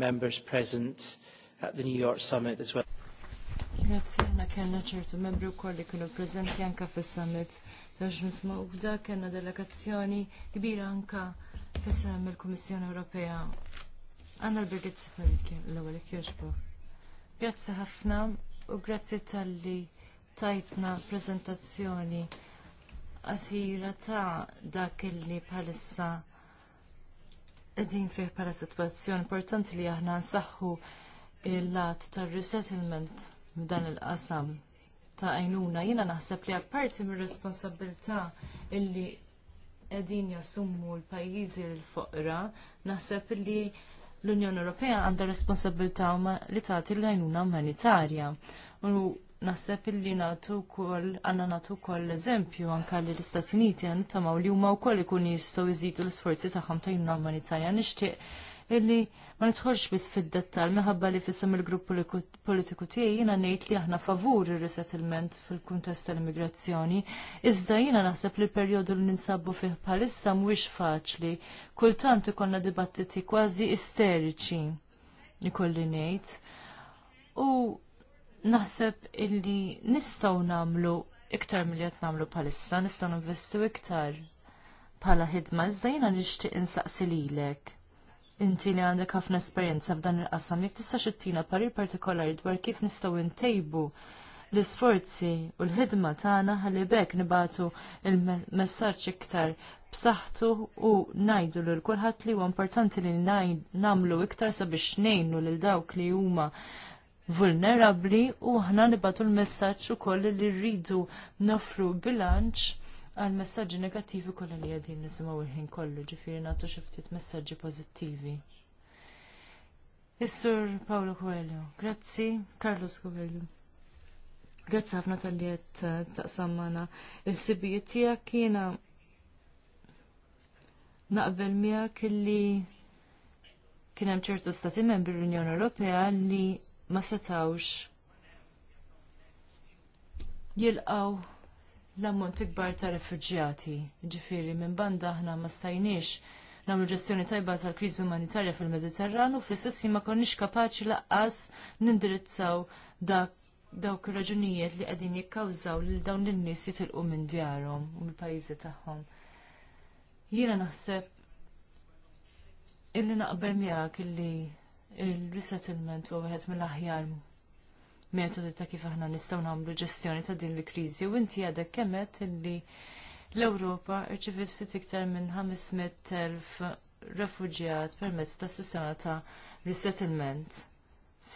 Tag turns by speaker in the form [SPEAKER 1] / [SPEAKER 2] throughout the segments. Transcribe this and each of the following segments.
[SPEAKER 1] members present at the New York summit as well.
[SPEAKER 2] Grazie, ma kena ċertu membri u kolli kienu prezenti anka fil-summit. Tax nisma u bda kena delegazzjoni kbira anka fil mill il-Komissjoni Ewropea. Għanna l-Birgit Siparit l-ewel kjoġbu. Grazie ħafna u grazie tal-li tajtna prezentazzjoni għasira ta' dak li bħalissa edin fih pala situazzjoni importanti li aħna nsaħħu il-lat tar resettlement f'dan il-qasam ta' għajnuna. Jiena naħseb li apparti mir responsabilità illi edin jasummu l-pajjiżi l-foqra, naħseb li l-Unjoni Ewropea għandha responsabilità li tagħti l-għajnuna umanitarja naħseb illi nagħtu għanna natu nagħtu wkoll eżempju anke li l-Istati Uniti għan tamaw li huma wkoll ikun jistgħu jżidu l-isforzi tagħhom ta' jinnu umanitarja. Nixtieq illi ma nidħolx biss fid-dettall minħabba li fissem il-grupp politiku tiegħi jiena ngħid li aħna favur ir-resettlement fil-kuntest tal-immigrazzjoni, iżda jiena naħseb li l-perjodu li ninsabu fih bħalissa mhuwiex faċli, kultant ikollna dibattiti kważi isteriċi ikolli ngħid. U naħseb illi nistgħu nagħmlu iktar milli qed nagħmlu bħalissa, nistgħu ninvestu iktar bħala ħidma, iżda jiena nixtieq insaqsi lilek. Inti li għandek ħafna esperjenza f'dan il-qasam, jekk tista' xittina parir partikolari dwar kif nistgħu ntejbu l-isforzi u l-ħidma tagħna ħalli bekk nibatu il-messaġġ iktar b'saħħtu u ngħidu lil kulħadd li huwa importanti li nagħmlu iktar sabiex ngħinu lil dawk li huma vulnerabbli u aħna nibatu l-messaġġ ukoll li rridu nofru bilanċ għal messaġġi negattivi kollha li qegħdin nisimgħu il-ħin kollu, ġifieri nagħtu xi ftit messaġġi pożittivi. is Paolo Coelho, grazzi, Carlos Coelho. Grazzi ħafna tal-li qed eh, taqsam il-sibijiet tiegħek naqbel miegħek li kien hemm ċertu stati membri l-Unjoni Ewropea li ma setawx jilqaw l-ammont ikbar ta' refuġjati. Ġifiri, minn banda aħna ma stajniex nagħmlu ġestjoni tajba tal-kriżi umanitarja fil-Mediterranu, fl-istessi ma konniex kapaċi laqqas nindirizzaw dak dawk ir-raġunijiet li qegħdin jikkawżaw lil dawn in-nies jitilqu minn djarhom u mill-pajjiżi tagħhom. Jiena naħseb illi naqbel miegħek illi il-resettlement u wieħed mill-aħjar metodi ta' kif aħna nistgħu nagħmlu ġestjoni ta' din il-kriżi u inti għadek kemmet illi l-Ewropa rċivet ftit iktar minn 500,000 refuġjat permezz ta' sistema ta' resettlement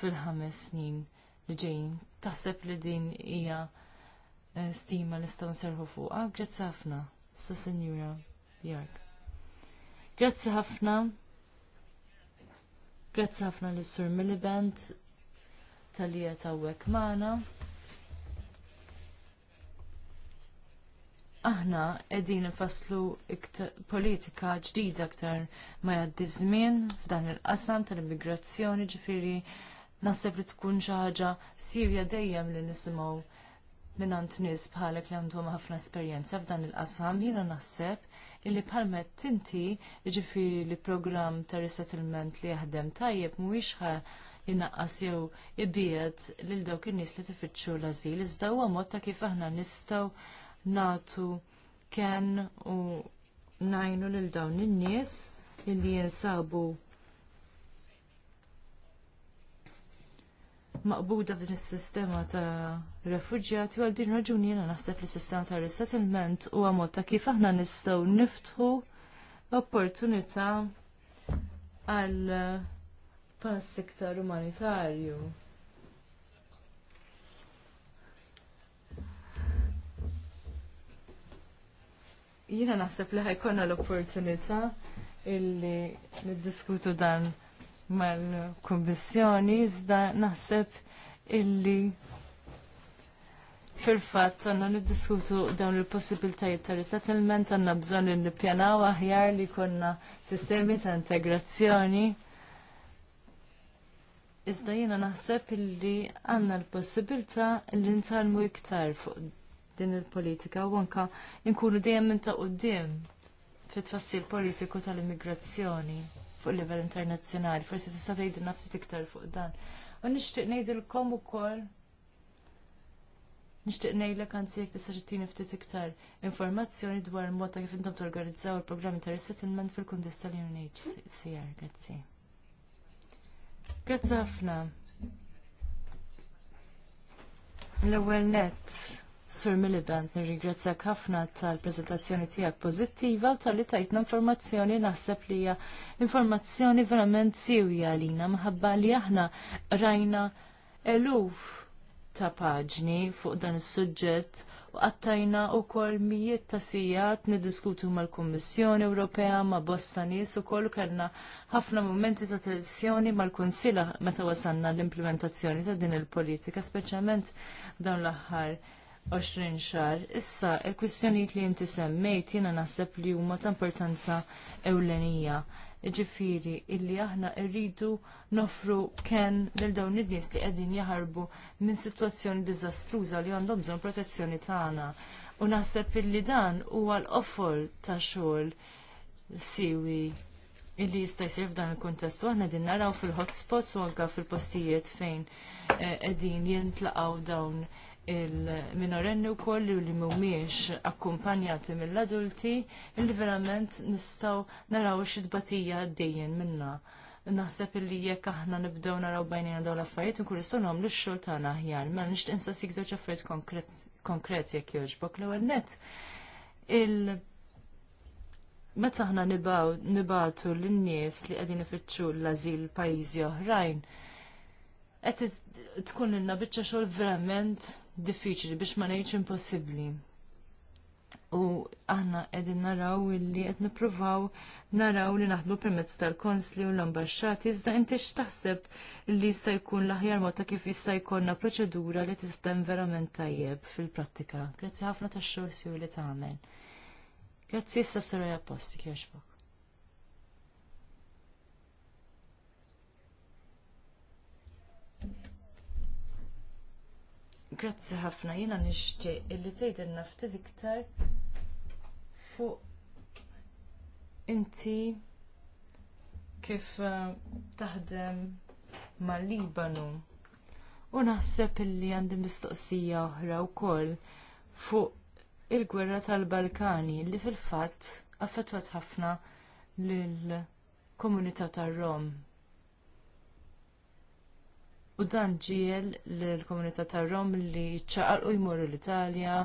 [SPEAKER 2] fil-ħames snin li ġejjin. Taħseb li din hija eh, stima li nistgħu nserħu fuqha. Grazzi ħafna, sa Sinjura Bjark. Grazzi ħafna. Grazzi ħafna lis sur Miliband tal-li għetawek maħna. Aħna qegħdin nfasslu politika ġdida aktar ma jgħaddi żmien f'dan il-qasam tal-immigrazzjoni ġifieri naħseb li tkun xi ħaġa sirja dejjem li nisimgħu minn nies bħalek li għandhom ħafna esperjenza f'dan il-qasam jiena naħseb illi bħalmet inti ġifiri li program ta' resettlement li jaħdem tajjeb mhuwiex ħa jinaqqas jew ibiet lil dawk in-nies li tifittxu l-ażil iżda huwa mod ta' kif aħna nistgħu nagħtu kenn u ngħinu lil dawn in-nies illi jinsabu maqbuda f'din is-sistema ta' refuġjati għal din raġuni jiena naħseb li sistema ta' resettlement huwa mod ta' kif aħna nistgħu niftħu opportunità għal pass iktar umanitarju. Jiena naħseb li ħajkonna l-opportunità illi niddiskutu dan mal-Kummissjoni, iżda naħseb illi fil-fatt għanna niddiskutu dawn il-possibiltajiet ta' resettlement għanna bżon li nippjanaw aħjar li konna sistemi ta' integrazzjoni. Iżda jiena naħseb illi għanna l-possibilta li ntalmu iktar fuq din il-politika u għanka nkunu dejjem minn ta' qudiem fit-tfassil politiku tal-immigrazzjoni fuq livell internazzjonali. Forsi tista' tgħidilna nafsi iktar fuq dan. U nixtieq ngħidilkom ukoll Nixtieq ngħidlek anzi jekk tista' ġittini ftit iktar informazzjoni dwar mod ta' kif intom torganizzaw il-programmi ta' resettlement fil-kuntest tal-UNHCR. Grazzi. Grazzi ħafna. L-ewwel nett Sur Miliband, nirringrazzjak ħafna tal-prezentazzjoni tiegħek pożittiva u tal-li tajtna informazzjoni naħseb li hija informazzjoni verament siwja għalina minħabba li aħna rajna eluf ta' paġni fuq dan is-suġġett u għattajna u kol mijiet ta' sijat nidiskutu mal kummissjoni Ewropea ma' bosta nis u kol kellna ħafna momenti ta' tensjoni mal kunsilla meta wasanna l-implementazzjoni ta' din il-politika, speċjalment dawn l-aħħar 20 xar. Issa, il-kwistjoniet li inti semmejt jiena naħseb li huma ta' importanza ewlenija. Ġifiri, illi aħna rridu nofru ken lil dawn id-nies li qegħdin jaħarbu minn sitwazzjoni diżastruża li għandhom bżonn protezzjoni tagħna. U naħseb illi dan huwa l-qofol ta' xogħol siwi illi jista' jsir f'dan il-kuntest u aħna din naraw fil-hotspots u anke fil-postijiet fejn eh, qegħdin jintlaqgħu dawn il-minorenni u koll li mumiex akkumpanjati mill-adulti li verament nistaw naraw xidbatija għaddejjen minna. Naħseb illi jekk aħna nibdew naraw bajnina dawn l-affarijiet nkun nistgħu nagħmlu x-xogħol tagħna aħjar, mela nixtieq insa sik żewġ affarijiet konkret, jekk jogħġbok l-ewwel nett. Il meta aħna nibatu lin-nies li qegħdin ifittxu l-ażil pajjiżi oħrajn, qed tkun lilna biċċa xogħol verament diffiċli biex ma ngħidx impossibbli. U aħna qegħdin naraw illi qed nippruvaw naraw li naħdmu permezz tal-konsli u l-ambaxxat iżda inti x'taħseb li jista' jkun l-aħjar mod ta' kif jista' jkollna proċedura li tistem verament tajjeb fil-prattika. Grazzi ħafna tax-xorsi li tagħmel. Grazzi issa s-sorja apposti Grazzi ħafna, jiena nixtieq illi il ftit iktar fuq inti kif eh, taħdem ma' Libanu. U naħseb illi għandi mistoqsija oħra wkoll fuq il-gwerra tal-Balkani li fil-fatt affettwat ħafna lill komunità tar-Rom U dan ġiel l-komunità tar Rom li ċaqalqu jmorru l-Italja,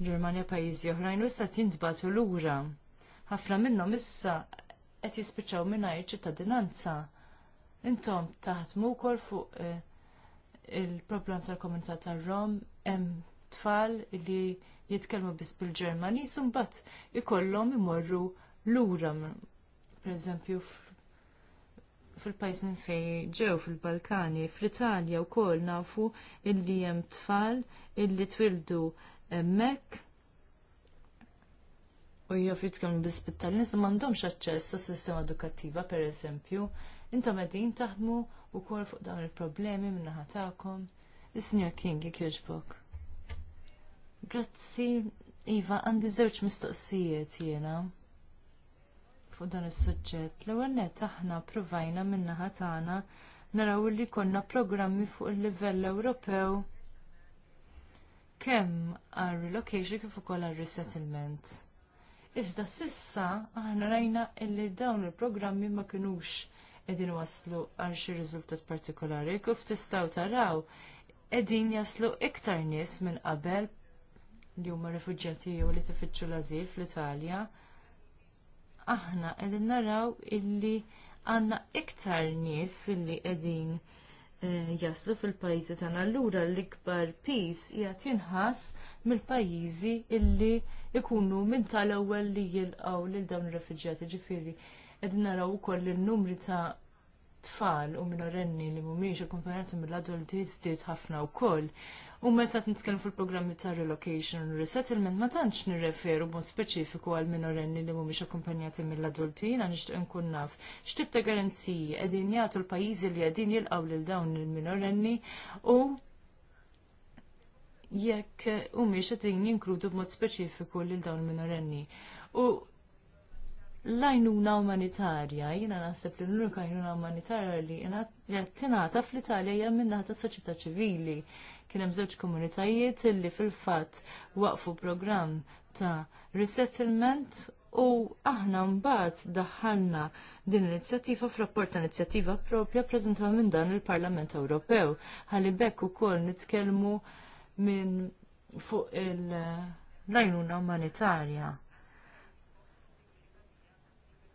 [SPEAKER 2] l-Ġermanja pajjiżi oħrajn u issa tintbatu lura. Ħafna minnhom issa qed jispiċċaw mingħajr ċittadinanza. Intom taħdmu wkoll fuq eh, il-problem tal-komunità tar Rom hemm tfal li jitkellmu biss bil-Ġermani, sumbat ikollhom imorru lura. Per eżempju, fil-pajis minn fej ġew fil-Balkani, fl-Italja wkoll nafu illi hemm tfal illi twildu hemmhekk. U jof jitkellmu bispittal nies m'għandhomx aċċess għas sistema edukattiva pereżempju. Intom qegħdin taħdmu wkoll fuq dawn il-problemi min-naħa tagħkom. Is-Sinjor King jogħġbok. Grazzi, Iva, għandi żewġ mistoqsijiet jiena fuq dan is-suġġett. L-ewwel nett aħna provajna min-naħa tagħna naraw li konna programmi fuq il-livell Ewropew kemm għal relocation kif ukoll għal resettlement. Iżda sissa aħna rajna li dawn il-programmi ma kinux qegħdin waslu għal xi riżultat partikolari kif tistgħu taraw qegħdin jaslu iktar nies minn qabel li huma rifuġġjati jew li tifittxu l-ażil fl-Italja aħna qegħdin naraw illi għandna iktar nies illi qegħdin eh, jaslu fil-pajjiżi tagħna allura l-ikbar pis jgħat jinħass mill-pajjiżi illi ikunu minn tal-ewwel li jilqgħu lil dawn ir-refuġjati ġifieri qegħdin naraw ukoll il-numri ta' tfal u minorenni li mhumiex ikkumparati mill-adulti żdied ħafna wkoll U meta qed nitkellmu fil-programmi ta' relocation u resettlement ma tantx nirreferu b'mod speċifiku għal minorenni li mhumiex akkumpanjati mill-adulti, jiena nixtieq nkun naf X'tip ta' garanziji qegħdin jagħtu l-pajjiżi li qegħdin jilqgħu lil dawn il-minorenni u jekk humiex qegħdin jinkludu b'mod speċifiku lil dawn il-minorenni. U l-għajnuna umanitarja, jina naħseb li l-unika għajnuna umanitarja li jattinata fl-Italja hija minnaħa tas soċjetà ċivili. Kien hemm żewġ komunitajiet illi fil-fatt waqfu programm ta' resettlement u aħna mbagħad daħħalna din l-inizjattiva f'rapport ta' inizjattiva propja preżentata minn dan il-Parlament Ewropew. Ħalli bekk ukoll nitkellmu minn fuq il-lajnuna umanitarja.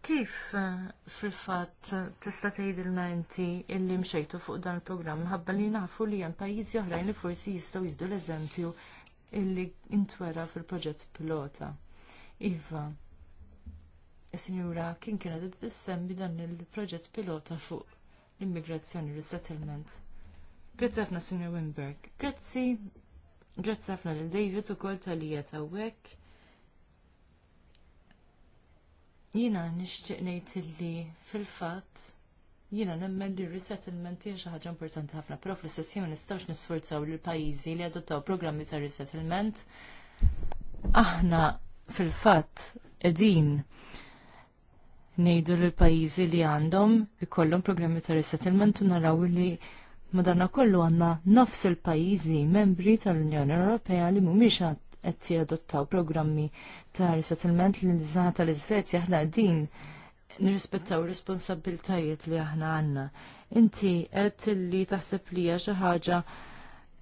[SPEAKER 2] Kif eh, fil-fatt tista' tgħidilna inti illi mxejtu fuq dan il-programm ħabba li nafu li hemm pajjiżi oħrajn li forsi jistgħu jiddu l-eżempju illi intwera fil-proġett pilota. Iva, Sinjura, kien kienet tissembi dan il-proġett pilota fuq l-immigrazzjoni resettlement. Grazzi ħafna Sinjur Wimberg. Grazzi, grazzi ħafna lil David u kol tal-li għawek. Jiena nixtieq ngħid illi fil-fatt jiena nemmen li resettlement hija xi ħaġa importanti ħafna, però fl-istess ma nistgħux nisforzaw lil pajjiżi li adottaw programmi ta' resettlement. Aħna fil-fatt qegħdin ngħidu lil pajjiżi li għandhom ikollhom programmi ta' resettlement u naraw li madana kollu għanna nofs il-pajizi membri tal-Unjoni Ewropea li mhumiex qed jadottaw programmi ta' resettlement li nżaħa tal-Iżvezja aħna din nirrispettaw responsabiltajiet li aħna għandna. Inti qed li taħseb li hija xi ħaġa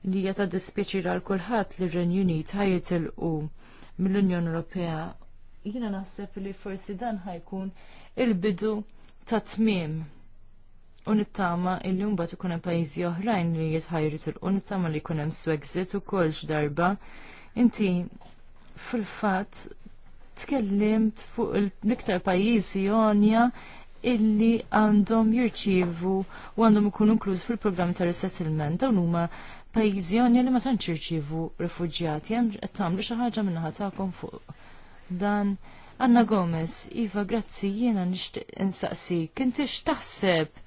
[SPEAKER 2] li hija ta' dispjaċir għal kulħadd li r-Renju Unit ħajitilqu mill-Unjoni Ewropea. Jiena naħseb li forsi dan ħajkun il-bidu ta' tmiem u nittama li mbagħad ikun hemm pajjiżi oħrajn li jitħajru tilqu nittama li jkun hemm u ukoll darba Inti fil-fatt tkellimt fuq l-iktar pajjiżi Onja illi għandhom jirċievu u għandhom ikunu inkluż fil-programm ta' resettlement dawn huma pajjiżi Onja li ma tantx jirċievu refuġjati hemm qed tagħmlu xi ħaġa minnaħa tagħkom fuq dan. Anna Gomez, Iva, grazzi, jiena nixtieq insaqsi, kinti x'taħseb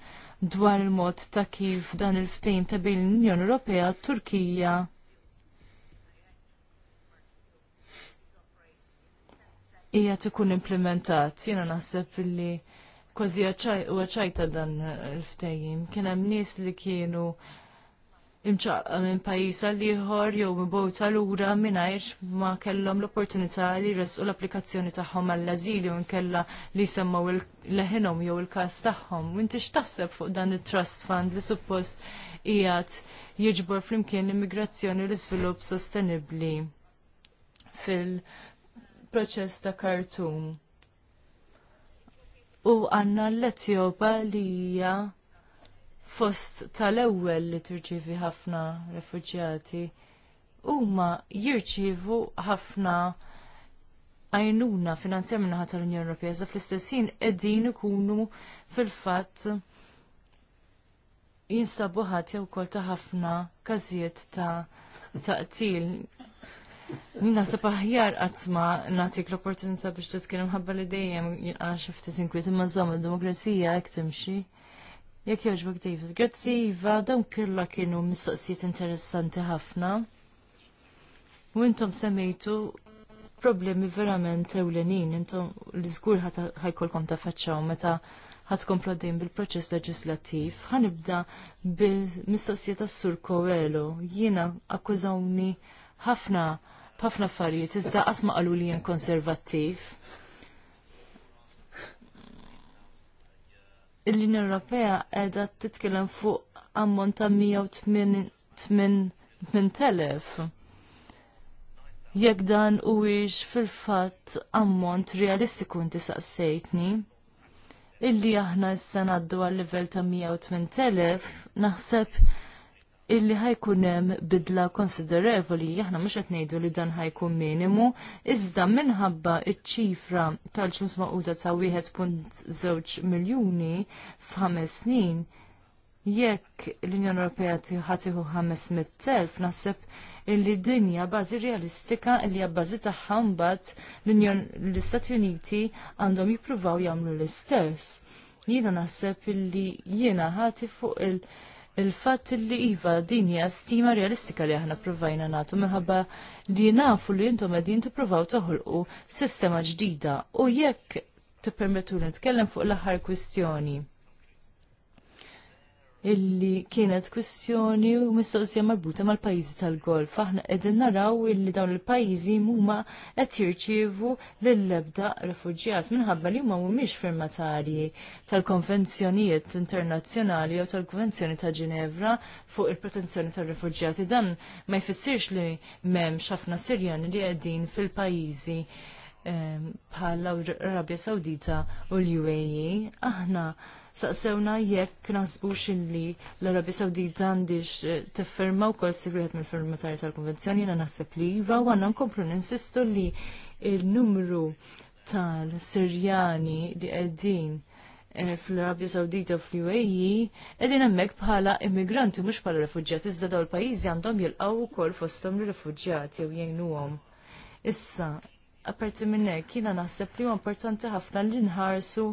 [SPEAKER 2] dwar il-mod ta' kif dan il-ftejm ta' bejn l-Unjoni Ewropea, Turkija Hija ikun implementat. Jiena naħseb li kważi għaċajta dan il-ftejjim. Kien hemm nies li kienu imċaqqa minn pajis għal-liħor jew minn bowta l-ura minnajx ma kellhom l-opportunità li jresqu l-applikazzjoni tagħhom għall-azil u nkella li semmaw leħinhom jew il-każ tagħhom. Inti x'taħseb fuq dan il trust fund li suppost qiegħed jiġbor flimkien l-immigrazzjoni u l-iżvilupp sostenibbli fil proċess ta' Khartoum. U għanna l-Etjopa li hija fost tal-ewwel li tirċievi ħafna refuġjati. Huma jirċievu ħafna għajnuna finanzja minnaħa tal-Unjoni Ewropea, za fl-istess ħin qegħdin ikunu fil-fatt jinsabu ħadd jew ukoll ta' ħafna każijiet ta' taqtil Nina sepa aħjar għatma natik l-opportunità biex titkellem ħabba li dejjem għana xifti sinkwiet imma żomm il-demokrazija jekk timxi. Jek jogħġbok David, grazzi Iva, dawn kirla kienu mistoqsijiet interessanti ħafna. U intom semmejtu problemi verament ewlenin, intom li żgur ħajkolkom tafaċċaw meta ħatkomplu għaddejn bil-proċess leġislattiv. Ħanibda bil-mistoqsijiet tas-Sur Koelo. Jiena akkużawni ħafna ħafna affarijiet, iżda qatt ma qalu li jien konservattiv. l-Unjoni Ewropea qiegħda titkellem fuq ammont ta' 108,000. Jekk dan huwiex fil-fatt ammont realistiku inti saqsejtni, illi aħna issa ngħaddu għal livell ta' 108,000 naħseb illi ħajkun hemm bidla konsiderevoli, aħna mhux qed ngħidu li dan ħajkun minimu, iżda minħabba iċ-ċifra tal-ġnus maquda ta' 1.żewġ miljuni f'ħames snin, jekk l-Unjoni Ewropea ħatiħu 500,000 naħseb illi dinja bażi realistika illi għabbażi tagħha mbagħad l-Istati Uniti għandhom jippruvaw jagħmlu l-istess. Jiena naħseb illi jiena ħati fuq il- il-fatt li iva din hija stima realistika li aħna provajna nagħtu minħabba li nafu li intom qegħdin tippruvaw toħolqu sistema ġdida u jekk tippermettu nitkellem fuq l-aħħar kwistjoni illi kienet kwistjoni u mistoqsija marbuta mal pajizi tal-golf. Aħna qegħdin naraw illi dawn il-pajjiżi huma qed jirċievu lill-ebda refuġjat minħabba li huma mhumiex firmatarji tal-konvenzjonijiet internazzjonali jew tal-Konvenzjoni ta' Ginevra fuq il-protezzjoni tar-refuġjati. Dan ma jfissirx li m'hemmx ħafna Sirjani li qegħdin fil-pajjiżi ehm, bħal l-Arabja Sawdita u l-UAE. Aħna saqsewna jekk nasbu illi l-Arabi Sawdita għandix eh, tifferma wkoll sir wieħed mill-firmatari tal-konvenzjoni jiena naħseb li iva u għandna nkomplu ninsistu li il-numru tal-Sirjani li qegħdin eh, fl-Arabja Sawdita u fl-UAE, edin hemmhekk bħala immigranti mhux bħala refuġġjati iżda dawn il-pajjiżi għandhom jilqgħu wkoll fosthom l-refuġġjati jew jgħinuhom. Issa, Aperti minn hekk jiena naħseb li huwa importanti ħafna li nħarsu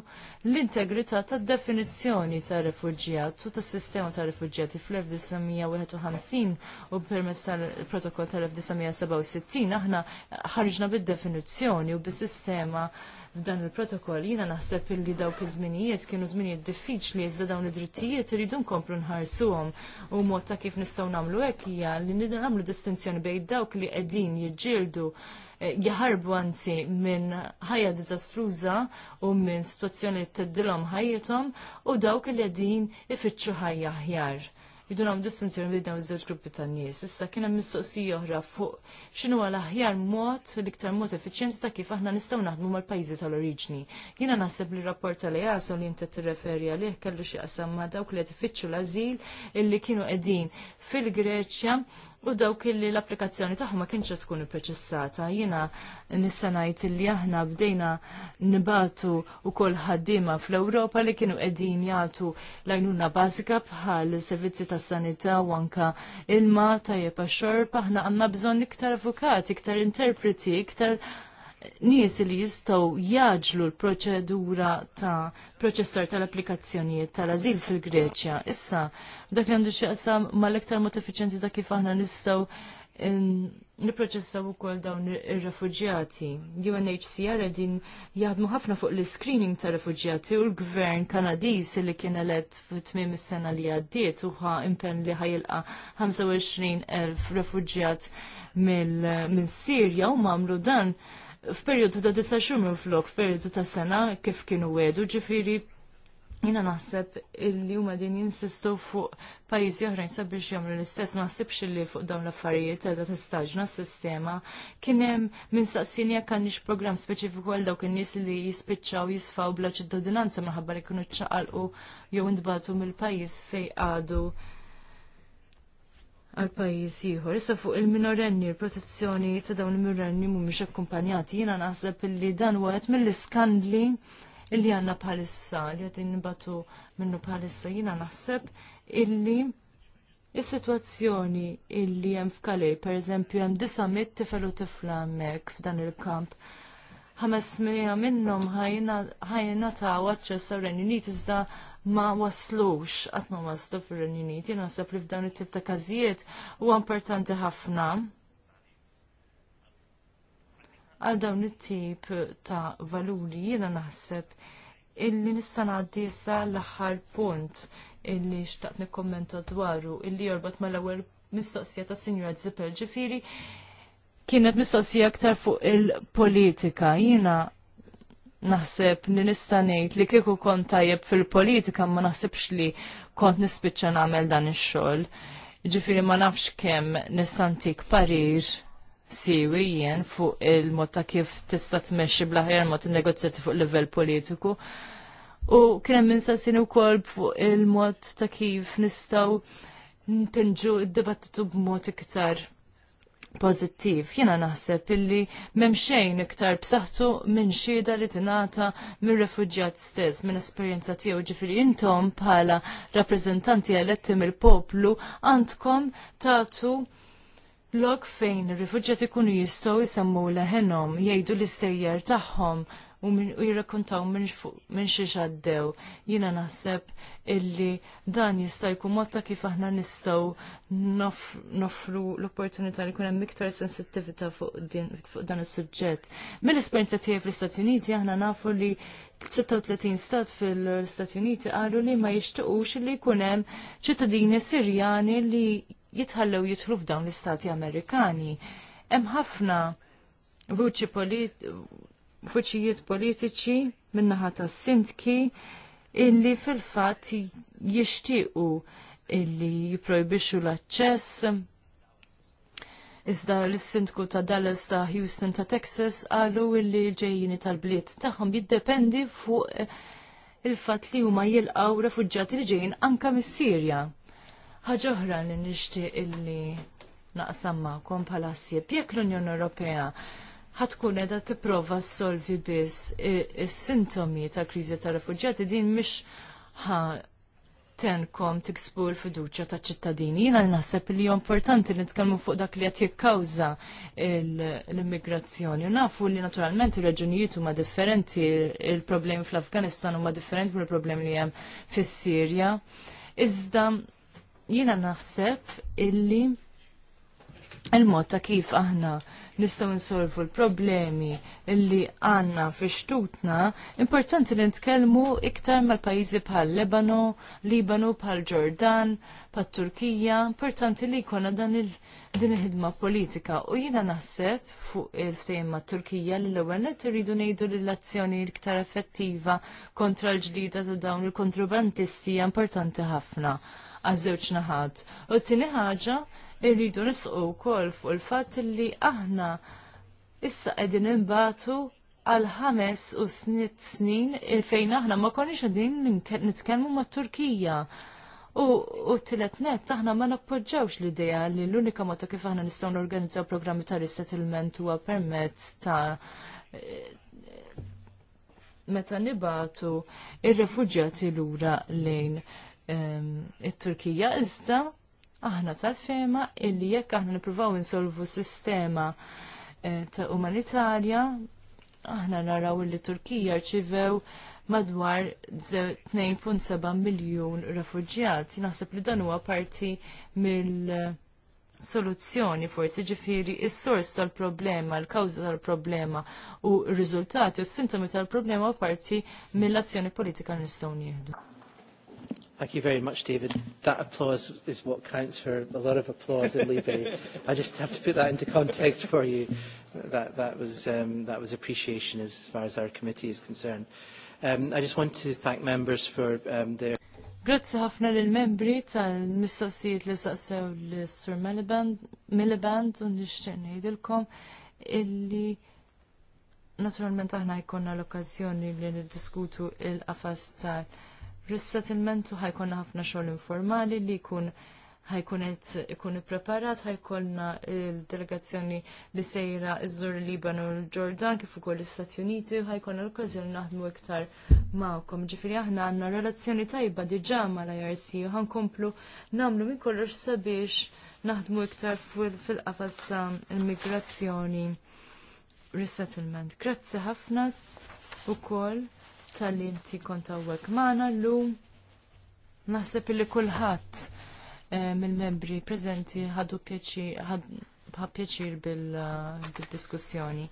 [SPEAKER 2] l-integrità tad-definizzjoni ta' refuġjat u tas-sistema ta' refuġjati fl-1951 u permezz tal-protokoll tal-1967 aħna ħarġna bid-definizzjoni u bis-sistema f'dan il-protokoll jina naħseb illi dawk iż-żminijiet kienu żminijiet diffiċli iżda dawn id-drittijiet iridu nkomplu nħarsuhom u mod ta' kif nistgħu nagħmlu hekk hija li nagħmlu distinzjoni bejn dawk li qegħdin jiġġieldu Eh, jaħarbu anzi minn ħajja diżastruża u minn situazzjoni li teddilhom ħajjithom u dawk li qegħdin ifittxu ħajja aħjar Jidun għam distanzjoni bejn dawn iż gruppi ta' nies. Issa kien hemm mistoqsija oħra fuq x'inhu l aħjar mod, l-iktar mod effiċjenti ta' kif aħna nistgħu naħdmu mal-pajjiżi tal-oriġni. Jiena naħseb li rapport tal jasol li inti tirreferi għalih kellu xi qasam ma' dawk li qed ifittxu l-ażil illi kienu qegħdin fil-Greċja u dawk li l-applikazzjoni tagħhom ma kienċa tkun preċessata. Jiena nista' ngħid li aħna bdejna nibatu wkoll ħaddiema fl-Ewropa li kienu qegħdin jagħtu lajnuna bażika bħal servizzi tas-sanità u anke ilma ta' jepa xorb aħna għandna bżonn iktar avukati, iktar interpreti, iktar nies li jistgħu jaġlu l-proċedura ta' proċessar tal-applikazzjonijiet tal-azil fil-Greċja. Issa, dak li għandu xieqsam ma l-iktar mod effiċenti ta' kif aħna nistgħu niproċessaw ukoll dawn ir-refuġjati. UNHCR din jaħdmu ħafna fuq l-screening ta' refuġjati u l-gvern Kanadis li kien elett fit-tmiem is-sena li għaddiet uħa impenn li ħajilqa 25,000 refuġjat mill-Sirja u mamlu dan f'perjodu ta' disa xhur minn flok f'perjodu ta' sena kif kienu wedu ġifiri jina naħseb li huma din jinsistu fuq pajjiżi oħrajn sabiex jagħmlu l-istess ma naħsibx li fuq dawn l-affarijiet qiegħda tistaġna s-sistema kien hemm minn jekk għandix programm speċifiku għal dawk in-nies li jispiċċaw jisfaw bla ċittadinanza minħabba li kienu ċċaqalqu jew intbagħtu mill-pajjiż fejn għadu għal pajjiż ieħor. Issa fuq il-minorenni, il-protezzjoni ta' dawn il-minorenni mhumiex akkumpanjati, jiena naħseb illi dan u għet mill-iskandli illi għandna bħalissa li qed nibatu minnu bħalissa jina naħseb illi Is-sitwazzjoni illi hemm f'Kali, pereżempju hemm jem disamit tifel u tifla hemmhekk f'dan il-kamp. Ħames minnhom ħajna ta' aċċess għal-Renju Unit ma waslux, qatt ma waslu fir-Renju Unit. Jien naħseb li f'dawn it-tip ta' każijiet huwa importanti ħafna għal dawn it-tip ta' valuri jiena naħseb illi nista' ngħaddi l-aħħar punt illi xtaqt nikkommenta dwaru illi jorbot mal-ewwel mistoqsija ta' sinjora Zipel ġifieri kienet mistoqsija aktar fuq il-politika. Jiena naħseb li nista' ngħid li kieku kont tajjeb fil-politika ma naħsibx li kont nispiċċa nagħmel dan ix-xogħol. Ġifieri ma nafx kemm nistantik parir siwi jien fuq il-mod ta' kif tista' tmexxi bl-aħjar mod innegozjati fuq livell politiku. U kien hemm insassin ukoll fuq il-mod ta' kif nistgħu npinġu d-dibattitu b'mod iktar pozittiv. Jena naħseb illi memxejn iktar b'saħħtu minn xhieda li tingħata minn refuġjat stess, minn esperjenza tiegħu ġifieri intom bħala rappreżentanti eletti mill-poplu għandkom tagħtu lok fejn ir-rifuġjati jkunu jistgħu jsemmu leħenhom, jgħidu l-istejjer tagħhom u jirrakkontaw minn xi xaddew. Jiena naħseb illi dan jista' jkun mod ta' kif aħna nistgħu nofru l-opportunità li jkun hemm iktar sensittività fuq dan is-suġġett. Mill-esperjenza tiegħi fl-Istati Uniti aħna nafu li 36 stat fil istati Uniti qalu li ma jixtiequx li kunem ċittadini Sirjani li jitħallew jitħlu f'dawn l-Istati Amerikani. Hemm ħafna vuċi uffiċijiet politiċi minnaħa ta' sindki illi fil-fat jishtiqu illi jiprojbixu l-aċċess. Iżda l-sindku ta' Dallas ta' Houston ta' Texas għallu illi ġejjini tal-bliet tagħhom jiddependi fuq il-fat li huma jilqaw refugġati li ġejjin anka mis-Sirja. Ħaġa oħra li nixtieq illi naqsam magħkom bħala ssieb jekk l-Unjoni Ewropea ħatkun edha tipprova solvi biss is-sintomi ta' kriżi ta' refuġjati din mish ħa tenkom tiksbu l-fiduċja ta' ċittadini. Jiena naħseb li hu importanti li t-kalmu fuq dak li qed jikkawża l-immigrazzjoni. Nafu li naturalment ir reġunijiet huma differenti, il-problemi fl-Afganistan huma differenti mill-problemi li hemm fis-Sirja. Iżda jiena naħseb illi il-mod ta' kif aħna nistgħu insolvu l-problemi li għandna fi xtutna, importanti li nitkellmu iktar mal-pajjiżi bħal Lebano, Libanu, bħal Ġordan, bħal Turkija, importanti li jkollna dan il- din il-ħidma politika u jina naħseb fuq il-ftejn ma' Turkija li l-ewwel net iridu ngħidu l-azzjoni l-iktar effettiva kontra l-ġlida ta' dawn il-kontrabandisti hija importanti ħafna għaż-żewġ naħat. U t-tieni ħaġa irridu nisqu wkoll fuq il-fatt li aħna issa qegħdin imbatu għal ħames u snit snin fejn aħna ma konniex qegħdin nitkellmu mat-Turkija. U, u t-tilet net, aħna ma nappoġġawx l-ideja li l-unika mota kif aħna nistgħu norganizzaw programmi ta' resettlement huwa permezz ta' meta nibatu ir-refuġjati lura lejn ehm, it-Turkija iżda aħna tal-fema illi jekk aħna nippruvaw insolvu sistema eh, ta' umanitarja, aħna naraw li Turkija rċivew madwar 2.7 miljun refugjati. Naħseb li dan huwa parti mill- soluzzjoni forsi ġifiri is-sors tal-problema, l-kawza tal-problema u r-riżultati u s-sintomi tal-problema parti mill-azzjoni politika nistgħu nieħdu.
[SPEAKER 1] Thank you very much, David. That applause is what counts for a lot of applause in Libre. I just have to put that into context for you. That, that, was, um, that was appreciation as far as our committee is concerned. Um, I just want to thank members for um, their...
[SPEAKER 2] Grazie ħafna lil membri tal-mistoqsijiet li saqsew l-Sur Miliband u nixtieq ngħidilkom illi naturalment aħna jkollna l-okkażjoni li niddiskutu il-qafas tal- ris u ħajkonna ħafna xogħol informali li jkun ħajkun qed ikun ippreparat, ħajkollna l-delegazzjoni li sejra iżżur Libanu u l-Ġordan kif ukoll l-Istati Uniti u ħajkollna l-okkażjoni naħdmu iktar magħkom. Ġifieri aħna għandna relazzjoni tajba diġà mal-IRC u ħankomplu nagħmlu minn kollox sabiex naħdmu iktar fil-qafas ta' immigrazzjoni resettlement. Grazzi ħafna kol tal-li inti kont hawnhekk magħna llum. Naħseb li kulħadd eh, mill-membri preżenti ħadu pjaċir eh, bil-diskussjoni.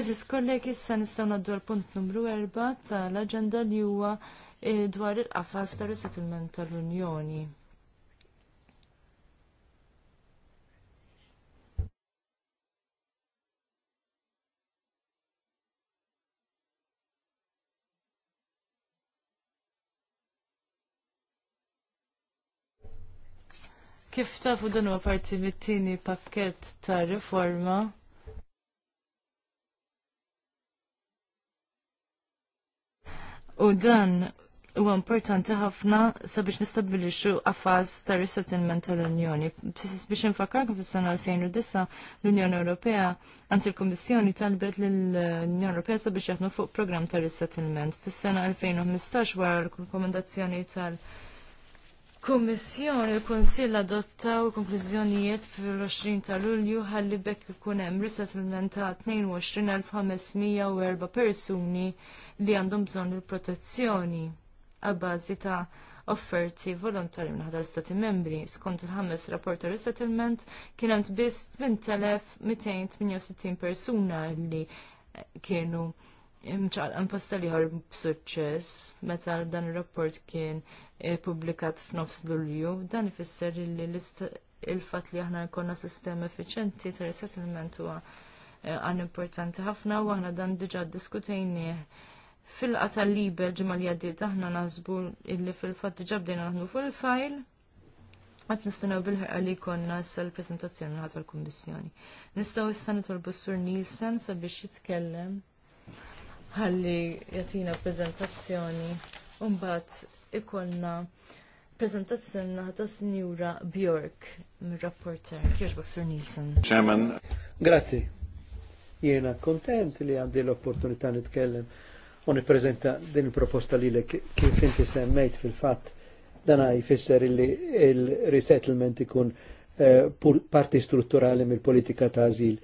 [SPEAKER 2] Eżis, kollegi, issa nistgħu naddu l punt numru 4 tal aġenda li huwa eh, dwar il-qafas tal resettlement tal-Unjoni. Kif tafu dan huwa parti mit-tieni pakkett ta' riforma? U dan huwa importanti ħafna sabiex nistabbilixxu qafas ta' resettlement tal-Unjoni. Biex infakar kif is-sena 2009 l-Unjoni Ewropea, anzi l-Kummissjoni talbet lill-Unjoni Ewropea sabiex jaħdmu fuq programm ta' resettlement. Fis-sena 2015 wara l-rekomendazzjoni tal- -2015, Kummissjoni l-Kunsill adottaw konklużjonijiet fil-20 ta' Lulju ħalli bekk ikun hemm resettlement ta' 22,504 persuni li għandhom bżonn il-protezzjoni għabbażi ta' offerti volontari minn ħadar stati membri. Skont il-ħames rapport ta' resettlement kien hemm biss 8,268 persuna li kienu imċaqlan posta liħor b'suċċess meta dan ir-rapport kien eh, publikat f'nofs Lulju, dan ifisser li il-fatt li aħna jkollna sistema effiċjenti ta' resettlement huwa eh, għan importanti ħafna u aħna dan diġà diskutejnieh fil-qata libel ġimgħa li għaddiet aħna naħsbu illi fil-fatt diġà bdejna naħdmu fuq il-fajl għat nistanaw bil-ħarqa li konna s l presentazzjoni ħadd tal-Kummissjoni. Nistgħu issa sanitor Sur Nielsen sabiex jitkellem ħalli jatina prezentazzjoni. Umbat ikonna prezentazzjoni ta' Sinjura Bjork, mir-rapporter. Kjoġbok Sir Nielsen. Chairman.
[SPEAKER 1] Grazzi. Jena kontent li għandi l-opportunità nitkellem u nipprezenta din il-proposta li kif inti semmejt fil-fatt dan fisser li il-resettlement ikun eh, parti strutturali mill-politika ta' azil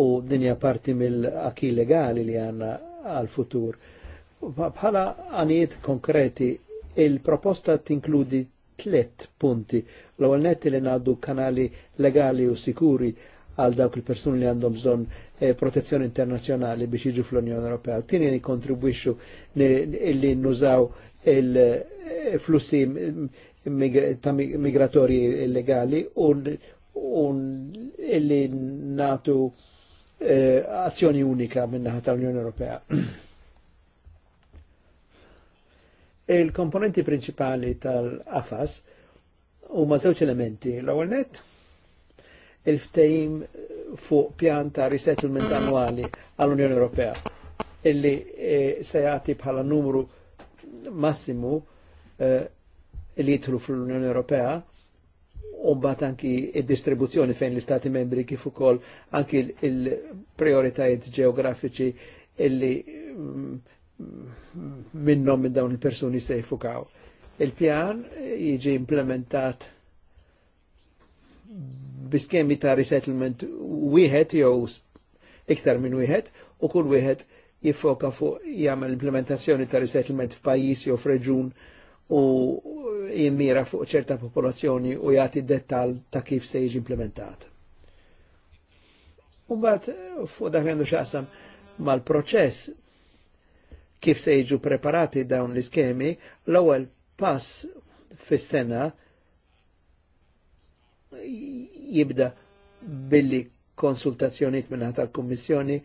[SPEAKER 1] u dinja parti mill-aki legali li għanna għal-futur. Bħala għaniet konkreti, il-proposta tinkludi tlet punti. l għol netti li ngħaddu kanali legali u sikuri għal dawk il-persuni li għandhom bżon eh, protezzjoni internazjonali biex iġu fl-Unjoni Ewropea. Tini li kontribwixxu li nużaw il-flussi eh, ta' migratori illegali u illi natu eh, azzjoni unika minnaħa tal-Unjoni Ewropea. Il-komponenti principali tal-AFAS huma żewġ elementi. L-ewwel net il-ftehim fuq pjan ta' resettlement annwali għall-Unjoni Ewropea illi eh, se jagħti bħala numru massimu eh, li jidħlu fl-Unjoni Ewropea Umbat anki il-distribuzzjoni fejn l-istati membri kif ukoll anki il-prioritajiet ġeografiċi illi mm, minnom minn dawn il-persuni se jfukaw. Il-pjan jiġi implementat biskemi ta' resettlement wieħed jew iktar minn wieħed u kull wieħed jiffoka fuq jagħmel implementazzjoni ta' resettlement f'pajjiż jew f'reġun u jimmira fuq ċerta popolazzjoni u jagħti dettal ta' kif se jiġi implementat. Umbat fuq dak għandu xaqsam mal-proċess kif se jiġu preparati dawn l-iskemi, l-ewwel pass fis-sena jibda billi konsultazzjoniet minna tal-Kommissjoni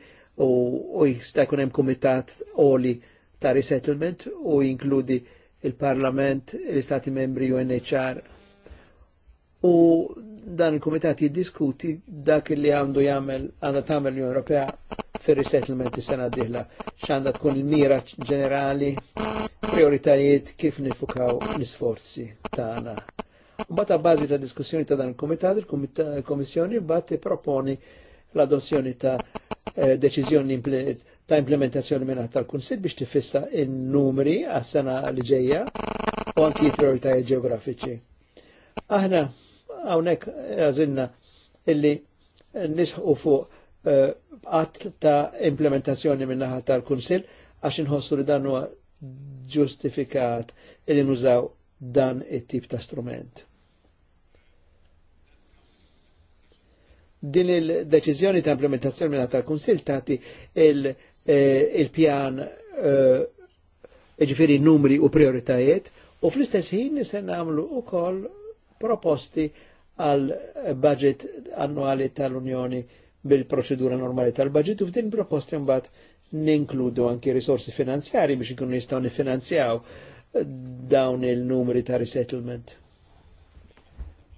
[SPEAKER 1] u, jista' jkun hemm kumitat oli ta' resettlement u jinkludi il-Parlament, l-Istati membri UNHR. U dan il-Komitat jiddiskuti dak li għandu jagħmel għandha tagħmel l-Unjoni Ewropea fir-resettlement is-sena d-dieħla x'għandha tkun il-mira ġenerali, prioritajiet kif nifukaw l-isforzi tagħna. Mbagħad bażi ta' diskussjoni ta' dan il-Kumitat, il komissjoni mbagħad proponi l-adozzjoni ta' eh, deċiżjoni ta' implementazzjoni minn tal-Kunsil biex tifissa il-numri għas-sena li ġejja u anki prioritajiet ġeografiċi. Aħna hawnhekk għazinna illi nisħu fuq għat eh, ta' implementazzjoni minn tal-Kunsil għax inħossu li dan huwa ġustifikat illi nużaw dan it-tip ta' strument. Din il-deċizjoni ta' implementazzjoni minna tal-Kunsil tati il- Eh, il-pjan eh, ġifiri numri u prioritajiet u fl-istess ħin se nagħmlu koll proposti għal budget annuali tal-Unjoni bil-proċedura normali tal-budget u f'din proposti mbagħad ninkludu anki risorsi finanzjari biex ikunu jistgħu nifinanzjaw dawn il-numri ta' resettlement.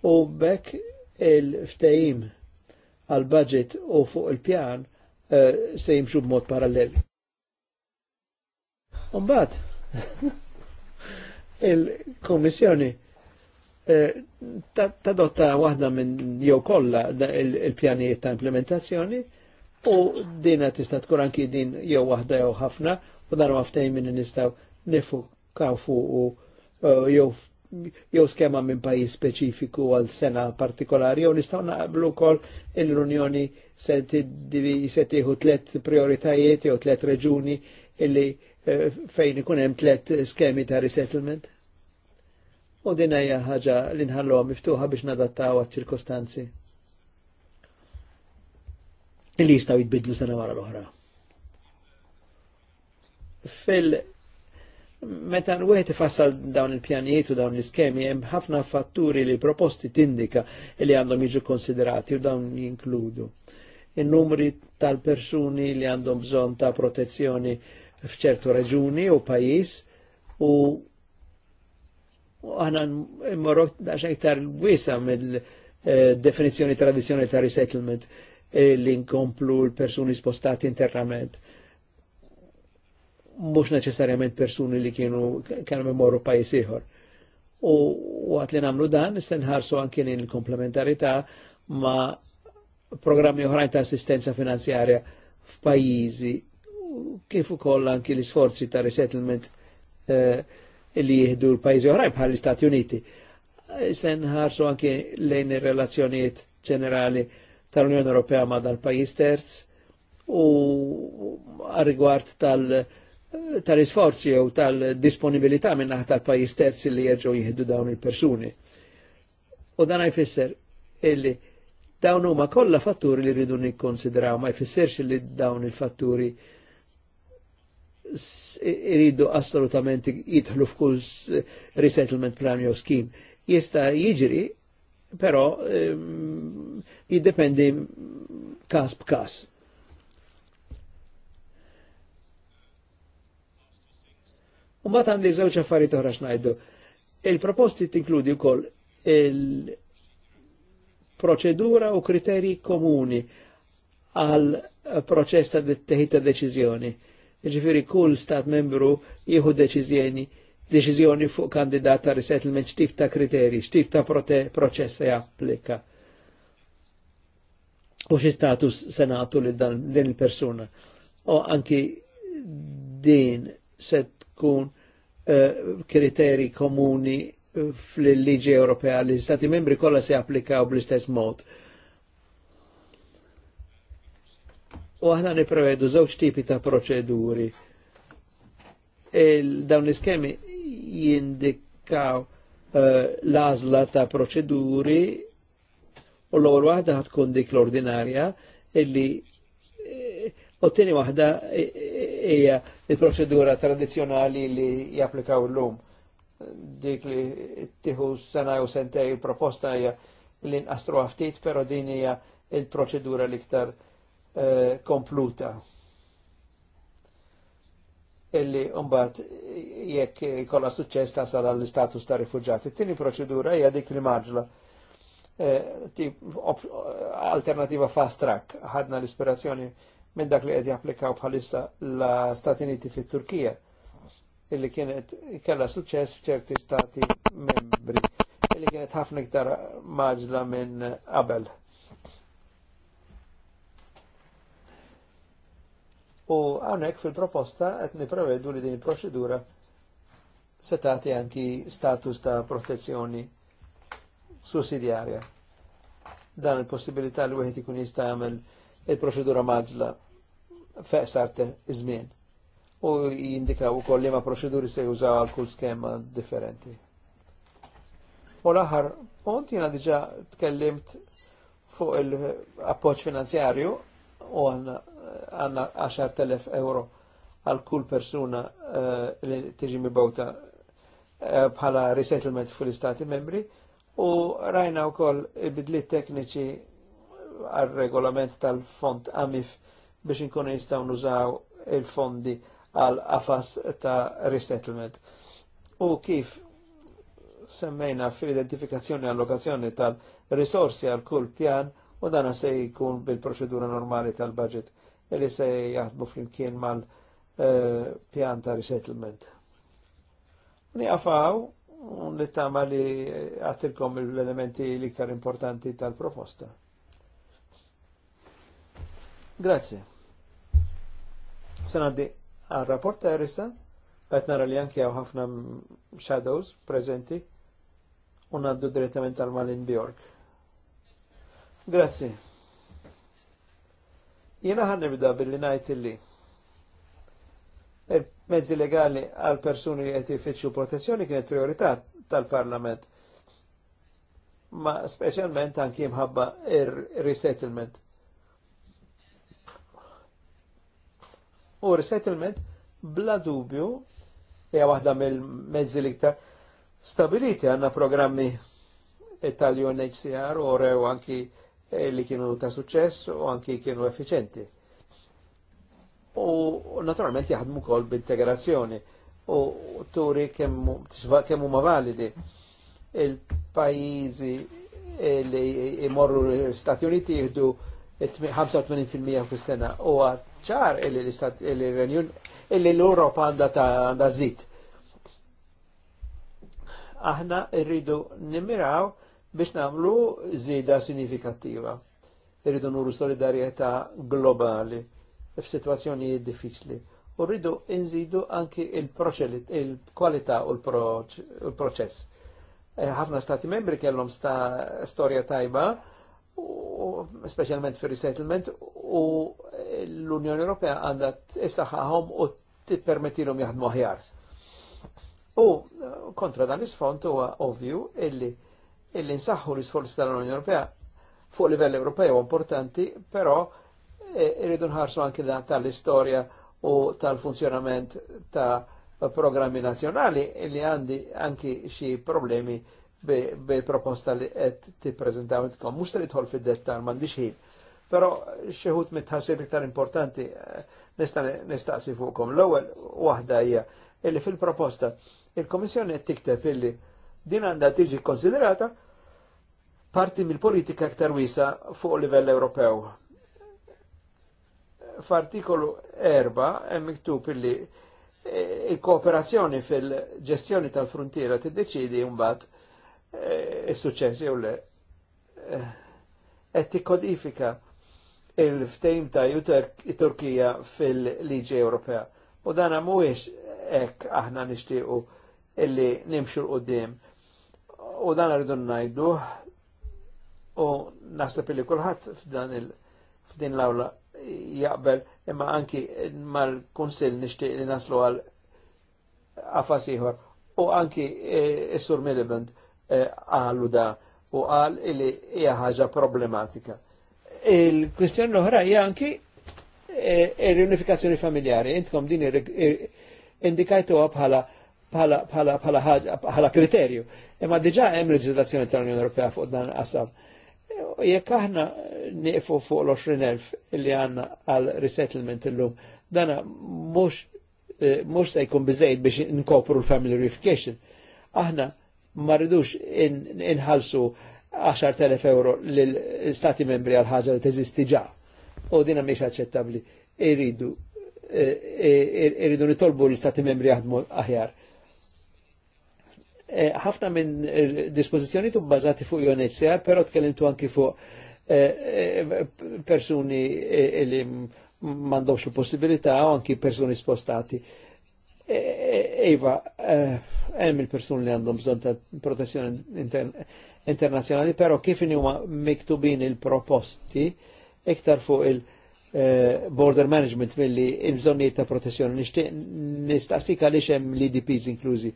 [SPEAKER 1] U bekk il-ftehim għal budget u fuq il-pjan il pjan Eh, se jimxu b'mod parallel. Umbat, il-Komissjoni eh, tadotta waħda minn jew kollha il-pjanijiet ta' implementazzjoni u dina tista' tkun anki din jew waħda jew ħafna u darba ftehim minn nistgħu nifukaw fuq eh, jew jew skema minn pajjiż speċifiku għal sena partikolari jew nistgħu naqblu wkoll l-Unjoni se tieħu tliet prioritajiet jew tliet reġuni illi eh, fejn ikun hemm tliet skemi ta' resettlement. U din hija ħaġa li nħalluha miftuħa biex nadattaw għat-ċirkostanzi illi jistgħu jitbidlu sena wara l-oħra. Fil- Meta l wet ifassal dawn il-pjanijiet u dawn l-iskemi hemm ħafna fatturi li proposti tindika li għandhom jiġu konsiderati u dawn jinkludu. Il-numri tal-persuni li għandhom bżonn ta' protezzjoni f'ċertu raġuni u pajjiż u għana immorru daċa iktar wisa mill-definizjoni eh, tradizjoni ta' resettlement eh, li nkomplu l-persuni spostati internament mux neċessarjament persuni li kienu kienu memoru pajis iħor. U għat li namlu dan, nistenħarsu anki il-komplementarita ma programmi oħrajn ta' assistenza finanzjarja f'pajjiżi kif ukoll anki l-isforzi ta' resettlement eh, li jihdu l-pajjiżi oħrajn bħal l-Istati Uniti. Senħarsu anki lejn ir-relazzjonijiet ġenerali tal-Unjoni Ewropea ma' dal-pajjiż terz u għal tal-, pajiz terz, Eh, tal-isforzi jew tal-disponibilità minn tal pajjiż terzi li jerġgħu jieħdu dawn il-persuni. U dan jfisser illi dawn huma kollha fatturi li rridu nikkonsidraw, ma jfissirx li dawn il-fatturi iridu assolutament jidħlu f'kull resettlement plan jew skim. Jista' jiġri, però ehm, jiddependi kas b'kas. U mbagħad għandi żewġ affarijiet oħra xnajdu. Il-proposti tinkludi wkoll il-proċedura u kriteri komuni għal proċess ta' teħita ta' deċiżjoni. Ġifieri kull stat membru jieħu deċizjoni deċiżjoni fuq kandidat ta' resettlement x'tip ta' kriteri, x'tip ta' proċess se japplika. U xi status senatu li dan din il-persuna. O anki din set tkun eh, kriteri komuni eh, fl-liġi Ewropea li stati membri kollha se applikaw bl-istess mod. U aħna niprevedu żewġ tipi ta' proċeduri. Dawn l-iskemi jindikaw eh, l-azla ta' proċeduri u l-ewwel waħda ħatkun dik l-ordinarja illi u t-tieni waħda hija il-proċedura tradizjonali li japplikaw l-lum. Dik li tiħu sena u sentej il-proposta hija l-inqastru ftit, pero din hija il-proċedura l-iktar eh, kompluta. Illi umbat jekk kolla suċċess sala l istatus ta' rifugġati. Tini proċedura hija dik li maġla. Eh, alternativa fast track, ħadna l-ispirazzjoni minn dak li qed japplikaw bħalissa l Stati Uniti fit-Turkija illi kienet kella suċċess f'ċerti stati membri illi kienet ħafna iktar maġla minn qabel. U għonek fil-proposta qed niprevedu li din il-proċedura se tagħti anki status ta' protezzjoni sussidjarja. Dan il-possibilità li wieħed ikun jista' jagħmel il-proċedura maġla feqsart iż-żmien u jindikaw ukoll li ma proċeduri se jużaw għal kull skema differenti. U l-aħħar punt jiena diġà tkellimt fuq il appoċ finanzjarju u għanna 10.000 euro għal kull persuna uh, li tiġi mibawta uh, eh, bħala resettlement fuq l istati membri u rajna u koll il-bidliet tekniċi għal-regolament tal-fond għamif biex inkunu jistaw nużaw il-fondi għal-afas ta' resettlement. U kif semmejna fil-identifikazzjoni e allokazzjoni tal-risorsi għal kull pjan u dana se jkun bil-proċedura normali tal-budget li se jaħdmu flimkien mal-pjan eh, ta' resettlement. Niqafaw li tama li għattilkom l-elementi l-iktar importanti tal-proposta. Grazie. Sanaddi għal-rapporter issa, għet nara li anki għaw ħafna shadows prezenti, unaddu direttament għal-Malin Bjork. Grazie. Jena ħan nibda billi najt illi. E mezzi legali għal persuni li għet jifittxu protezzjoni kienet priorità tal-parlament ma specialment anki mħabba ir-resettlement. U resettlement bla dubju hija waħda mill-mezzi liktar stabiliti għandna programmi tal-UNHCR u rew anki eh, li kienu ta' suċċess u anki kienu effiċenti. U naturalment jaħdmu kol b'integrazzjoni u turi kemm huma validi il-pajjiżi eh, li imorru l-Stati Uniti jihdu 85% fis-sena u għad ċar illi l renjun illi l-Europa għanda ta' zit. Aħna irridu nimiraw biex namlu zida sinifikattiva. Irridu nuru solidarieta globali f situazzjoni diffiċli. U rridu inżidu anki il-kwalità il u l-proċess. E, ħafna stati membri kellhom sta storja tajba, specialment fir resettlement u l-Unjoni Ewropea għandha tissaħħahom u tippermettilhom jaħdmu aħjar. U kontra dan l-isfond huwa ovvju illi illi nsaħħu l-isforzi tal-Unjoni Ewropea fuq livell Ewropew importanti, però e, irridu nħarsu anki tal-istorja u tal-funzjonament ta' programmi nazjonali li għandi anki xi problemi bil-proposta li qed tippreżentaw intkom. Mhux trid fid-dettal m'għandix ħin. Pero xeħut mitħassib iktar importanti eh, nista' nistaqsi fuqkom. L-ewwel waħda hija illi fil-proposta il-Komissjoni qed tikteb illi din għandha tiġi konsiderata parti mill-politika aktar wisa fuq livell Ewropew. F'artikolu 4 hemm miktub illi eh, il-kooperazzjoni fil-ġestjoni tal-frontiera tiddeċidi mbagħad eh, il suċċessi u le qed tikkodifika il-ftejm ta' Turkija fil-liġi Ewropea. U dan mhuwiex hekk aħna nixtiequ illi nimxu l-qudiem. U dan rridu ngħidu u naħseb illi kulħadd f'dan il f'din l-awla jaqbel imma anki mal kunsill nixtieq li naslu għal għafas ieħor. U anki e, is-Sur Miliband e, għalu da u għal illi hija ħaġa problematika Il-kwistjoni l-oħra hija anki
[SPEAKER 3] e,
[SPEAKER 1] ir-riunifikazzjoni familjari. Intkom din indikajtu bħala bħala kriterju. Imma diġa hemm leġislazzjoni tal-Unjoni Ewropea fuq dan qasam. Jekk aħna nieqfu fuq l-20,000 li għandna għal resettlement illum, dana mhux e, mux se jkun biżejt biex nkopru l-family reunification. Aħna ma rridux inħalsu in 10.000 euro l-stati membri għal ħagġa li teżisti ġa. U dina miex aċċettabli. Iridu, e, e, iridu nitolbu l-stati membri għadmu aħjar. E, ħafna minn dispozizjoni tu bazati fuq UNHCR, però tkellimtu anki fuq persuni li mandomx l-possibilità u anki persuni spostati. Iva, hemm il-persuni li għandhom bżon ta' protezzjoni internazjonali, pero kif huma miktubin il-proposti iktar fuq il-border eh, management milli li bżonnijiet ta' protezzjoni nishtiq nistaqsik għaliex hemm l-IDPs inklużi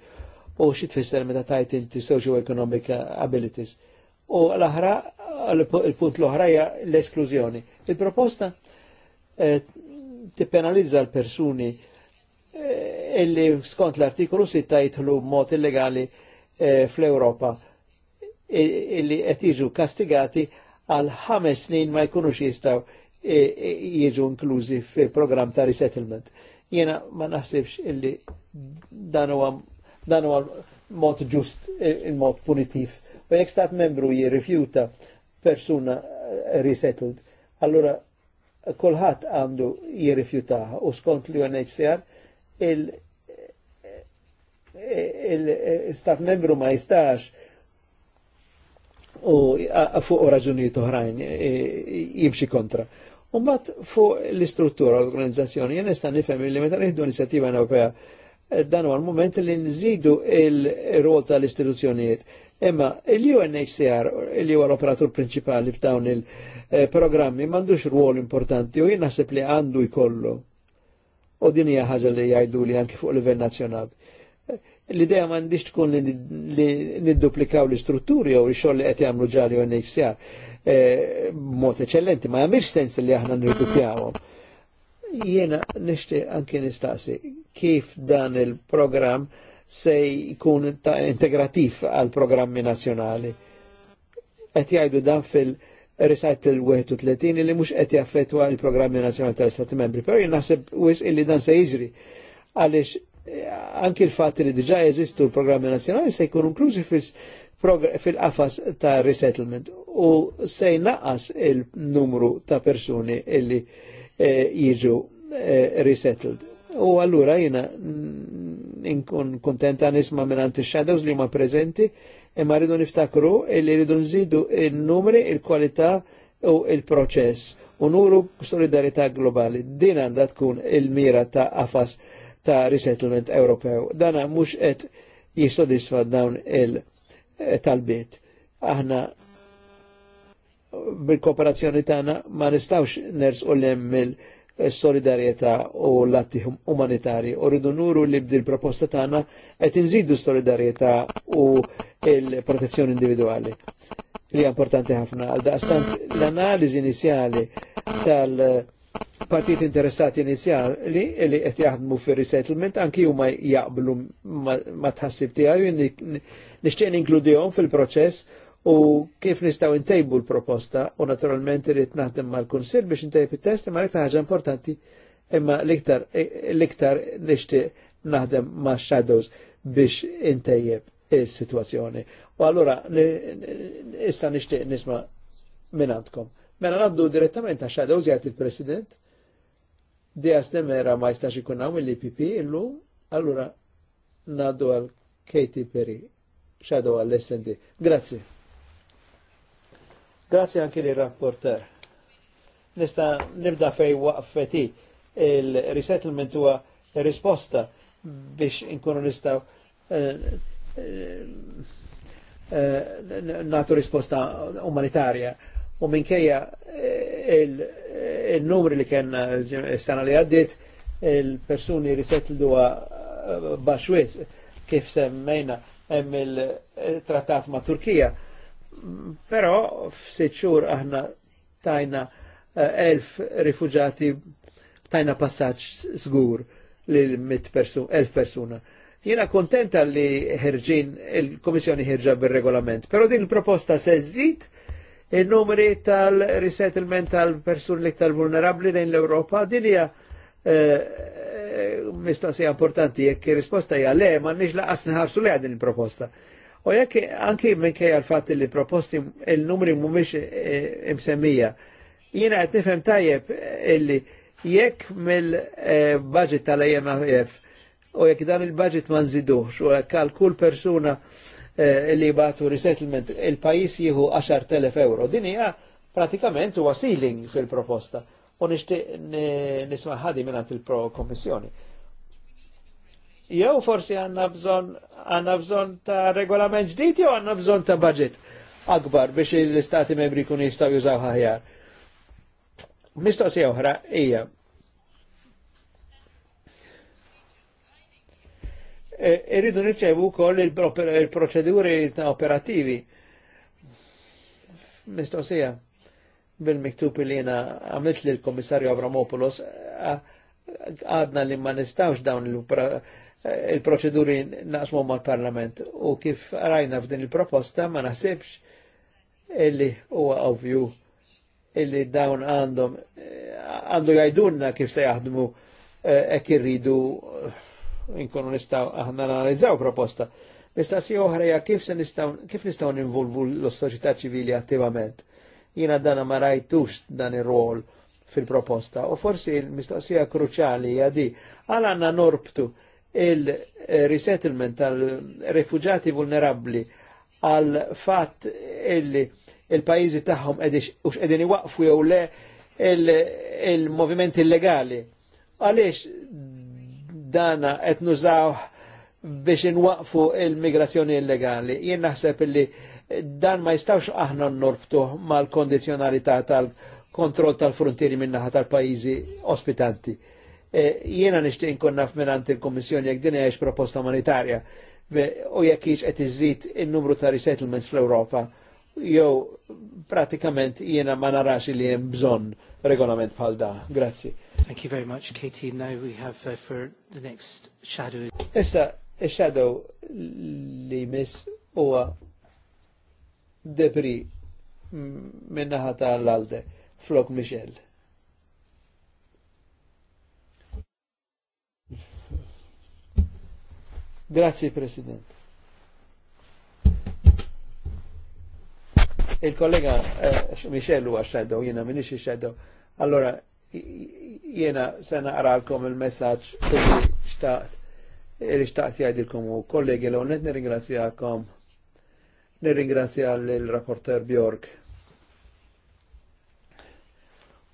[SPEAKER 1] u xi tfisser meta tajt inti socio-economic abilities. U l-aħra, il-punt l-oħra hija l-esklużjoni. Il-proposta eh, tippenalizza l-persuni eh, illi skont l-artikolu 6 jitħlu mod illegali eh, fl-Europa illi qed jiġu kastigati għal ħames snin ma jkunux jistgħu jiġu inklużi fil-programm ta' resettlement. Jena ma naħsibx illi dan huwa dan huwa mod ġust il-mod punitiv. Ma jekk stat membru jirrifjuta persuna eh, resettled, allura kolħat għandu jirrifjutaħ u skont li UNHCR il-stat eh, il, il, membru ma jistax u fuq raġuni oħrajn e, e, jimxi kontra. Umbat fuq l-istruttura u l-organizzazzjoni, jen nista' nifhem li meta nieħdu inizjattiva Ewropea e, dan huwa l-moment li nżidu il-rol tal-istituzzjonijiet. Imma l-UNHCR li huwa l-operatur prinċipali f'dawn il-programmi m'għandux rwol importanti u jien naħseb li għandu jkollu. U din hija ħaġa li jgħidu li anke fuq livell nazzjonali l-idea għandix tkun li nidduplikaw l-istrutturi jew l-xogħol li qed jagħmlu ġali UNHCR eh, mod eccellenti, ma jagħmilx sens li aħna nirduplawhom. Jiena nixtieq anke nistaqsi kif dan il-programm se jkun integrativ għal programmi nazzjonali. Qed jgħidu dan fil- recital 31 li mhux qed jaffettwa l-programmi nazzjonali tal-Istati Membri, però jien naħseb wis illi dan se jiġri għaliex anki l-fat li diġa jeżistu l-programmi nazjonali se jkunu inklużi fil-qafas ta' resettlement u se jnaqqas il-numru ta' persuni illi eh, jiġu eh, resettled. U allura jina inkun kontenta nisma minn shadows li huma prezenti imma rridu niftakru illi rridu nżidu il-numri, il-kwalità u il-proċess u nuru solidarità globali. Din għandha tkun il-mira ta' qafas ta' resettlement Ewropew. Dana mhux qed jissodisfa dawn il-talbiet. Eh, Aħna bil-kooperazzjoni tagħna ma nistgħux ners u lem mill-solidarjetà u l-atti umanitari. U rridu nuru li bdil proposta tagħna qed inżidu solidarjetà u il-protezzjoni individuali li importanti ħafna. Għal daqstant l-analiżi inizjali tal- partit interessati inizjali li qed jaħdmu fir resettlement anki huma jaqblu ma tħassib tiegħu nixtieq inkludihom fil-proċess u kif nistgħu ntejbu l-proposta u naturalment irid naħdem mal-Kunsill biex intejb it-test imma rita ħaġa importanti imma l-iktar l-iktar nixtieq naħdem ma' shadows biex intejjeb is-sitwazzjoni. U allura issa nixtieq nisma' minn għandkom. Mela għaddu direttament għax għadda użjat il-President, Dias Demera ma jistax ikun għaw mill-IPP illu, allura naddu għal Katie Perry, xadu għal SND. Grazie. Grazie anche li rapporter. Nista nibda fej waqfeti il-resettlement huwa risposta biex inkunu nistaw eh, eh, eh, natu risposta umanitarja u minkejja eh, eh, il-numri li kena s sana li għaddit il-persuni risettlu eh, baxwis kif semmejna hemm il-trattat ma' Turkija. Però f'sitt xhur aħna tajna elf rifuġati tajna passaġġ żgur lil mit elf persuna. Jiena kontenta li ħerġin il-Komissjoni ħerġa bir-regolament, però din il-proposta se żid Il-numri tal-resettlement tal-persuni l-iktar vulnerabli lejn l-Europa din hija eh, mistoqsija importanti jekk risposta hija le ma nix laqas nħarsu li din il-proposta. U jekk anki minkejja l-fatt li proposti il-numri mhumiex imsemmija, eh, jiena qed nifhem tajjeb eh, illi jekk mill-budget tal-IMF u jekk dan il-budget ma nżidux u jekk għal kull persuna Eh, li batu resettlement il-pajis jihu 10.000 euro. Din hija pratikament huwa ceiling fil-proposta. U nixtieq nisma' ħadi mingħand il-Kommissjoni. pro Jew forsi għandna bżonn għanna bżon ta' regolament ġdid jew għandna bżonn ta' budget akbar biex l-istati membri kun jistgħu jużaw ħajjar. Mistoqsija oħra hija E, irridu e, nirċevu wkoll il-proċeduri il ta' operativi. Mistoqsija, bil-miktub li jena għamilt li l-Komissarju Avramopoulos, għadna li ma nistawx dawn il-proċeduri naqsmu mal-Parlament u kif rajna f'din il-proposta ma nasibx illi huwa ovvju illi dawn għandhom għandu jajdunna kif se jaħdmu e, ek irridu Inkunu nistaw aħna analizzaw proposta. si oħra ja kif se nistaw kif nistaw ninvolvu l-soċjetà ċivili attivament. Jiena dana ma rajtux dan ir-rol fil-proposta u forsi l-mistoqsija kruċali hija di għal għandna norbtu il-resettlement tal-refuġati vulnerabli għal fatt illi il-pajizi tagħhom ux u x'qegħdin iwaqfu jew le il-movimenti illegali. Għalix dana qed nużaw biex inwaqfu il-migrazzjoni illegali. Jien naħseb li dan ma jistawx aħna n norbtu mal-kondizjonalità tal-kontroll tal-frontieri minnaħa tal-pajjiżi ospitanti. E, jiena nixtieq nkun naf minant il kummissjoni jekk din hija proposta umanitarja u jekk hiex qed iżid in-numru ta' resettlements fl-Ewropa jew pratikament jiena ma narax li hemm bżonn regolament bħal da. Grazzi. Thank you very much, Katie. Now we have uh, for the next shadow. Issa, il-shadow e li mis huwa debri minnaħa l alde Flok Michel. Grazie, President. Il-kollega eh, Michel huwa xedow, jiena minix xedow. Allora, jiena se naqralkom il-messaġġ li xtaqt li xtaqt jgħidilkom u kollegi l għonet nirringrazzjakom. Nirringrazzja l-rapporter Bjork.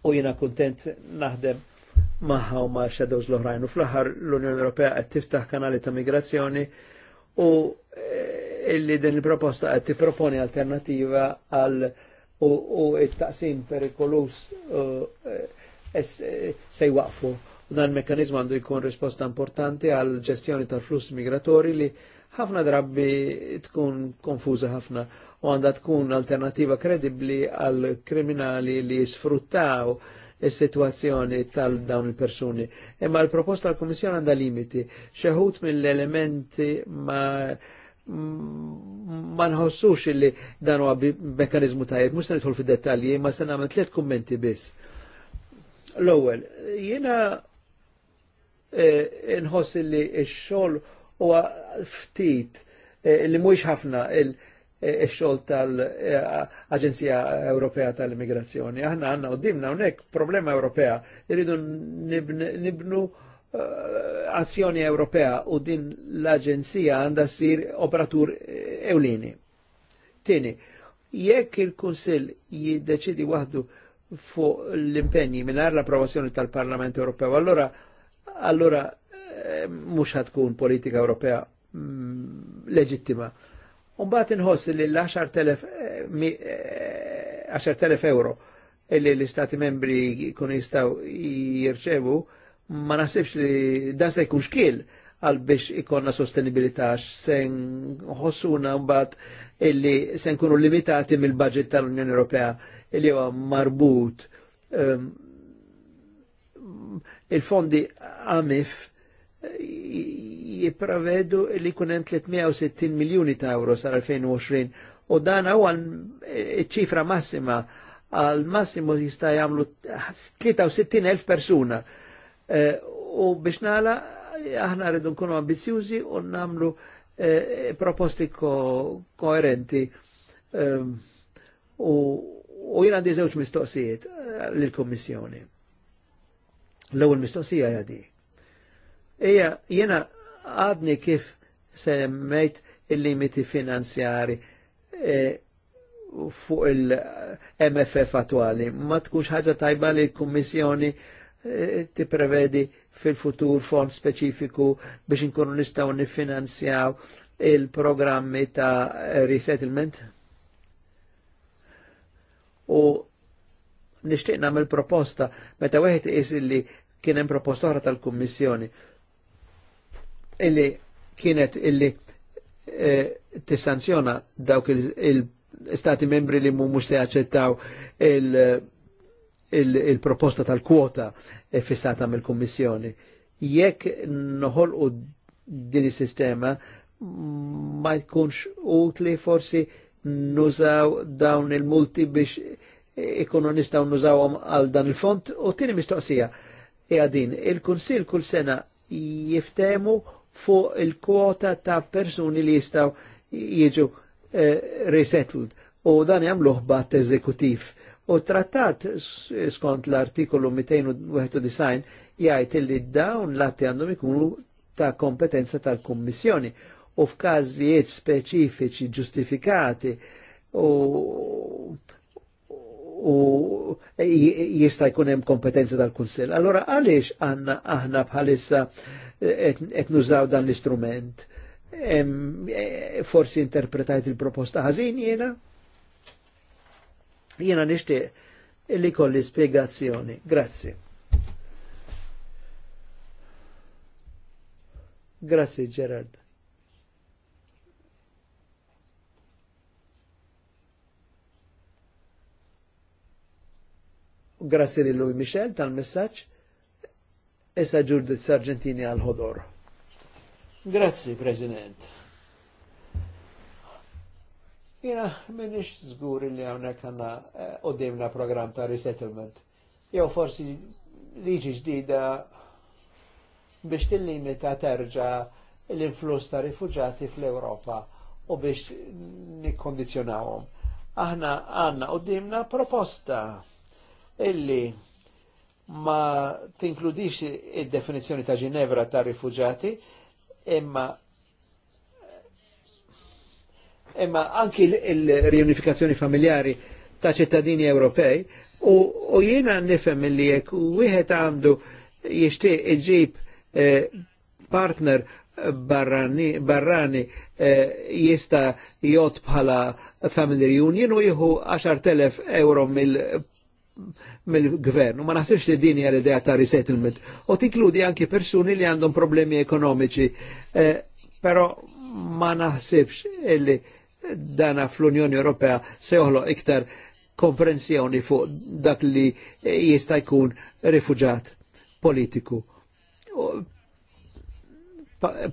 [SPEAKER 1] U jiena kuntent naħdem maħħa u ma' shadows l-oħrajn. U fl-aħħar l-Unjoni Ewropea qed tiftaħ kanali ta' migrazzjoni u e, illi din il-proposta qed tipproponi alternativa għal u it-taqsim perikolus eh, eh, se jwaqfu. U dan il-mekkanizmu għandu jkun risposta importanti għal ġestjoni tal-fluss migratori li ħafna drabi tkun konfuza ħafna u għandha tkun alternativa kredibbli għal kriminali li sfruttaw is-sitwazzjoni tal-dawn il-persuni. Imma l-proposta tal komissjoni għandha limiti. Xeħut mill-elementi ma' Mm, ma nħossux illi dan huwa mekkanizmu tajjeb, mhux se nidħol fid-dettalji, ma se nagħmel tliet kummenti biss. L-ewwel, jiena e, nħoss illi x-xogħol huwa ftit e, li mhuwiex ħafna il-xogħol e, tal-Aġenzija Ewropea tal-Immigrazzjoni. Aħna għandna dimna hawnhekk problema Ewropea irridu nibnu Eh, azzjoni Ewropea u din l-Aġenzija għandha sir operatur ewlieni. Tieni, jekk il-Kunsill jiddeċidi waħdu fuq l-impenji mingħajr l-approvazzjoni tal-Parlament Ewropew, allora allora eh, mhux tkun politika Ewropea mm, leġittima. Umbat inħoss li l-10.000 eh, euro illi l-Istati membri kun jistgħu jirċevu ma nasibx li da se jkun xkiel għal biex ikonna sostenibilità sen ħossuna mbagħad illi se nkunu limitati mill-budget tal-Unjoni Ewropea illi huwa marbut um, il-fondi AMIF eh, jipravedu li hemm 360 miljuni ta' euro sar-2020 u dan huwa eh, ċifra massima għal massimo jista' jagħmlu 63,000 persuna Eh, u biex nala, aħna rridu nkunu ambizjużi u namlu eh, proposti koerenti. Ehm, u jina għandi zewċ mistoqsijiet eh, l komissjoni L-ewwel mistoqsija jadi. Ija, jena għadni kif semmejt il-limiti finanzjari fuq il-MFF attuali. Ma tkunx ħaġa tajba li l-Kummissjoni tipprevedi fil-futur fond speċifiku biex inkunu nistgħu nifinanzjaw il-programmi ta' resettlement? U nixtieq nagħmel proposta meta wieħed is illi kien hemm proposta oħra tal-Kummissjoni illi kienet illi eh, tissanzjona dawk il-stati il membri li mhumiex se jaċċettaw il-, il il-proposta tal-kwota e fissata mill-Kummissjoni. Jekk noħol u din is-sistema ma jkunx utli forsi nużaw dawn il-multi biex ekonomista u nużawhom għal dan il-font u tieni mistoqsija hija din il-kunsil kull sena jiftemu fuq il-kwota ta' persuni li jistaw jiġu eh, resettled u dan jagħmluh bat eżekutiv U trattat skont l-artikolu 291 jgħid li dawn l-atti għandhom ikunu ta' kompetenza tal-Kummissjoni u f'każijiet speċifiċi ġustifikati u u jista jkun hemm kompetenza tal kunsell Allora għaliex għandna aħna bħalissa qed nużaw dan l-istrument? Forsi interpretajt il-proposta ħażin jiena? Jiena nishtiq li kolli spiegazzjoni. Grazzi. Grazzi Gerard. Grazzi li lui Michel tal-messagġ. Issa Judith Sargentini għal-ħodor. Grazzi, President. Jena minnix zgur li għawnek għanna u eh, demna program ta' resettlement. Jew forsi liġi ġdida biex tillimita terġa l-influss ta' rifugġati fl-Europa u biex nikkondizjonawhom. Aħna għanna u demna proposta illi ma tinkludix id-definizjoni ta' Ginevra ta' rifugġati imma imma anki il-riunifikazzjoni familjari ta' ċittadini Ewropej u, u jiena nifem li jekk wieħed għandu jixtieq iġib eh, partner barrani, barrani eh, jista jot bħala family reunion u jieħu 10.000 euro mill mill-gvern. Ma naħsibx li dini għal l-idea ta' resettlement. U tinkludi anki persuni li għandhom problemi ekonomiċi. Eh, ma naħsibx illi dana fl-Unjoni Ewropea se joħloq iktar komprensjoni fuq dak li jista' jkun rifuġat politiku.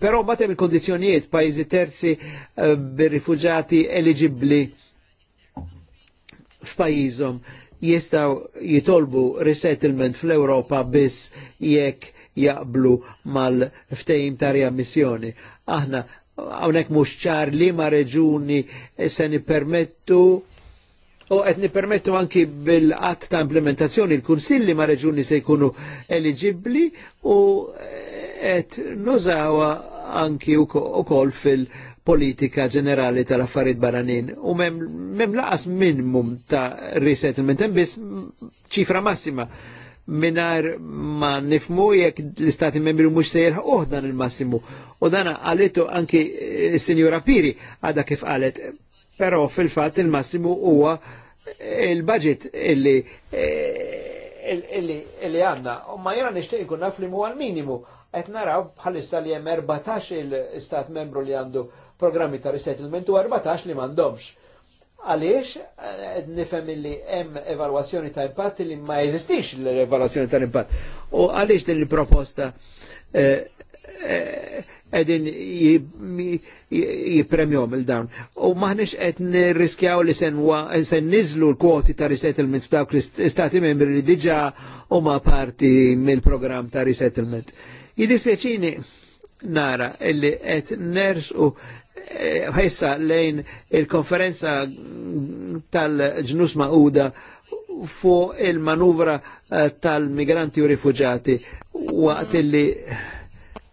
[SPEAKER 1] Però ma tem il-kondizjonijiet pajjiżi terzi eh, bir-rifuġati eligibbli f'pajjiżhom jistgħu jitolbu resettlement fl-Europa biss jekk jaqblu mal-ftejim ta' riammissjoni. Aħna għawnek mux ċar li ma reġuni e se permettu u għet permettu anki bil-att ta' implementazzjoni il-kunsilli ma reġuni se jkunu eligibli u għet nużawa anki u kol fil-politika ġenerali tal-affarid baranin u mem, mem laqas minimum ta' resettlement, biss ċifra massima minar ma nifmu jekk l-istati membri mux sejr uħdan il-massimu. U dana għalitu anki s-Sinjura eh, Piri għada kif għalet, pero fil-fat il-massimu huwa il-budget eh, illi illi għanna. U ma jena nishtiq ikun naf li mu għal-minimu. Et naraw bħalissa li jem 14 il-stat membru li għandu programmi ta' resettlement u 14 li mandomx għaliex eh, nifhem li hemm evalwazzjoni ta' impatt li ma jeżistix l-evalwazzjoni ta' impatt. U għaliex din il-proposta eh, eh, edin jipremjom il-dawn. U maħnix qed nirriskjaw li sen, niżlu l-kwoti ta' resettlement f'dawk l-istati membri li diġa u ma parti mill-programm ta' resettlement. Jidispjaċini nara illi qed ners u ħessa lejn il-konferenza tal-ġnus ma'uda fuq il-manuvra eh, tal-migranti u rifugjati waqt li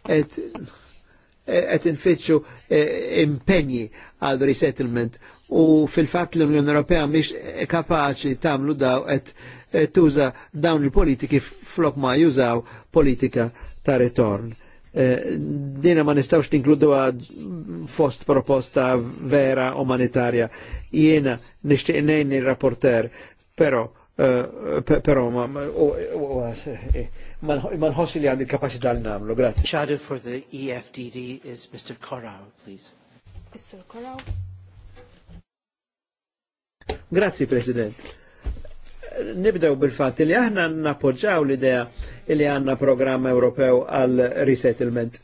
[SPEAKER 1] qed infittxu eh, impenji għal resettlement u fil-fatt l-Unjoni Ewropea mhix kapaċi tamlu daw qed eh, tuża dawn il-politiki flok ma jużaw politika ta' ritorn Eh, dina ma nistawx tinkludu fost proposta vera umanitarja. Jiena nishtiq nejn il-rapporter, pero pero ma nħossi li għandi kapacità li namlu, grazie. Shadow for the EFDD is Mr. Corral, please.
[SPEAKER 3] Mr. Corral.
[SPEAKER 1] Grazie, Presidente nibdew bil fat li aħna nappoġġaw l-idea li għanna programm Ewropew għal resettlement.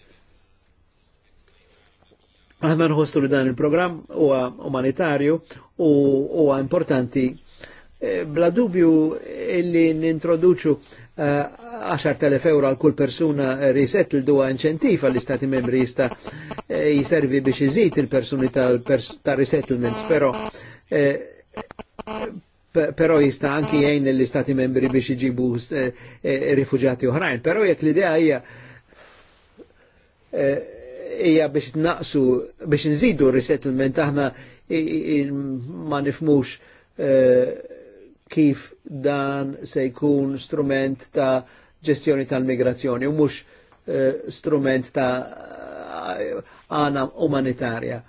[SPEAKER 1] Aħna nħostu li dan il-programm huwa umanitarju u huwa importanti e, bla dubju illi nintroduċu 10.000 e, euro għal kull persuna riset l duwa inċentif għall istati membri jista e, jiservi biex iżid il-persuni tal-resettlements, pero però jista' anki jgħin l-istati membri biex iġibu eh, eh, rifugjati oħrajn. Però jekk l-idea hija eh, hija biex naqsu biex nżidu resettlement aħna ma nifmux kif dan se jkun strument ta' ġestjoni tal-migrazzjoni u mhux strument ta' għana umanitarja.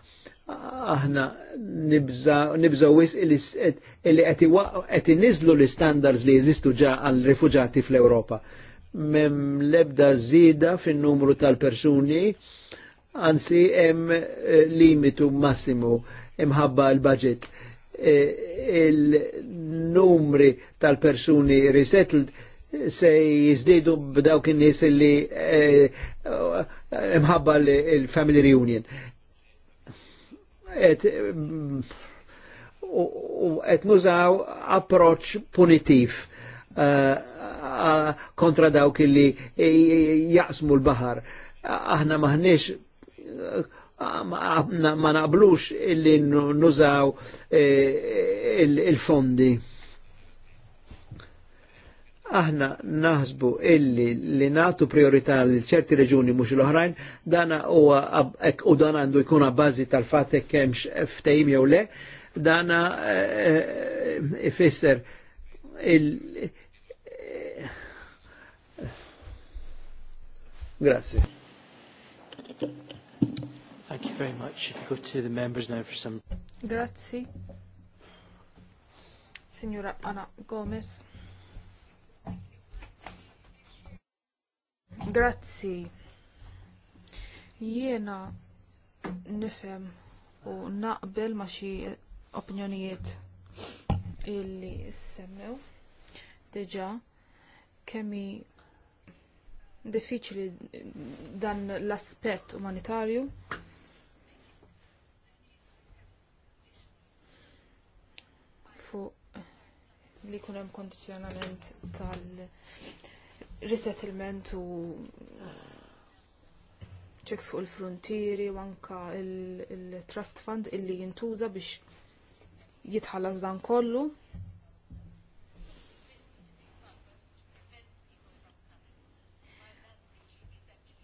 [SPEAKER 1] Aħna nibza wis illi qed iniżlu l-istandards li jeżistu ġa għal-rifuġati fl-Ewropa. Mem lebda żieda fin-numru tal-persuni, anzi hemm eh, limitu massimu imħabba l-budget. Eh, il-numri tal-persuni resettled se jizdidu b'dawk in-nies li eh, imħabba l-family reunion et u nużaw approċ punitiv eh, kontra dawk illi jaqsmu l-bahar. Aħna maħniex ma naqblux illi nużaw eh, il-fondi. Il aħna naħsbu illi li natu priorità li ċerti reġuni mux l-oħrajn, dana u, u dan għandu jkun għabbażi tal-fatek kemx ftejim jew le, dana eh, ifisser il... Grazie. Thank you very much. If you go to the members now for some...
[SPEAKER 3] Grazie. Signora Anna Gomez. Grazzi. Jiena nifhem u naqbel ma xi opinjonijiet illi semmew deġa kemi diffiċli dan l-aspett umanitarju fuq li jkun hemm kondizzjonament tal- resettlement u uh, checks fuq il-frontieri u anka il-trust fund illi jintuża biex jitħallas dan kollu.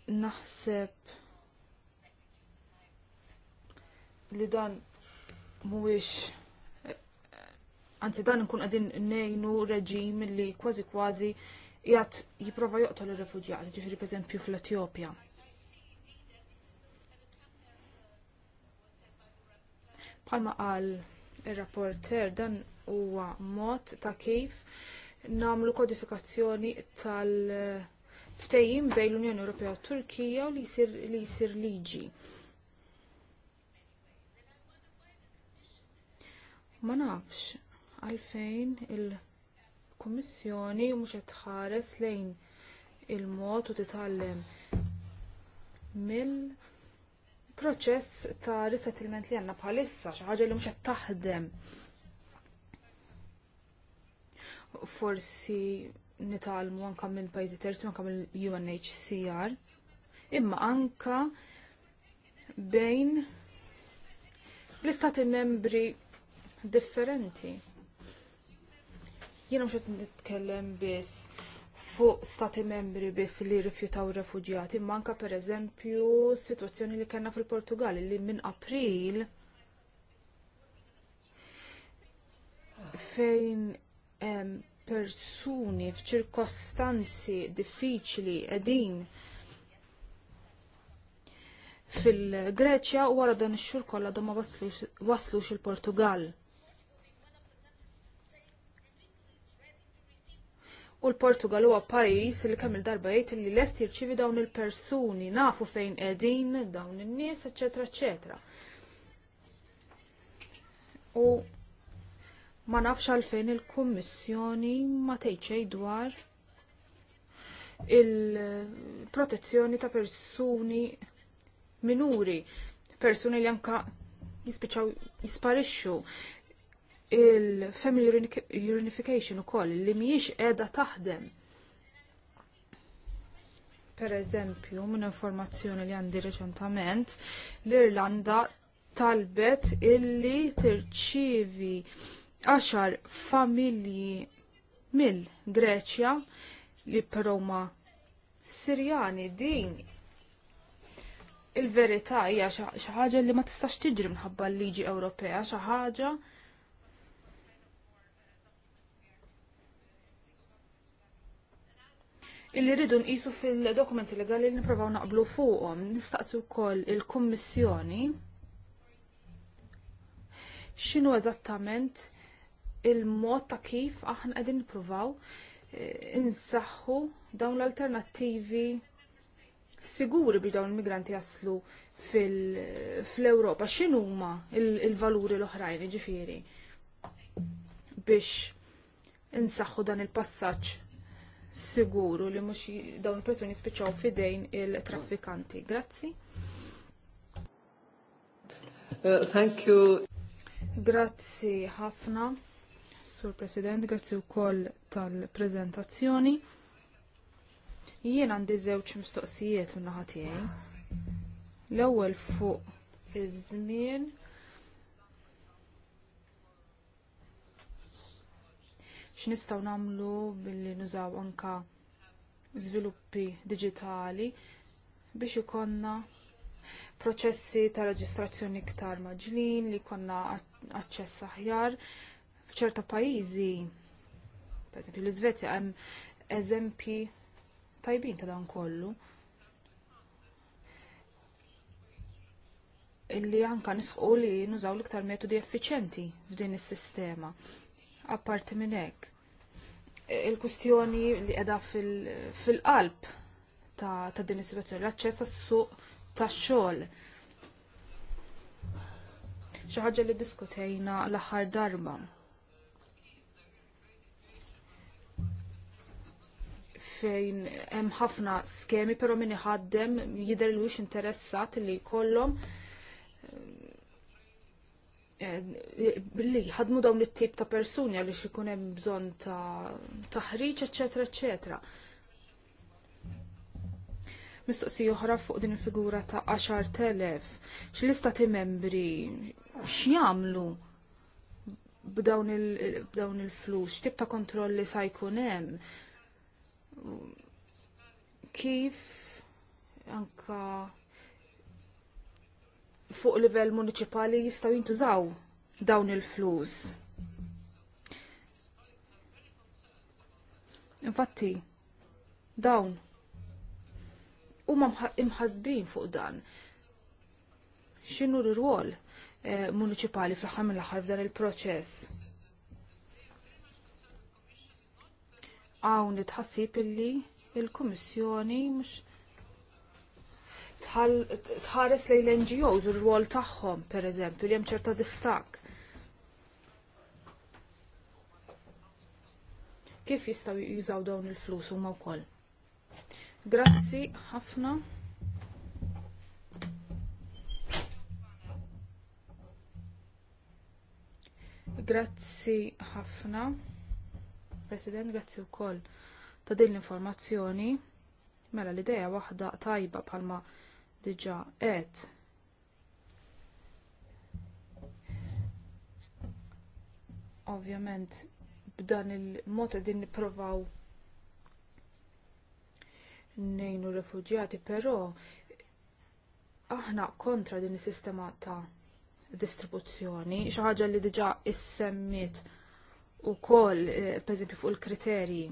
[SPEAKER 3] Naħseb li dan mhuwiex eh, anzi dan nkun qegħdin nejnu reġim li kważi kważi jgħat jiprofa joqtol il-refugjati, ġifiri per esempio fl-Etjopja. Palma għal il-rapporter dan huwa mod ta' kif namlu kodifikazzjoni tal ftejim bejn l-Unjoni Ewropea u Turkija u li jisir, li jisir liġi. Ma nafx għalfejn il- il-Kummissjoni mhux qed tħares lejn il-mod u titgħallem mill-proċess ta' resettlement li għandna bħalissa xi ħaġa li mhux qed taħdem. Forsi nitalmu anka minn pajjiżi terzi anka mill-UNHCR imma anka bejn l-istati membri differenti. Jiena mhux qed nitkellem biss fuq stati membri biss li rifjutaw refugjati, manka per eżempju situazzjoni li kena fil-Portugal li minn April fejn em, persuni f'ċirkostanzi diffiċli edin fil-Greċja u wara dan ix-xhur kollha ma waslux il-Portugal. U l-Portugal huwa pajjiż li kemm il-darba jgħid li lest jirċivi dawn il-persuni, nafu fejn qegħdin dawn in-nies, eċetera, eċetera. U ma nafx għalfejn il-Kummissjoni ma tgħidx dwar il-protezzjoni ta' persuni minuri, persuni li anka jispiċaw jisparixxu il-family unification ukoll li mhijiex qiegħda taħdem. Per eżempju, minn informazzjoni li għandi reċentament, l-Irlanda talbet illi tirċivi għaxar familji mill-Greċja li Peroma Sirjani din il-verità hija xi ħaġa li ma tistax tiġri minħabba l-liġi Ewropea, xi ħaġa illi rridu nqisu fil-dokumenti legali li nipprovaw naqblu fuqhom. Nistaqsu wkoll il-Kummissjoni x'inhu eżattament il-mod ta' kif aħna qegħdin nippruvaw eh, insaħħu dawn l-alternattivi siguri biex dawn il-migranti jaslu fil-Europa, x'inhuma il-valuri l-oħrajn ġifieri biex insaħħu dan il-passaġġ siguru li mhux dawn il-persuni spiċċaw fidejn il-traffikanti. Grazzi.
[SPEAKER 2] Uh, thank you.
[SPEAKER 3] Grazzi ħafna, Sur President, grazzi wkoll tal-prezentazzjoni. Jien għandi żewġ mistoqsijiet u-naħa tiegħi. L-ewwel fuq iż-żmien x'nistgħu nagħmlu billi nużaw anka żviluppi diġitali biex ikonna proċessi ta' reġistrazzjoni iktar maġlin li jkollna aċċess aħjar f'ċerta pajjiżi pereżempju l-Iżvezja hemm eżempji tajbin ta' dan kollu. illi anka nisħu li nużaw l-iktar metodi effiċenti f'din is-sistema apparti minn hekk. E, il-kustjoni li qiegħda fil-qalb ta', din is-sitwazzjoni, l-aċċess għas-suq tax-xogħol. Xi ħaġa li diskutejna l-aħħar darba. fejn hemm ħafna skemi però min iħaddem jidher li interessat li jkollhom Eh, li ħadmu dawn it-tip ta' persuni għaliex ikun hemm bżonn ta' taħriġ, eċetera, eċetera. Mistoqsi oħra fuq din il-figura ta' 10,000. X'l-istati membri x'jamlu b'dawn il-flux, tip ta' kontrolli sa' jkun hemm. Kif anka fuq livell municipali jistaw jintużaw dawn il-flus. Infatti, dawn huma imħazbin fuq dan. X'inhu r-rwol eh, municipali fl-aħħar l-ħar f'dan il-proċess? Hawn it illi il-Kummissjoni mhux tħares lejn l-NGOs u r-rwol tagħhom, pereżempju, li hemm ċerta distak. Kif jistgħu jużaw dawn il-flus huma wkoll? Grazzi ħafna. Grazzi ħafna. President, grazzi wkoll ta' din l-informazzjoni. Mela l-ideja waħda tajba bħalma diġà għedt. ovvjament b'dan il-mod din nippruvaw nejnu refugjati, però aħna kontra din is-sistema ta' distribuzzjoni, xi ħaġa li diġà issemmit ukoll eh, pereżempju fuq il-kriterji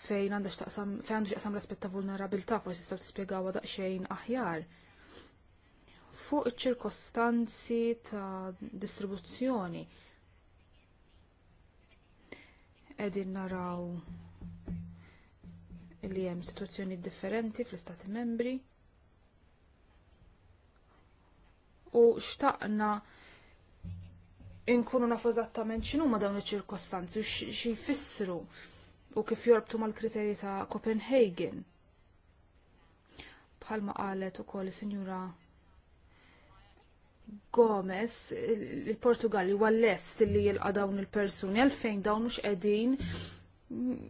[SPEAKER 3] fejn għandu xtaqsam fejn għandu xtaqsam l ta' vulnerabilità forsi tistgħu tispjegawha daqsxejn aħjar. Fuq iċ-ċirkostanzi ta' distribuzzjoni qegħdin naraw li hemm situazzjoni differenti fl-istati membri u xtaqna inkunu nafu eżattament x'inhuma dawn iċ-ċirkostanzi u x'jfissru u kif jorbtu mal-kriterji ta' Copenhagen. Bħalma qalet ukoll sinjura Gomez, il-Portugali huwa lest li jilqa' dawn il-persuni għalfejn dawn mux qegħdin mm,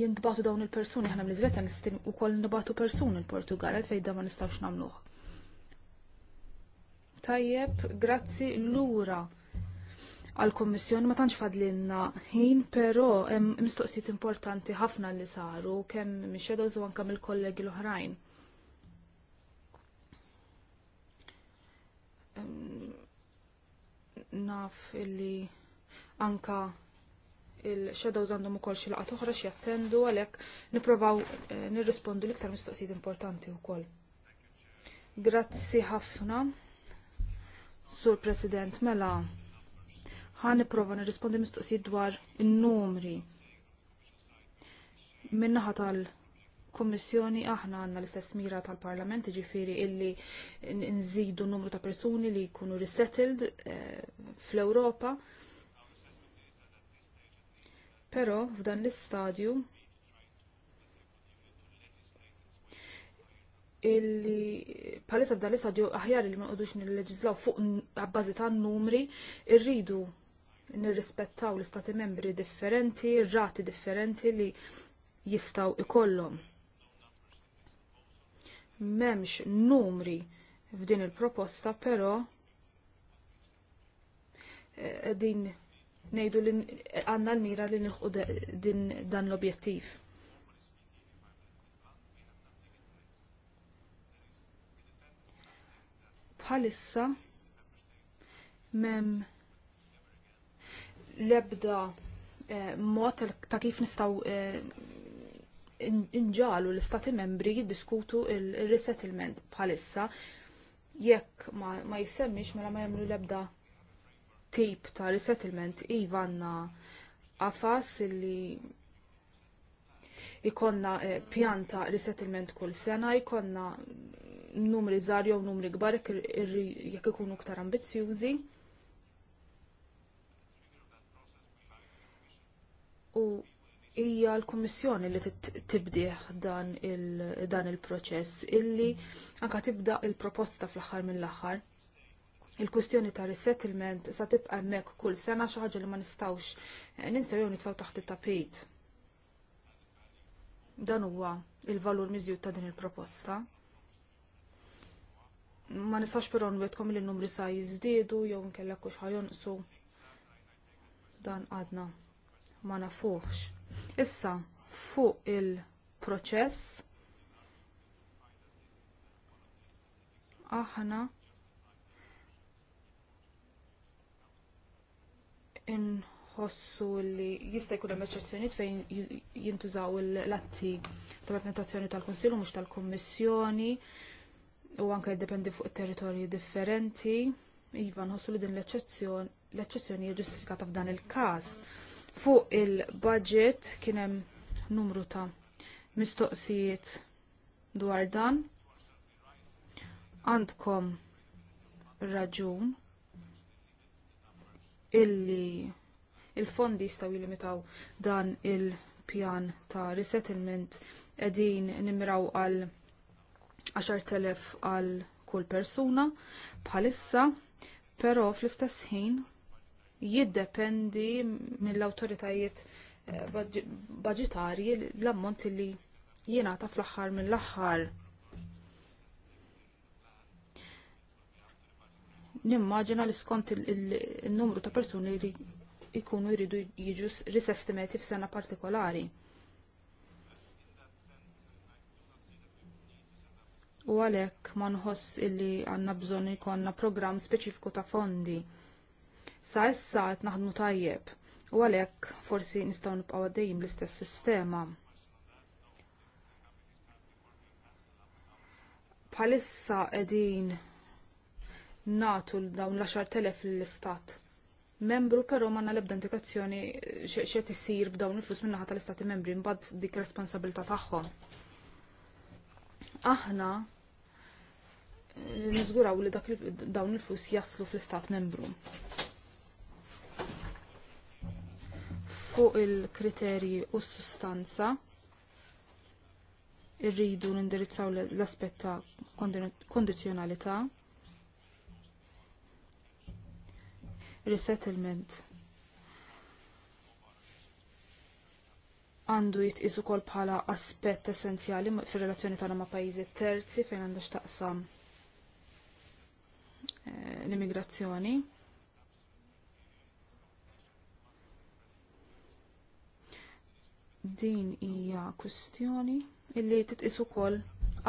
[SPEAKER 3] jintbatu dawn il-persuni ħana mill-Iżvezja u ukoll nibatu persuni il-Portugal għalfejn da ma nistgħux nagħmluh. Tajjeb, grazzi lura għal-Kommissjoni ma tantx fadlinna ħin, però hemm mistoqsijiet importanti ħafna li saru kemm mix-shadows u anke mill-kollegi l-oħrajn. naf illi anka il-shadows għandhom ukoll xi laqgħat oħra xi jattendu għalhekk nipprovaw eh, nirrispondu l-iktar mistoqsijiet importanti wkoll. Grazzi ħafna, Sur President, mela ħan niprofa nirrispondi mistoqsijiet dwar in-numri. Minnaħa tal-Kommissjoni aħna għandna l-istess mira tal-Parlament, ġifiri illi nżidu n-numru ta' persuni li jkunu resettled eh, fl-Ewropa. Però f'dan l-istadju illi palissa f'dan l-istadju aħjar li ma għadux nil-leġizlaw fuq għabbażi ta' numri irridu nirrispettaw l-istati membri differenti, rati differenti li jistaw ikollhom. Memx numri f'din il-proposta, però eh, din nejdu li għanna l-mira li nħu dan l-objettiv. Bħalissa mem l-ebda eh, mod ta' kif nistaw eh, inġalu l-istati membri jiddiskutu il-resettlement bħalissa jekk ma jissemmix mela ma jagħmlu l-ebda tip ta' resettlement iva għandna qafas li ikonna eh, pjanta resettlement kull sena, ikonna numri żgħar jew numri kbar jekk ikunu ktar ambizzjużi. u hija l-Kummissjoni li tibdih dan il-proċess illi anka tibda il-proposta fl-aħħar mill-aħħar. Il-kwistjoni ta' resettlement sa tibqa' hemmhekk kull sena xi ħaġa li ma nistgħux eh, ninsew jew nitfgħu taħt it-tapit. Dan huwa il-valur miżjud ta' din il-proposta. Ma nistax però nwedkom li n-numri sa jiżdiedu jew nkellek kux xi ħajonqsu dan għadna ma nafuħx. Issa fuq il-proċess aħna inħossu li jista' jkun hemm eċċezzjonijiet fejn jintużaw l-atti ta' rappresentazzjoni tal-Kunsill mhux tal-Kummissjoni u anke jiddependi fuq territorji differenti. Iva nħossu li din l-eċċezzjoni hija ġustifikata f'dan il-każ Fuq il-budget kienem numru ta' mistoqsijiet dwar dan. Għandkom raġun illi il-fondi jistaw jilimitaw dan il-pjan ta' resettlement edin nimraw għal 10.000 għal kull persuna bħalissa, pero fl-istess ħin jiddependi mill-awtoritajiet eh, budgetarji l-ammont li jingħata fl-aħħar mill-aħħar. Nimmaġina li skont il-numru ta' persuni li jkunu jridu jiġu risestimati f'sena partikolari. U għalhekk ma nħoss illi għandna bżonn ikollna programm speċifiku ta' fondi sa issa qed naħdmu tajjeb u għalhekk forsi nistgħu nibqgħu għaddejjin bl-istess sistema. Bħalissa qegħdin natu dawn l telef l-istat membru, però ma l-ebda indikazzjoni xed tisir b'dawn il-flus minnaħa tal-istati membri mbad dik responsabilità tagħhom. Aħna nizguraw li dawn il-flus jaslu fl-istat membru. fuq il-kriterji u s-sustanza irridu nindirizzaw l-aspett ta' kondizjonalità. Resettlement għandu jitqis ukoll bħala aspett essenzjali fir-relazzjoni tagħna ma' pajjiżi terzi fejn għandha x'taqsam eh, l-immigrazzjoni. Din hija kwistjoni illi titqis ukoll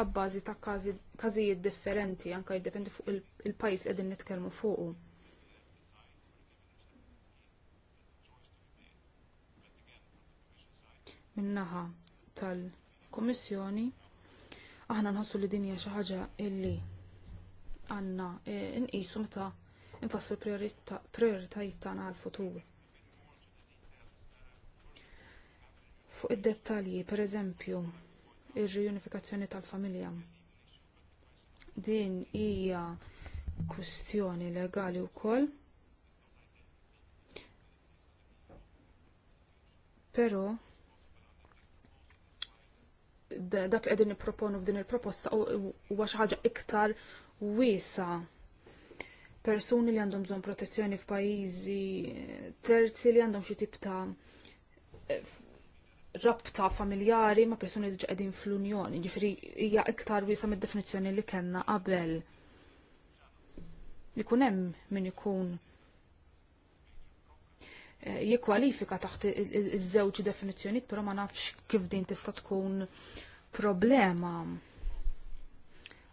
[SPEAKER 3] għabbażi ta' każijiet differenti anke jiddependi fuq il-pajjiż qegħdin nitkellmu fuqu. Min-naħa tal-Kummissjoni aħna nħossu li din hija xi ħaġa illi għandna eh, nqisu meta nfassu l-prijoritajiet tagħna għall-futur. fuq id-dettalji, per eżempju, ir-riunifikazzjoni tal-familja. Din hija kwistjoni legali wkoll. Però dak li qegħdin nipproponu f'din il-proposta huwa xi ħaġa iktar wiesa persuni li għandhom bżonn protezzjoni f'pajjiżi terzi li għandhom xi tip ta' rabta familjari ma' persuni li ġedin fl-Unjoni, ġifri hija iktar wisa mid-definizzjoni li kellna qabel. Li kunem min ikun eh, jikkwalifika taħt iż-żewġ definizzjonijiet, però ma nafx kif din tista' tkun problema.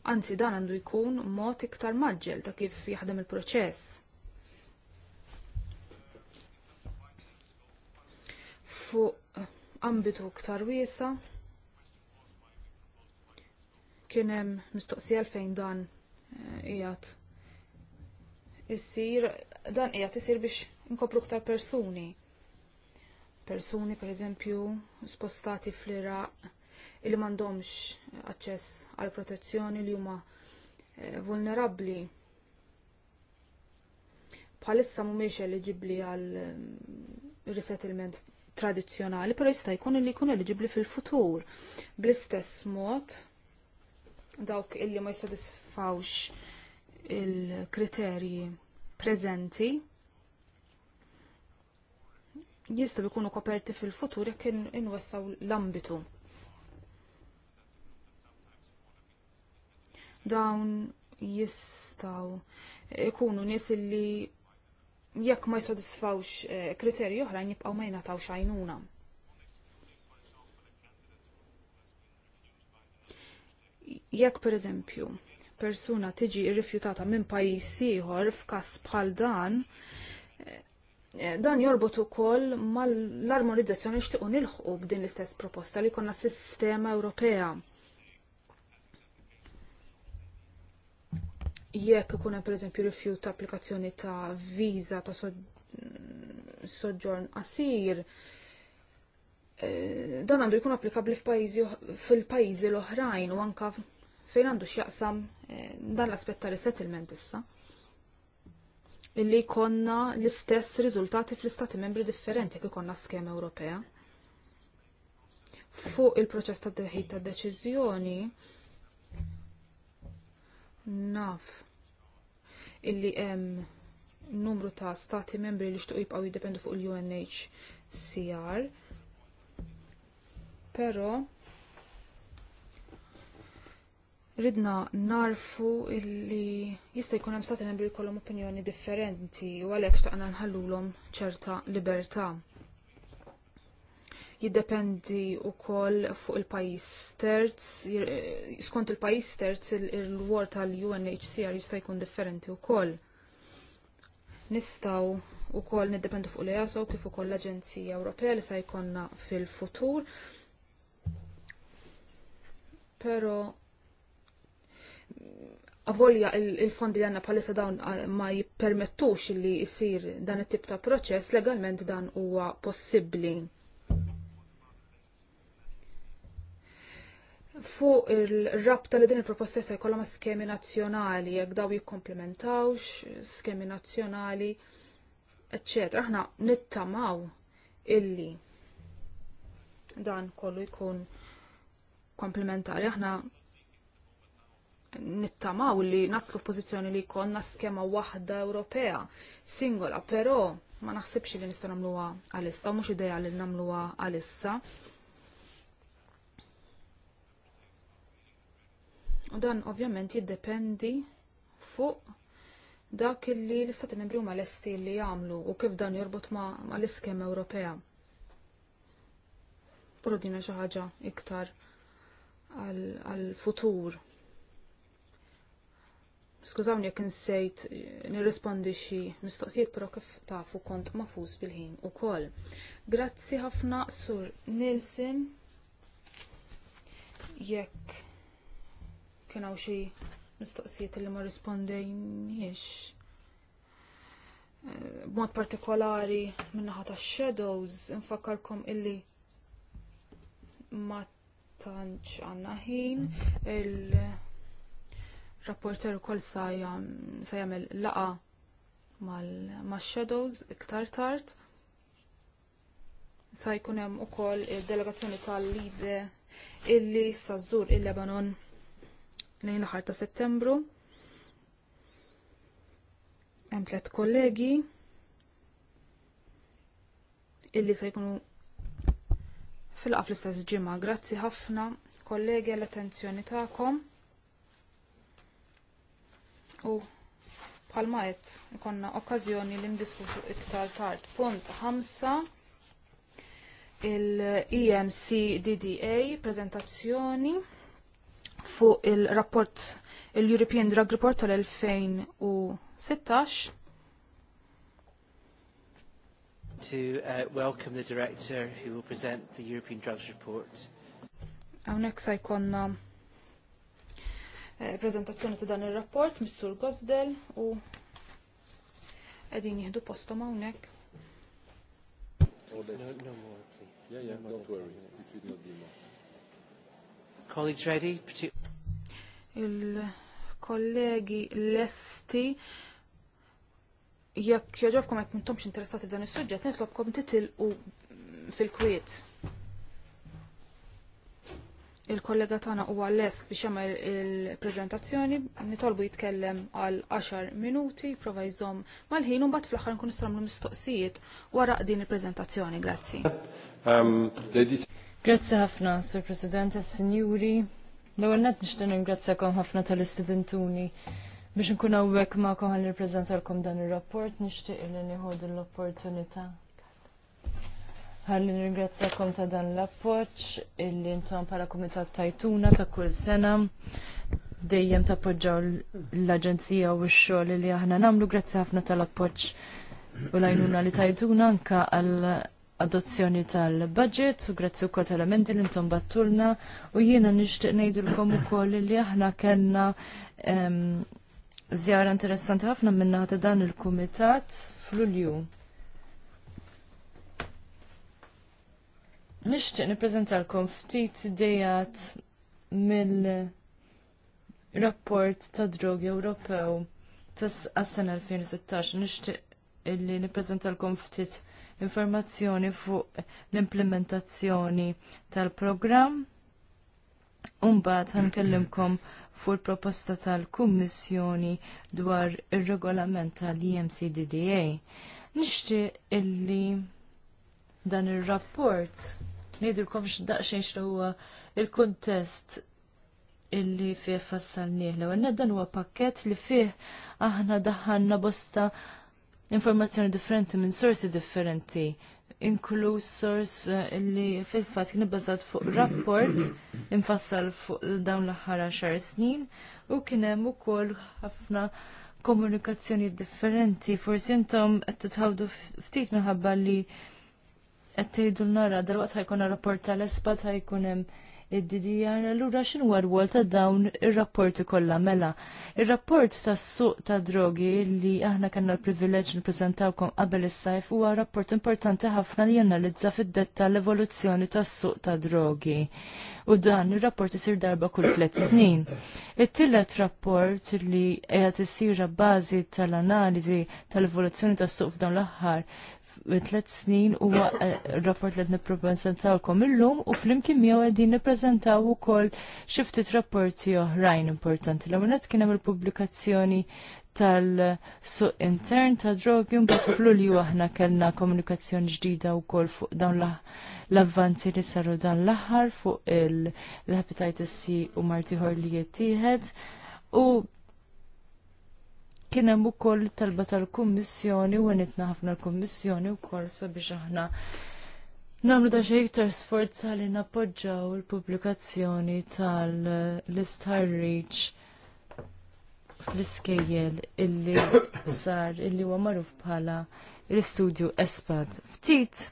[SPEAKER 3] Anzi dan għandu jkun mod iktar maġġel ta' kif jaħdem il-proċess. Fuq ambitu ktar wiesa. Kien hemm mistoqsija fejn dan eh, ijat issir dan qiegħed isir biex inkopru ktar persuni. Persuni pereżempju spostati fl-Iraq illi m'għandhomx aċċess għal protezzjoni li huma eh, vulnerabbli bħalissa mhumiex eligibbli għal eh, resettlement tradizzjonali, però jista' jkun li jkun eliġibbli fil-futur. Bl-istess mod, dawk illi ma jsodisfawx il-kriterji preżenti jistgħu jkunu koperti fil-futur jekk inwessaw l-ambitu. Dawn jistgħu jkunu nies illi jekk ma jsodisfawx eh, kriterji oħrajn jibqgħu ma jingħatawx għajnuna. Jekk pereżempju persuna tiġi rrifjutata minn pajjiż ieħor f'każ bħal dan, eh, dan jorbot ukoll mal-armonizzazzjoni xtiqu nilħqu b'din l-istess proposta li konna sistema Ewropea jekk ikun hemm pereżempju rifjut ta' applikazzjoni ta' viża ta' soġġorn qasir, eh, dan għandu jkun applikabli fil-pajjiżi l-oħrajn u anka fejn għandu x'jaqsam eh, dan l-aspett ta' resettlement issa. Illi jkollna l-istess riżultati fl-istati membri differenti jekk ikonna skema Ewropea. Fuq il-proċess ta' deħid ta' deċiżjoni, naf illi hemm numru ta' stati membri li xtuq jibqgħu jiddependu fuq il-UNHCR. Però ridna narfu illi jista' jkun hemm stati membri jkollhom opinjoni differenti u għalhekk xtaqna nħallulhom ċerta libertà jiddependi wkoll fuq il-pajjiż terz, eh, skont il-pajjiż terz il-wor tal-UNHCR jista' jkun differenti wkoll. Nistgħu wkoll niddependu fuq l-EASO kif ukoll l-Aġenzija Ewropea li se jkollna fil-futur. Però avolja il-fondi il li għanna palissa dawn ma jippermettux li jisir dan it-tip ta' proċess, legalment dan huwa possibbli. fuq il-rabta li din il-proposta se jkollha ma' skemi nazzjonali, jekk daw jikkomplementawx skemi nazzjonali, eċetera. Aħna nittamaw illi dan kollu jkun komplementari. Aħna nittamaw li naslu f'pożizzjoni li jkollna skema waħda Ewropea singola, però ma naħsibx li nistgħu nagħmluha għalissa, mhux idea li nagħmluha għalissa. U Dan ovvjament jiddependi fuq dak li l-istati membri huma lesti li jagħmlu u kif dan jorbot ma, ma l-iskema Ewropea. Però xi ħaġa iktar għal-futur. Skużawni jekk insejt nirrispondi xi mistoqsijiet però kif tafu kont ma'fus bil-ħin ukoll. Grazzi ħafna sur Nilsen jekk kien hawn xi mistoqsijiet li ma rispondejniex. Eh, b'mod partikolari minnaħa ta' shadows infakkarkom illi ma tantx għandna ħin il-rapporter ukoll sa jagħmel laqa mal-shadows iktar tard sa jkun hemm ukoll id-delegazzjoni tal-libe illi sa żżur il-Lebanon il lebanon lejn l-ħar ta' settembru. Hemm tliet kollegi illi se jkunu fil-qaf l-istess ġimgħa. Grazzi ħafna kollegi għall-attenzjoni tagħkom. U bħalma qed ikonna okkażjoni li ndiskutu iktar tard. Punt 5 il-EMC DDA prezentazzjoni fuq il-rapport il-European Drug Report tal-2016
[SPEAKER 1] to uh, welcome the director who will present the European Drugs Report.
[SPEAKER 3] Għawnek sa jkonna eh, prezentazzjoni ta' dan il-rapport, Missur Gosdel, u edin jihdu postom għawnek. No, no more, please. Yeah, yeah, no don't worry. It not be more. Colleagues ready? il-kollegi lesti jekk joġobkom jekk mintomx interessati dan is-suġġett, nitlobkom titilqu fil-kwiet. Il-kollega tagħna huwa lest biex jagħmel il-preżentazzjoni, nitolbu jitkellem għal 10 minuti, prova jżomm mal-ħin u mbagħad fl-aħħar nkun nistramlu mistoqsijiet wara din il-preżentazzjoni. Grazzi. Um, Grazzi ħafna, Sur President, Sinjuri. L-ewwel nett nixtieq ningrazzjakom
[SPEAKER 2] ħafna tal-istudentuni biex nkun hawnhekk magħkom ħalli nippreżentalkom dan ir-rapport nixtieq li nieħu din l-opportunità. Ħalli nirringrazzjakom ta' dan l-appoġġ illi intom bħala kumitat tajtuna ta' kull sena dejjem tappoġġaw l-Aġenzija u x-xogħol li aħna nagħmlu grazzi ħafna tal-appoġġ u l-għajnuna li tajtuna anka għal adozzjoni tal-budget u grazzi u kol elementi li intom battulna u jiena nishtiq nejdulkom u kol li aħna kena zjara interessanti ħafna minna ta' dan il-kumitat fl-ulju. Nishtiq niprezentalkom ftit dejat mill-rapport ta' drogi Ewropew tas sena 2016. Nishtiq illi niprezentalkom ftit informazzjoni fuq l-implementazzjoni tal-programm. Umbat ħankellimkom fuq il-proposta tal-Kummissjoni dwar ir-regolament tal-EMCDDA. Nixtieq illi dan ir-rapport ngħidilkom x'daqsxejn xi huwa il-kuntest illi fih fassalnieh l dan huwa pakkett li fih aħna daħħalna bosta informazzjoni differenti minn sorsi differenti, inkluż sors eh, li fil-fatt kien ibbażat fuq rapport infassal fuq dawn l-aħħar xar snin u kien hemm ukoll ħafna komunikazzjoni differenti. Forsi intom qed titħawdu ftit minħabba li qed tgħidu nara dalwaqt ħajkun rapport tal-espa ħajkun hemm id-DDR, allura x'inhu r-wol ta' dawn ir-rapporti kollha mela. Ir-rapport tas-suq ta' drogi li aħna kellna l-privileġġ nippreżentawkom qabel is-sajf huwa rapport importanti ħafna li janalizza fid-detta l-evoluzzjoni tas-suq ta' drogi. U dan ir-rapport isir darba kull tliet snin. It-tielet rapport li qed isir bażi tal-analiżi tal-evoluzzjoni tas-suq f'dawn l-aħħar tlet snin u eh, rapport li il illum u flimkien miegħu qegħdin nippreżentaw ukoll xi ftit rapporti oħrajn importanti. l għamunet kien hemm il-pubblikazzjoni tal-suq intern ta' drogi mbagħad li aħna kellna komunikazzjoni ġdida wkoll fuq dawn l-avvanzi li saru dan l-aħħar fuq il-hepatitis C u martiħor li jittieħed u Kien hemm ukoll talba tal-Kummissjoni u għenitna ħafna l-Kummissjoni wkoll sabiex aħna Namlu da xej iktar sforza li napoġġaw il-pubblikazzjoni tal Reach fl-iskejjel illi sar illi huwa magħruf bħala l-istudju Espad. Ftit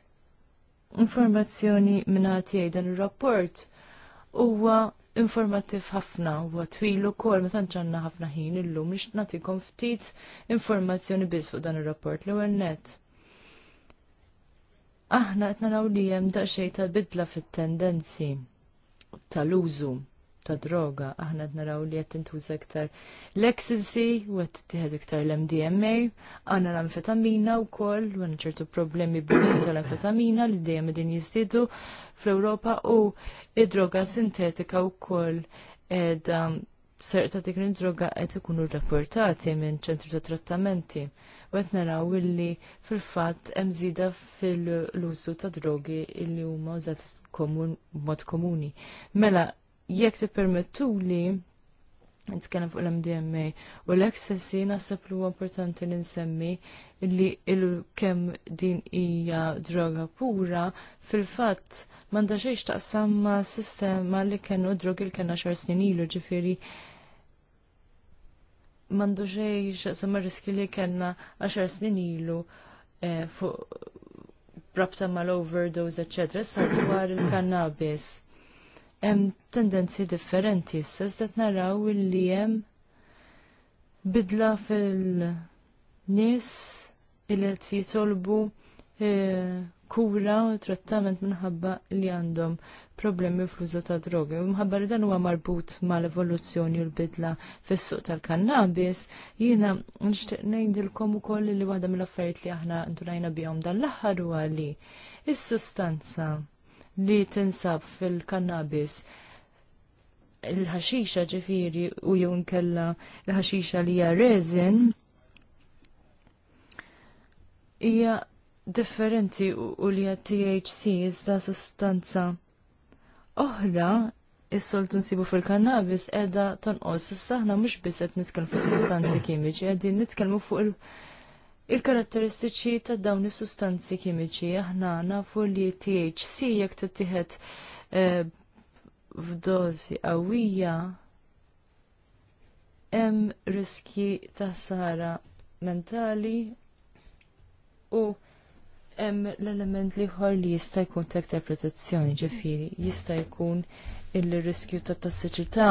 [SPEAKER 2] informazzjoni minn tiegħi dan ir-rapport huwa informattiv ħafna u għatwilu kol ma tanċanna ħafna ħin illum li natikom ftit informazzjoni biz fuq dan il-rapport l għennet. Aħna qed naraw li hemm daqsxejn ta' bidla fit-tendenzi tal-użu ta' droga. Aħna naraw li qed tintuża iktar l-ecstasy u qed tittieħed iktar l-MDMA, għandna l-amfetamina wkoll u għandna ċertu problemi b'użu tal-amfetamina li dejjem din jiżdiedu fl-Ewropa u id-droga sintetika wkoll edha serta dik droga qed ikunu rrapportati minn ċentru ta' trattamenti u qed naraw illi fil-fatt hemm żieda fil-użu ta' drogi illi huma użat komun mod komuni. Mela jekk tippermettuli nitkellem fuq l-MDMA u l-ecstasy naħseb li huwa importanti li nsemmi li kemm din hija droga pura fil-fatt m'għandha xejn taqsam ma' sistema li kienu drogi li kellna xar snin ilu ġifieri m'għandu xejn riski li kellna għaxar snin ilu eh, fuq rabta mal-overdose, eccetera, sa dwar il-cannabis hemm tendenzi differenti. Issa iżda naraw illi hemm bidla fil-nies illi qed jitolbu eh, kura u trattament minħabba li għandhom problemi fl-użu ta' drogi. minħabba li dan huwa marbut mal-evoluzzjoni u l-bidla fis-suq tal-kannabis, jiena nixtieq ngħidilkom ukoll li waħda mill-affarijiet li aħna ndurajna bihom dan l-aħħar huwa li is-sustanza li tinsab fil-kannabis il-ħaxixa ġifiri u jew nkella il ħaxixa li hija resin hija differenti u li hija THC iżda sustanza oħra is-soltu nsibu fil-kannabis qiegħda tonqos issa aħna mhux biss qed nitkellmu fuq sustanzi kimiċi qegħdin nitkellmu fuq il- il-karatteristiċi ta' dawn is-sustanzi kimiċi aħna nafu li THC jekk tittieħed eh, f'dożi qawwija hemm riski ta' sara mentali u hemm l-element liħor li jista' jkun tektar protezzjoni ġifieri, jista' jkun il-riskju ta' tossiċità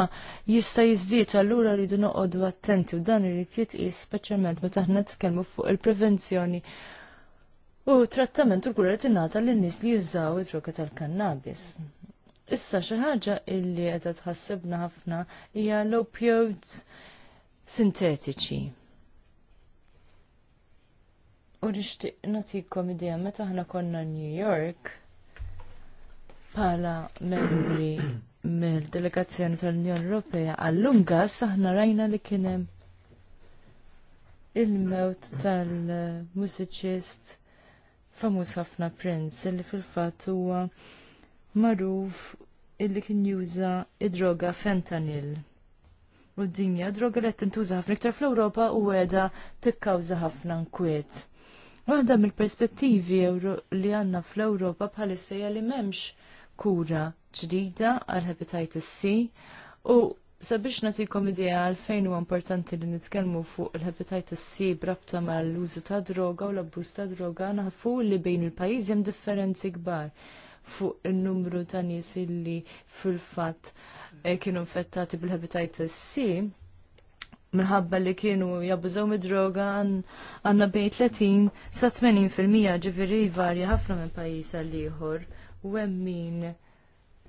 [SPEAKER 2] jista' jiżdied allura rridu noqogħdu attenti u dan irid jitqis speċjalment meta aħna nitkellmu fuq il-prevenzjoni u trattament u kura tingħata lin-nies li jużaw id-droga tal-kannabis. Issa xi ħaġa illi qiegħda tħassibna ħafna hija l-opioids sintetiċi. U nixtieq nagħtikom idea meta aħna konna New York bħala membri mill-delegazzjoni tal-Unjoni Ewropea għallunga aħna rajna li kien hemm il-mewt tal-mużiċist famuż ħafna Prince illi fil-fatt huwa magħruf illi kien juża id-droga fentanyl. U d-dinja droga li qed tintuża ħafna iktar fl-Ewropa u għedha tikkawża ħafna nkwiet Għanda mill-perspettivi li għanna fl-Ewropa bħal-issajja li m'hemmx kura ġdida għal hepatitis C u sabiex natikom idea għalfejn huwa importanti li nitkellmu fuq il-hepatitis C brabta ma l-użu ta' droga u l-abbuż ta' droga nafu li bejn il-pajjiżi hemm differenzi kbar fuq in-numru ta' nies li fil-fatt eh, kienu infettati bil-hepatitis C minħabba li kienu jabbużaw mid-droga għanna bejn 30 sa 80 fil-mija ġifiri varja ħafna minn pajjiż għal ieħor u hemm min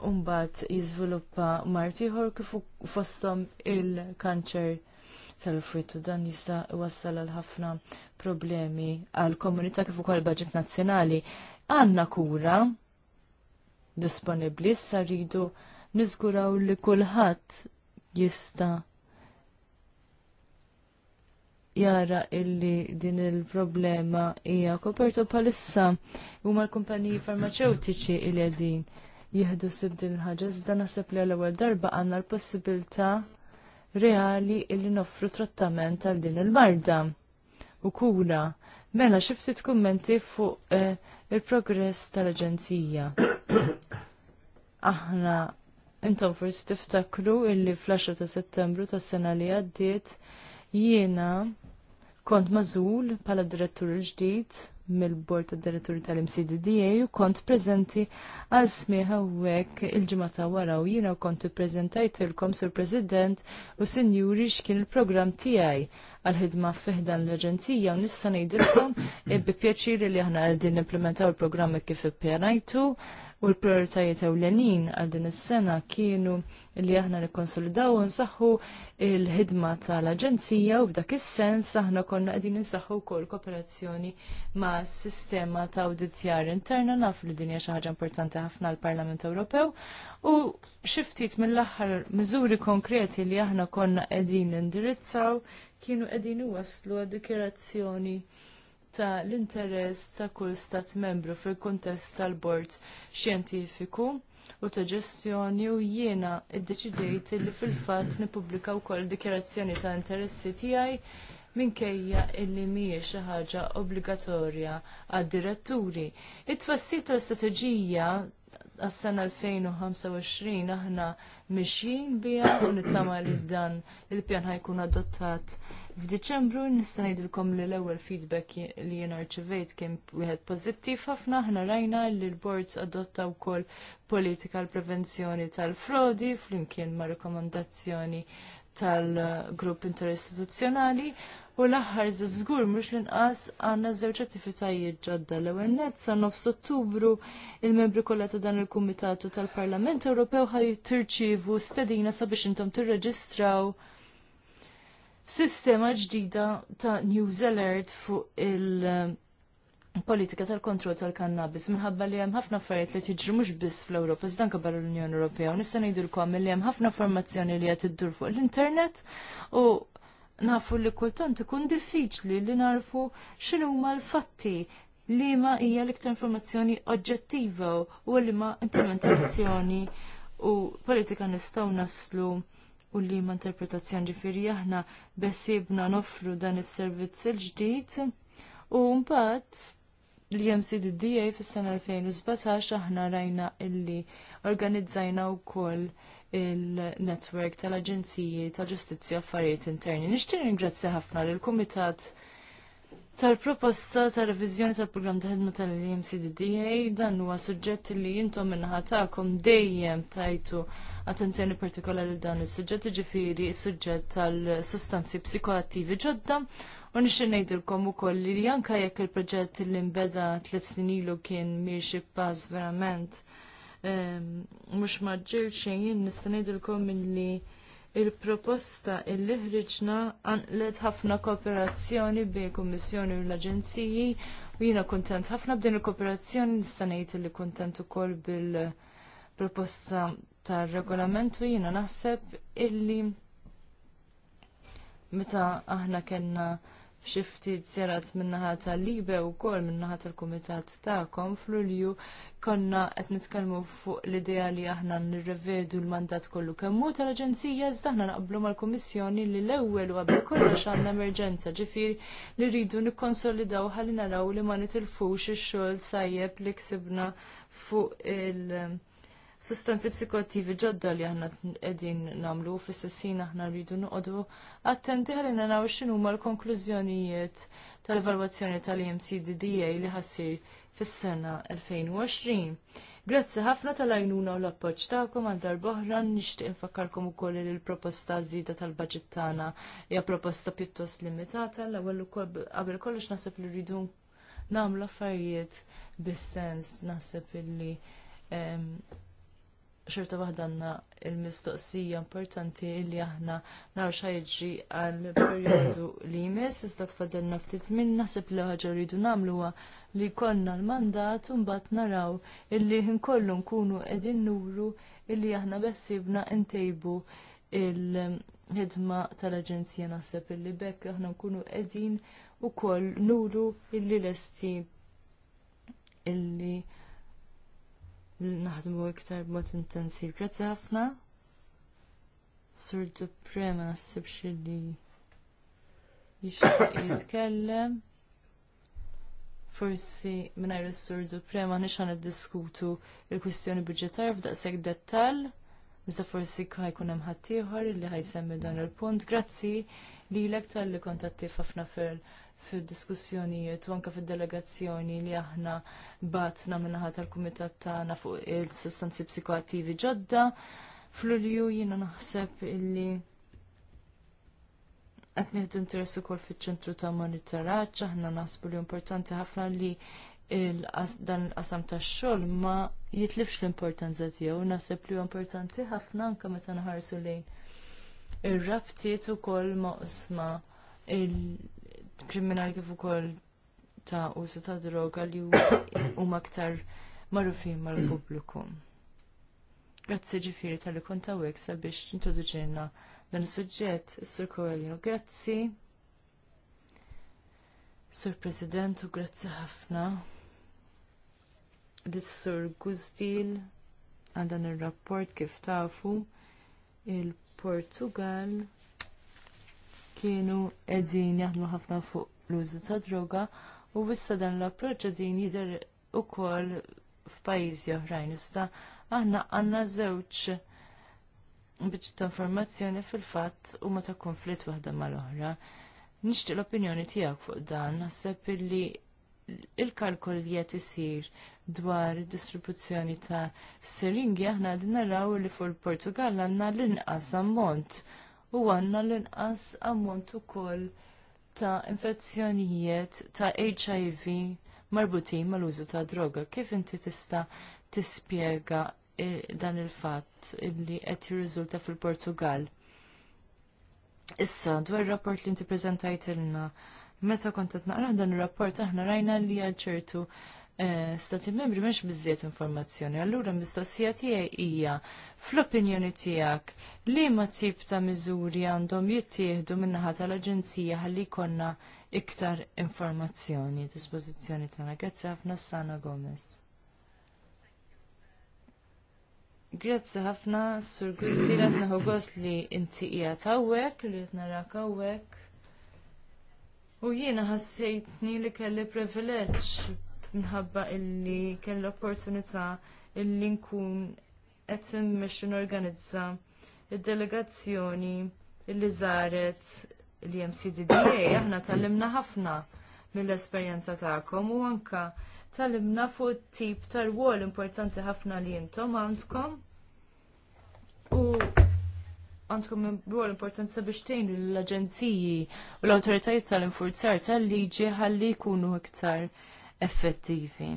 [SPEAKER 2] umbat jiżviluppa martiħor kif fosthom il-kanċer tal-frittu dan jista' wassal għal ħafna problemi għal komunità kif ukoll budget nazzjonali. Għandna kura disponibbli issa rridu niżguraw li kulħadd jista' jara illi din il-problema hija koperta bħalissa huma l-kumpaniji farmaceutiċi li qegħdin jieħdu sib din ħagġa zda nasib naħseb li l-ewwel darba għandna l-possibilità reali illi noffru trattament għal din il-marda u kura. Mela xi ftit kummenti fuq eh, il-progress tal-Aġenzija. Aħna intom forsi tiftakru illi fl-10 ta' settembru tas sena li għaddiet jiena Kont mażul pala direttur ġdid mill-Bord tad Diretturi tal-MCDDA u kont prezenti għal smieħ il-ġimgħa wara u jiena kont ippreżentajtilkom sur President u Sinjuri x'kien il-programm tiegħi għal-ħidma fiħdan l-Aġenzija u nista' ngħidilkom e bi pjaċiri li aħna qegħdin nimplementaw il-programmi kif ippjanajtu u l-prioritajiet ewlenin għal din is-sena kienu li aħna nikkonsolidaw u nsaħħu l-ħidma tal-Aġenzija u f'dak is-sens aħna konna qegħdin insaħħu wkoll kooperazzjoni ma' sistema ta' awditjar interna naf li din hija xi ħaġa importanti ħafna l-Parlament Ewropew u xi ftit mill-aħħar miżuri konkreti li aħna konna qegħdin indirizzaw kienu qegħdin iwasslu għad dikjerazzjoni ta' l-interess ta' kull stat membru fil-kontest tal-bord xjentifiku u ta' ġestjoni u jiena ddeċidejt li fil-fatt nippubblika wkoll dikjarazzjoni ta' interessi tiegħi minkejja illi mhijiex xi ħaġa obbligatorja għad-diretturi. It-tfassir tal-istrateġija għas-sena 2025 aħna mixjin biha u nittama li dan il-pjan ħajkun adottat F'Diċembru nista' ngħidilkom li l-ewwel feedback li jien arċivejt kien wieħed pożittiv ħafna aħna rajna li l-bord adotta wkoll politika l-prevenzjoni tal-frodi flimkien ma' rekomandazzjoni tal-grupp interistituzzjonali u l-aħħar żgur mhux l-inqas għandna żewġ attivitajiet ġodda l-ewwel nett sa nofs Ottubru il-membri kollha ta' dan il-Kumitatu tal-Parlament Ewropew ħaj tirċievu stedina sabiex intom tirreġistraw sistema ġdida ta' news alert fuq il-politika um, tal-kontroll tal-kannabis minħabba li hemm ħafna affarijiet li tiġri mhux biss fl-Ewropa iżda anke barra l-Unjoni Ewropea u nista' ngħidulkom li hemm ħafna informazzjoni li qed iddur fuq l-internet u nafu li kultant ikun diffiċli li narfu x'inhuma l-fatti li ma hija l-iktar informazzjoni oġġettiva u li ma implementazzjoni u politika nistgħu naslu u li ma interpretazzjoni ġifiri aħna besibna nofru dan is-servizz il-ġdid u mbagħad li MCDDA fis-sena 2017 aħna rajna illi organizzajna wkoll il-network tal-Aġenziji tal-Ġustizzja Affarijiet Interni. Nixtieq ringrazzja ħafna lill kumitat tal-proposta tal-revizjoni tal-programm ta' ħidma tal-MCDDA dan huwa suġġett li jintom minnaħatakom dejjem tajtu attenzjoni partikolari dan is-suġġett ġifiri suġġett tal-sustanzi psikoattivi ġodda u nixtieq ngħidilkom ukoll li anke jekk il-proġett li nbeda tliet snin ilu kien mhix b'pass verament mhux maġġilx xejn nista' ngħidilkom milli li il-proposta illi ħriġna għanqlet ħafna kooperazzjoni bejn kummissjoni u l-aġenziji u jiena kuntent ħafna b'din il-kooperazzjoni nista' ngħid illi kuntent ukoll bil-proposta tar-regolament u jiena naħseb illi meta aħna kellna xiftit serat min-naħa tal-libe u kol naħa tal-komitat ta'kom fl-ulju konna qed nitkellmu fuq l-idea li aħna nirrevedu l-mandat kollu kemmu tal-Aġenzija iżda aħna naqblu mal-Kummissjoni li l-ewwel u qabel kollox għandna emerġenza ġifieri li rridu nikkonsolidaw ħalli naraw li ma nitilfux ix-xogħol sajjeb li ksibna fuq il- sustanzi psikoattivi ġodda li aħna qegħdin nagħmlu fl-istessin aħna rridu noqogħdu attenti ħalli naraw x'inhu huma l-konklużjonijiet tal-evalwazzjoni tal-EMCDDA li ħassir fis-sena 2020. Grazzi ħafna tal-għajnuna u l-appoġġ tagħkom għal darboħra nixtieq infakkarkom ukoll li l-proposta żieda tal-baġit tagħna hija proposta pjuttost limitata l-ewwel ukoll qabel kollox naħseb li rridu nagħmlu affarijiet bis-sens naħseb illi xorta waħda għandna il-mistoqsija importanti li aħna naraw xajġi għal perjodu li jmiss, iżda tfaddelna ftit żmien naħseb li ħaġa rridu nagħmluha li konna l-mandat u mbagħad naraw illi nkollu nkunu qegħdin nuru illi aħna bessibna ntejbu il-ħidma tal-Aġenzija naħseb illi bekk aħna nkunu qegħdin ukoll nuru illi lesti illi naħdmu iktar b'mod intensiv. Grazzi ħafna. Sur Duprema nasibx li jixtieq jitkellem. Forsi mingħajr is-Sur Duprema nixan diskutu l kwistjoni budġetarja f'daqshekk dettal. Iżda forsi ħajkun hemm ħadd ieħor li ħajsemmi dan il-punt. Grazzi lilek tal-li kontatti ħafna fil fil-diskussjonijiet u anke fil-delegazzjoni li aħna batna minnaħat tal-kumitat tagħna fuq il-sostanzi psikoattivi ġodda. Fl-ulju jiena naħseb illi qed nieħdu interess ukoll fiċ-ċentru ta' monitoraġġ aħna naħsbu li importanti ħafna li dan il-qasam tax-xogħol ma jitlifx l-importanza tiegħu, naħseb li huwa importanti ħafna anke meta nħarsu lejn ir-rabtiet ukoll ma' qosma kriminali kif ukoll ta' użu ta' droga li huma aktar magħrufin mal-pubbliku. Grazzi ġifieri tal-li kont hawnhekk sabiex tintroduċilna dan is-suġġett, Sur Coelho. Grazzi. Sur President u grazzi ħafna lis sur Guzdil għal dan ir rapport kif tafu il-Portugal kienu qegħdin jaħdmu ħafna fuq l-użu ta' droga u issa dan l-approċċ qegħdin jidher ukoll f'pajjiżi oħrajn. Issa aħna għandna żewġ biċ ta' informazzjoni fil-fatt huma ta' konflitt waħda mal-oħra. Nixtieq l-opinjoni tiegħek fuq dan, naħseb illi il-kalkol li qed isir dwar id distribuzzjoni ta' siringi aħna din naraw li fuq il-Portugal għandna l-inqas ammont u għandna l-inqas ammont ukoll ta' infezzjonijiet ta' HIV marbutin mal-użu ta' droga. Kif inti tista' tispjega e, dan il-fatt li qed jirriżulta fil-Portugal? Issa, dwar rapport li inti preżentajt ilna, meta kont qed naqra dan ir-rapport aħna rajna li għal ċertu Eh, stati membri mhux biżżejjed informazzjoni. Allura mistoqsija tiegħi hija fl-opinjoni tiegħek li ma tip ta' miżuri għandhom jittieħdu min-naħa tal-Aġenzija ħalli jkollna iktar informazzjoni dispożizzjoni tagħna. Grazzi ħafna Sana Gomez. Grazzi ħafna Sur li qed gost li inti hija tawwek li qed narak U jiena ħassejtni li kelli privileġġ minħabba illi kell opportunità illi nkun qed immexxi norganizza id-delegazzjoni illi żaret l-MCDDA aħna tallimna ħafna mill-esperjenza tagħkom u anke tallimna fuq tip tal wol importanti ħafna li intom għandkom. U għandkom rol importanti biex tgħinu l agenziji u l-awtoritajiet tal-infurzar tal-liġi ħalli jkunu iktar effettivi.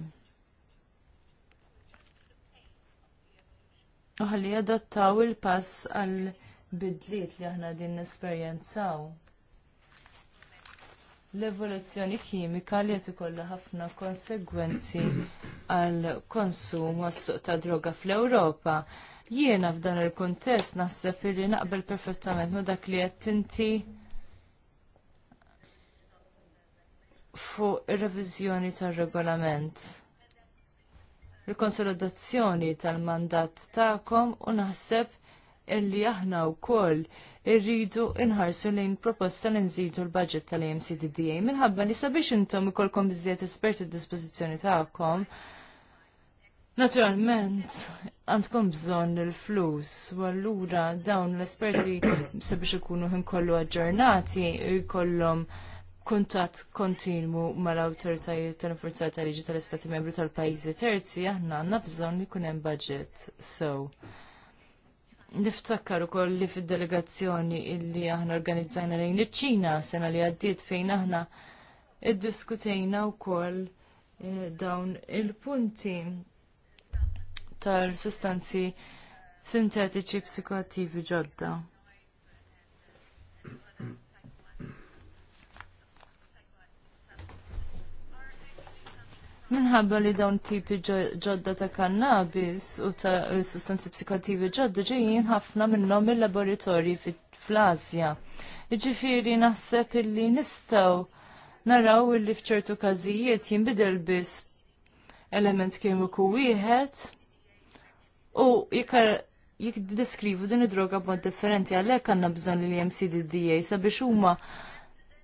[SPEAKER 2] Uħalli jadottaw il-pass għal bidliet li aħna din nesperjenzaw. L-evoluzzjoni kimika li qed kolla ħafna konsegwenzi għal konsum għassu suq ta' droga fl-Ewropa. Jiena f'dan il-kuntest naħseb li naqbel perfettament ma' dak li qed tinti fuq ir-reviżjoni tar-regolament. Il-konsolidazzjoni tal-mandat tagħkom u naħseb illi aħna wkoll irridu inħarsu lejn proposta li nżidu l-budget tal mcda minħabba li sabiex intom ikolkom biżjed esperti d-dispożizzjoni tagħkom. Naturalment, għandkom bżon l-flus, u allura dawn l-esperti sabiex ikunu ħin kollu aġġornati, jkollhom kuntatt kontinwu mal-awtoritajiet tal-infurzat tal-liġi tal-Istati Membri tal-pajjiżi terzi aħna għandna bżonn li jkun hemm budget sew. Niftakkar ukoll li fid-delegazzjoni illi aħna organizzajna lejn iċ-Ċina sena li għaddiet fejn aħna iddiskutejna wkoll eh, dawn il-punti tal-sustanzi sintetiċi psikoattivi ġodda. minħabba li dawn tipi ġodda ta' kannabis u ta' sustanzi psikotivi ġodda ġejjin ħafna minnhom il-laboratorji fl-Asja. Ġifiri naħseb illi nistaw naraw illi fċertu każijiet jinbidel biss element kemiku wieħed u jikar jik diskrivu din id-droga b'mod differenti għalhekk għandna bżonn li jem CDDA sabiex huma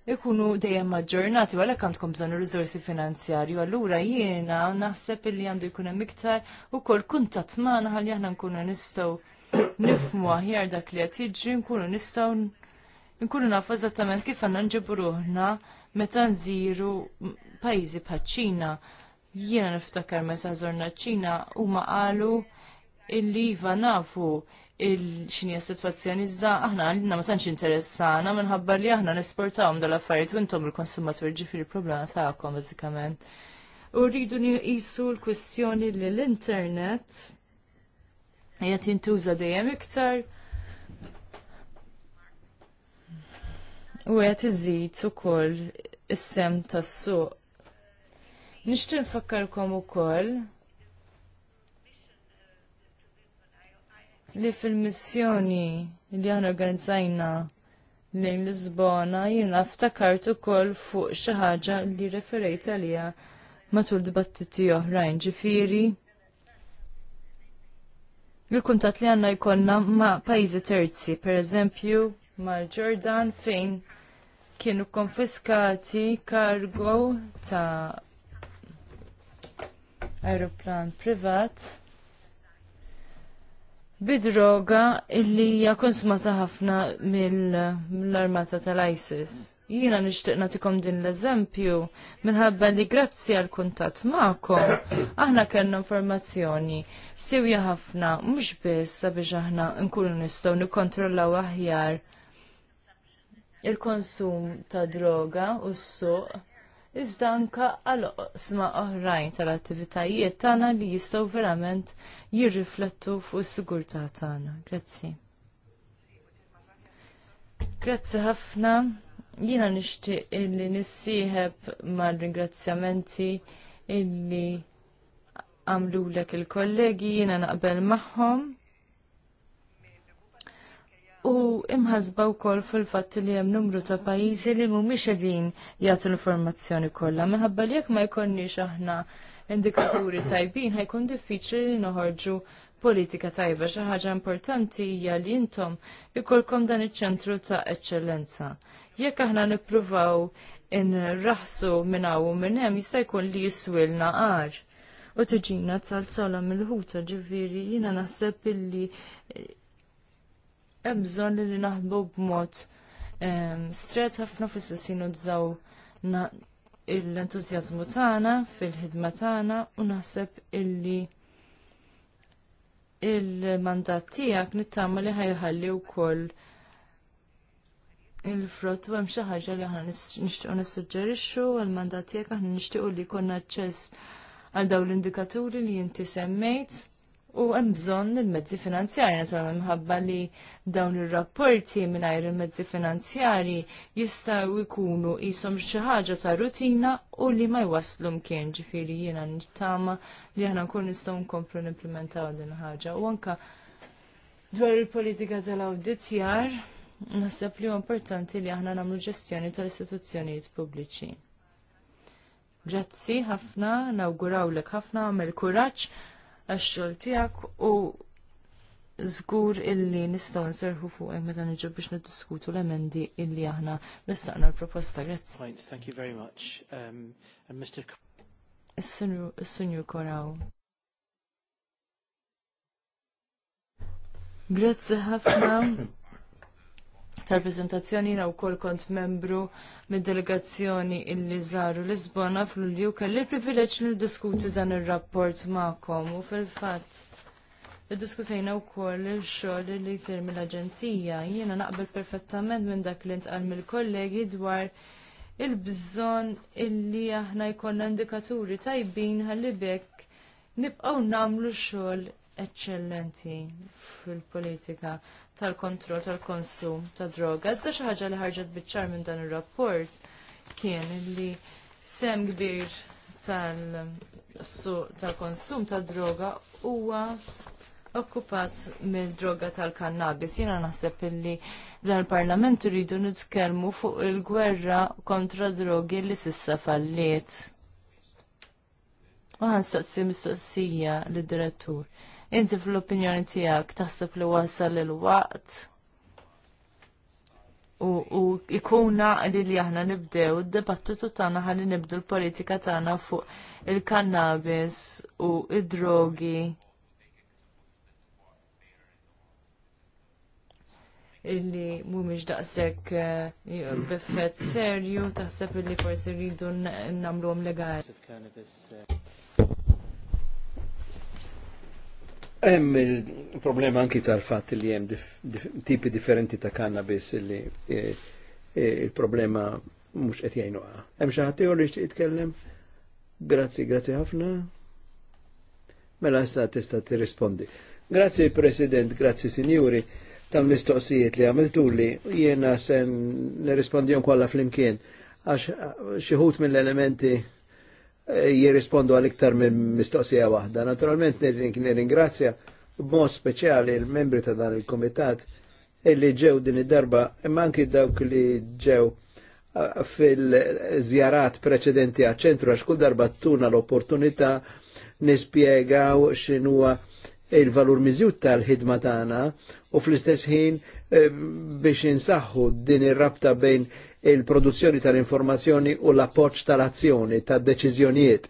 [SPEAKER 2] ikunu dejjem maġġornati u għalhekk għandkom bżonn riżorsi finanzjarju. Allura jiena naħseb li għandu jkun hemm iktar ukoll kuntatt magħna ħalli aħna nkunu nistgħu nifhmu aħjar dak li qed jiġri nkunu nistgħu nkunu nafu eżattament kif għandna nġibu ruħna meta nżiru pajjiżi bħaċ-Ċina. Jiena niftakar meta żorna ċ-Ċina huma qalu illi iva nafu il-xinja situazzjoni iżda aħna għandna ma tantx interessana minħabba li aħna nesportaw dal-affarijiet u intom il-konsumatur ġifiri problema tagħkom bażikament. U rridu nqisu l-kwestjoni li l-internet jgħat jintuża dejjem iktar u qed iżid ukoll is-sem tas-suq. Nixtieq nfakkarkom ukoll li fil-missjoni li għan organizzajna lejn Lisbona jina ftakart ukoll fuq xi ħaġa li referejt għaliha matul dibattiti oħrajn ġifieri il-kuntat li għandna jkollna ma' pajjiżi terzi, pereżempju mal-Ġordan fejn kienu konfiskati kargo ta' aeroplan privat bidroga illi hija konsmata ħafna mill-armata tal-ISIS. Jiena nixtieq nagħtikom din l-eżempju minħabba li grazzi għal kuntatt magħkom aħna kellna informazzjoni siwja ħafna mhux biss sabiex aħna nkunu nistgħu nikkontrollaw aħjar il-konsum ta' droga u s-suq iżda anke għal oqsma oħrajn tal-attivitajiet tagħna li jistgħu verament jirriflettu fuq is-sigurtà tagħna. Grazzi. Grazzi ħafna. Jiena nixtieq illi nissieħeb mal-ringrazzjamenti illi għamlulek il-kollegi, jiena naqbel magħhom. U u wkoll fil fat li hemm numru ta' pajjiżi li mhumiex qegħdin jagħtu l-informazzjoni kollha. Minħabba li jekk ma jkollniex aħna indikaturi tajbin ħajkun diffiċli li noħorġu politika tajba xi ħaġa importanti hija li intom ikolkom dan iċ-ċentru ta' eċċellenza. Jekk aħna nippruvaw inraħsu minn hawn minn hemm jista' jkun li jiswilna għar. u tiġina tal-sala mill-ħuta ġifiri jina naħseb illi hemm bżonn li naħbu b'mod stret ħafna fl-istessin użaw l-entużjażmu tagħna fil-ħidma tagħna u naħseb illi il-mandat tiegħek nittama li ħajħalli wkoll il-frott u hemm xi ħaġa li aħna nixtiequ nissuġġerixxu għall-mandat tiegħek aħna nixtiequ li jkollna aċċess għal dawn l-indikaturi li inti semmejt u hemm bżonn il-mezzi finanzjari naturalment minħabba li dawn ir-rapporti mingħajr il-mezzi finanzjari jistgħu jkunu qishom xi ħaġa ta' rutina u li ma jwaslu mkien ġifieri jiena nittama li aħna nkun nistgħu nkomplu nimplementaw din ħaġa. U anke dwar il-politika tal-awditjar naħseb li huwa importanti li aħna nagħmlu ġestjoni tal-istituzzjonijiet pubbliċi. Grazzi ħafna, nawgurawlek ħafna, għamil kuraġġ għax tijak u zgur illi nistaw nserħu fuq meta niġu biex niddiskutu l-emendi illi aħna nistaqna l-proposta. Grazzi.
[SPEAKER 1] Thank you very much. Um, and Mr.
[SPEAKER 2] is Koraw. Grazzi ħafna. tal-prezentazzjoni u kol kont membru mid-delegazzjoni illi l Lisbona fl-Ulju kelli l nil-diskuti dan ir-rapport magħkom u fil-fatt. u wkoll il xogħol li jsir mill-Aġenzija. Jiena naqbel perfettament minn dak li ntqal mill-kollegi dwar il-bżonn illi aħna jkollna indikaturi tajbin ħalli bekk nibqgħu nagħmlu xol xogħol eċċellenti fil-politika tal-kontroll tal-konsum ta' droga. Iżda xi ħaġa li ħarġet biċ-ċar minn dan ir-rapport kien li sem kbir tal-konsum tal ta' droga huwa okkupat mill-droga tal-kannabis. Jiena naħseb illi dal-Parlament rridu nitkellmu fuq il-gwerra kontra drogi li sissa falliet. Għan saqsi mistoqsija l-direttur. Inti fl-opinjoni tiegħek taħseb li wasal il-waqt u ikuna li li aħna nibdew id debattitu tagħna ħalli nibdu l-politika tagħna fuq il-kannabis u id-drogi. illi mhumiex daqshekk eh, b'effett serju taħseb illi forsi rridu nagħmluhom legali.
[SPEAKER 1] Hemm il-problema anki tal-fatt li hemm dif, dif, tipi differenti ta' cannabis li e, e, il-problema mhux qed jgħinuha. Hemm xi ħadd li jitkellem? Grazzi, grazzi ħafna. Mela issa tista' tirrispondi. Grazzi President, grazzi Sinjuri tal-mistoqsijiet li għamiltuli, jiena sen nirrispondijom kollha flimkien għax xi ħud mill-elementi jirrispondu għal iktar minn mistoqsija waħda. Naturalment nirringrazzja b'mod speċjali l-membri ta' dan il-komitat illi ġew din id-darba imma anki dawk li ġew fil-żjarat preċedenti għal ċentru għax kull darba tuna l-opportunità nispjegaw x'inhuwa il-valur miżjut tal-ħidma tagħna u fl-istess ħin eh, biex insaħħu din ir-rabta bejn il-produzzjoni tal-informazzjoni u l-appoċ tal-azzjoni, tad-deċiżjonijiet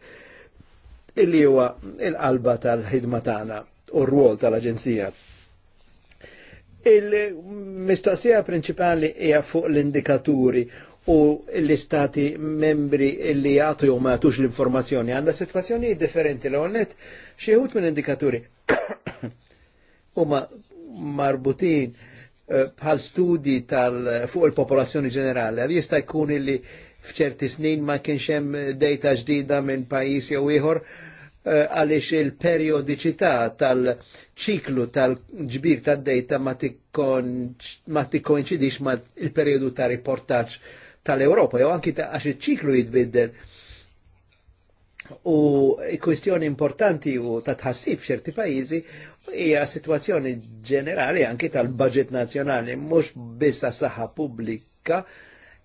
[SPEAKER 1] illi huwa il-qalba tal-ħidma tagħna u r ruol tal-Aġenzija. Il-mistoqsija prinċipali hija fuq l-indikaturi u l-istati membri li jagħtu jew ma jagħtux l-informazzjoni għandha sitwazzjoni differenti l net xi minn indikaturi huma marbutin Eh, bħal studi tal fuq il-popolazzjoni ġenerali. Għal jista' jkun illi f'ċerti snin ma kienx hemm data ġdida minn pajjiż jew ieħor eh, għaliex il-periodiċità tal-ċiklu tal-ġbir tad dejta ma tikkoinċidix ma il-periodu ta' riportaġġ tal-Ewropa, jew anki għax iċ-ċiklu jitbiddel. U kwestjoni importanti u ta' tħassib f'ċerti pajjiżi hija situazzjoni ġenerali anki tal-budget nazjonali, mhux biss tas-saħħa pubblika,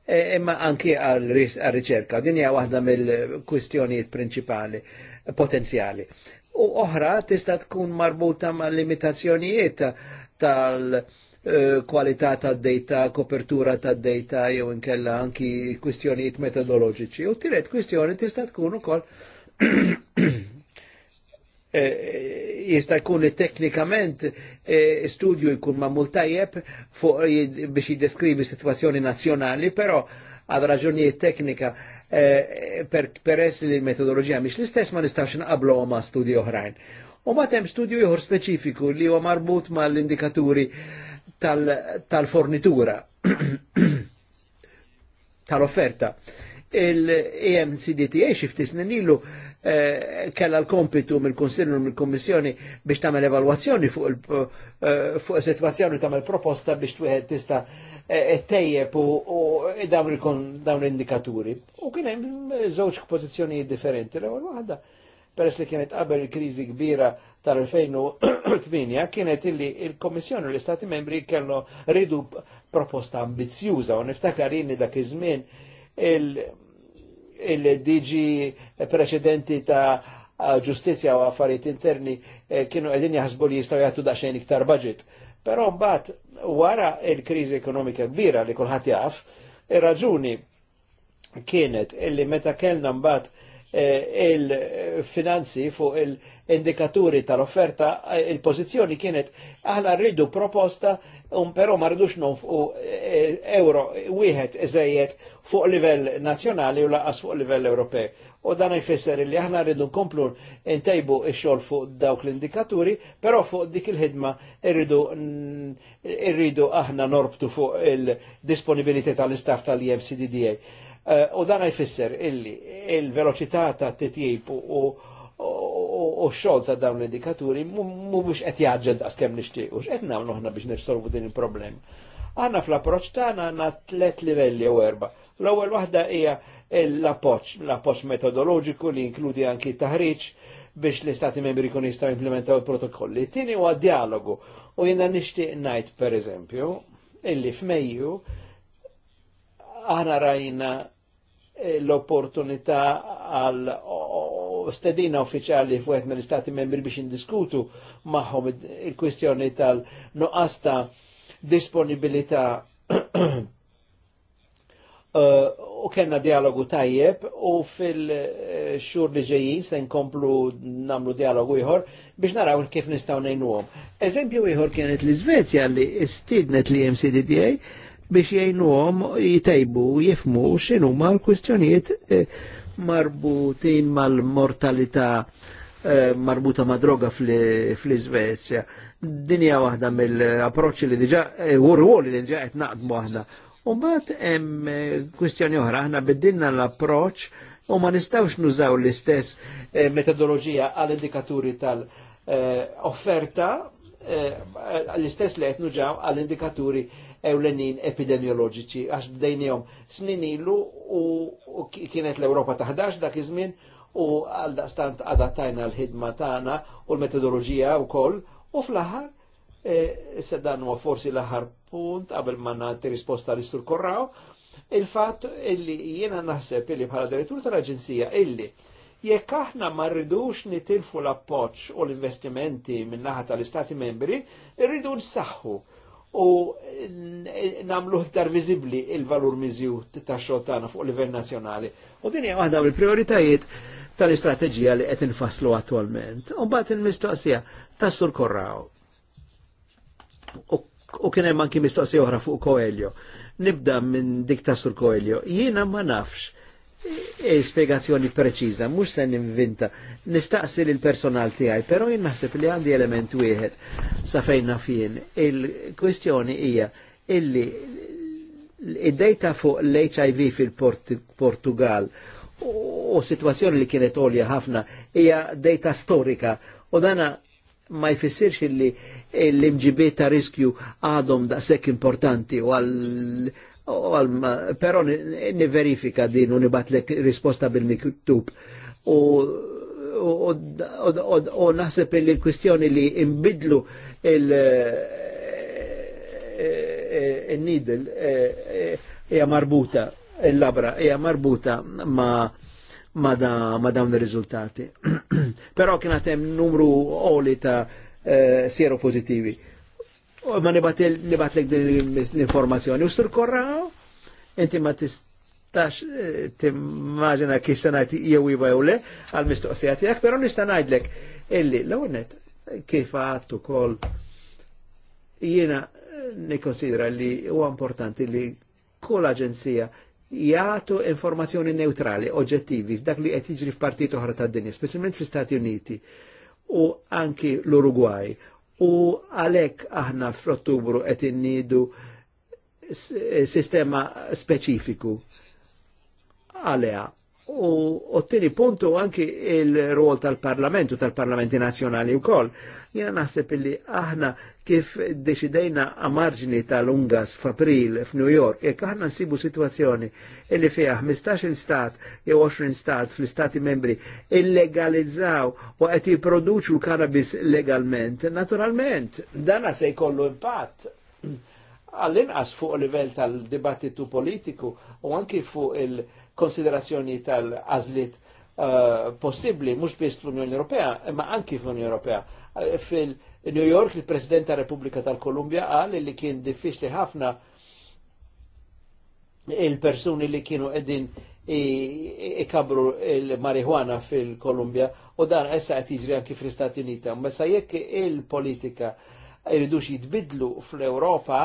[SPEAKER 1] e, imma anki għal-riċerka. Din hija waħda mill-kwistjonijiet prinċipali potenzjali. U oħra tista' tkun marbuta ma' limitazzjonijiet tal-kwalità e, tad-data, kopertura tad-data jew inkella anki kwistjonijiet metodoloġiċi. U tiret kwistjoni tista' tkun ukoll Eh, eh, jista' jkun li teknikament eh, studju jkun ma' multajjeb biex jiddeskrivi situazzjoni nazzjonali, però għad raġunijiet teknika per peress li l-metodologija miex l-istess ma nistax nqablu ma' studju oħrajn. U ma tem studju ieħor speċifiku li huwa marbut mal-indikaturi tal-fornitura tal-offerta. Il-EMCDTA xifti ilu Eh, kella l-kompitu mill-Konsilju mill-Kommissjoni biex tagħmel evalwazzjoni fuq il-sitwazzjoni eh, tagħmel proposta biex twieħed tista' eh, tejjeb u dawn l-indikaturi. U kien hemm żewġ pożizzjonijiet differenti. L-ewwel waħda peress li kienet qabel il-kriżi kbira tal-2008 kienet illi il-Kommissjoni u l-Istati membri kellu ridu proposta ambizzjuża u niftakar inni dak iż-żmien il-DG preċedenti ta' ġustizja u affarijiet interni eh, kienu għedin jaħsbu li jistaw jgħattu xejn iktar budget. Pero mbagħad wara il-kriżi ekonomika kbira li kulħadd jaf, ir-raġuni kienet illi meta kellna mbagħad Eh, il-finanzi fuq il-indikaturi tal-offerta, eh, il-pozizjoni kienet aħna rridu proposta, un però marrdux non fuq eh, euro wieħed eżejjed fuq livell nazjonali u laqas fuq livell Ewropew. U dan jfisser li aħna rridu nkomplu ntejbu x-xogħol fuq dawk l-indikaturi, però fuq dik il-ħidma irridu irridu aħna norbtu fuq il-disponibilità tal-istaff tal-EMCDDA Eh, u dan jfisser illi il-veloċità ta' t-tjib u xogħol ta' dawn l-indikaturi mhumiex qed jaġġel daqskemm nixtieq u x'qed nagħmlu aħna biex nirsolvu din il-problema. Aħna fl-approċċ tagħna għandna tliet livelli u erba'. L-ewwel waħda hija l-appoġġ, l-appoġġ metodoloġiku li jinkludi anki taħriġ biex l-istati membri kun jistaw implementaw il-protokolli. Tini huwa dialogu u jiena nishtiq najt per eżempju, illi f'Mejju aħna rajna l-opportunità għal stedina uffiċjali fuqet mill-Istati membri biex indiskutu magħhom il-kwistjoni tal noqasta disponibilità uh, u kena dialogu tajjeb u fil-xur li ġejjin se nkomplu namlu dialogu ieħor biex naraw kif nistgħu ngħinuhom. Eżempju ieħor kienet l izvezja li istidnet li MCDDA biex għom jitejbu jifmu x'inhuma l-kwistjonijiet eh, marbutin mal-mortalità eh, marbuta ma' droga fl-Svezja. Dinja waħda mill-approċċi li diġa, eh, u li diġa qed naqdmu aħna. Umbat hemm kwistjoni oħra, aħna biddinna l-approċċ u ma nistawx nużaw l-istess metodologija għal indikaturi tal-offerta l-istess li qed ġaw għall-indikaturi ewlenin epidemioloġiċi għax bdejnihom snin ilu u kienet l-Ewropa taħdax dak iż-żmien u għal daqstant adattajna l-ħidma tagħna u l-metodoloġija wkoll u fl-aħħar eh, se dan huwa forsi l-aħħar punt qabel ma nagħti risposta l-Istur korraw il-fatt illi jiena naħseb illi bħala direttur tal-Aġenzija illi Jekk aħna ma rridux nitilfu l-appoġġ u l-investimenti minn naħa tal-Istati membri, rridu nsaħħu u namlu iktar viżibbli il-valur miżjut ta' xogħol fuq livell nazzjonali. U din hija waħda mill-prioritajiet tal-istrateġija li qed infasslu attualment. U mbagħad il-mistoqsija tas Sur Korraw. U kien hemm anki mistoqsija oħra fuq Koeljo. Nibda minn dik ta' Sur Koeljo. Jiena ma nafx E spiegazzjoni preċiża, mhux se ninvinta. Nistaqsi l personal tiegħi, però jien naħseb li għandi element wieħed sa fejna fien. Il-kwestjoni hija illi id-dejta fuq l-HIV fil-Portugal u situazzjoni li kienet olja ħafna hija dejta storika u dana ma jfissirx li l-imġibiet ta' riskju għadhom da' sekk importanti u għal Però verifika din u nibatlek risposta bil-miktub. U naħseb li l-kwistjoni li imbidlu il-nidel e, e, e, hija marbuta, il-labra hija marbuta ma' ma, da, ma dawn ir-riżultati. Però kien hemm numru oli ta' eh, siero pozitivi u ma nibat lek din l-informazzjoni. U sur korra, inti ma tistax eh, timmaġina kif se ngħid jew iva jew le għal mistoqsija tiegħek, però nista' ngħidlek illi l-ewwel kif għadt ukoll jiena eh, nikkonsidra li huwa importanti li kull aġenzija jagħtu informazzjoni neutrali, oġġettivi, f'dak li qed jiġri f'partit oħra tad-dinja, speċjalment fl-Istati Uniti u anki l-Uruguay U għalek aħna fl-Ottubru qed innidu sistema speċifiku għalea U ottieni punto anche il ruolo tal Parlamento, tal-parlamenti nazjonali u koll. Jena naħseb illi aħna kif decidejna a għamarġni tal-Ungas f'April f'New York, jek aħna nsibu situazzjoni illi fija 15 stat jew 20 stat fl-istati membri illegalizzaw u għet jiproduċu l-kanabis legalment, naturalment, dana se jkollu impatt għall-inqas fuq livell tal-dibattitu politiku u anki fuq il-konsiderazzjoni tal-azlit uh, possibli, mux biss fl-Unjoni Ewropea, imma anki fl-Unjoni Ewropea. Uh, Fil-New York, il-President ta' Repubblika tal-Kolumbja għal li kien diffiċli ħafna il-persuni li kienu edin ikabru il-marihuana fil-Kolumbja u dan essa qed jiġri anki fl-Istati Uniti. Messa jekk il-politika jridux jitbidlu fl-Ewropa,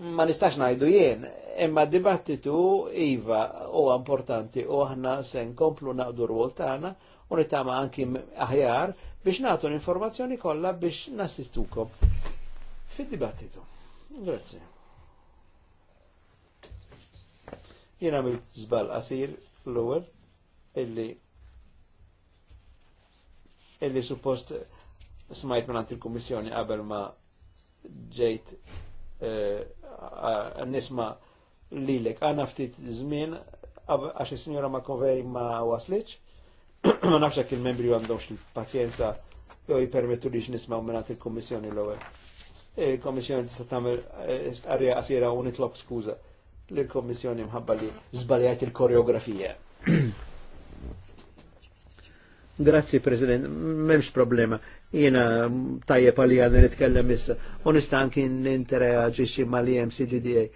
[SPEAKER 1] ma nistax najdu jien, imma dibattitu iva u importanti u aħna se nkomplu naqdu rwol tagħna u nitama anki aħjar biex nagħtu l-informazzjoni kollha biex nassistukom fid-dibattitu. Grazzi. Jien għamilt żball qasir l-ewwel illi illi suppost smajt minn il-Kummissjoni qabel ma ġejt Eh, nisma lilek. Għana ftit zmin, għax Signora sinjora ma waslitx, ma nafx jekk membri għandhomx il pazienza jew jipermettu li u menat il-Kommissjoni l-ewwel. Il-Kommissjoni tista' tagħmel għarja eh, qasira u nitlob skuża lill-Kommissjoni mħabba li zbaljajt il-koreografija. Grazie President, memx problema jina tajjeb għalli għadni nitkellem issa, u nista' anki ma mal MCDDA.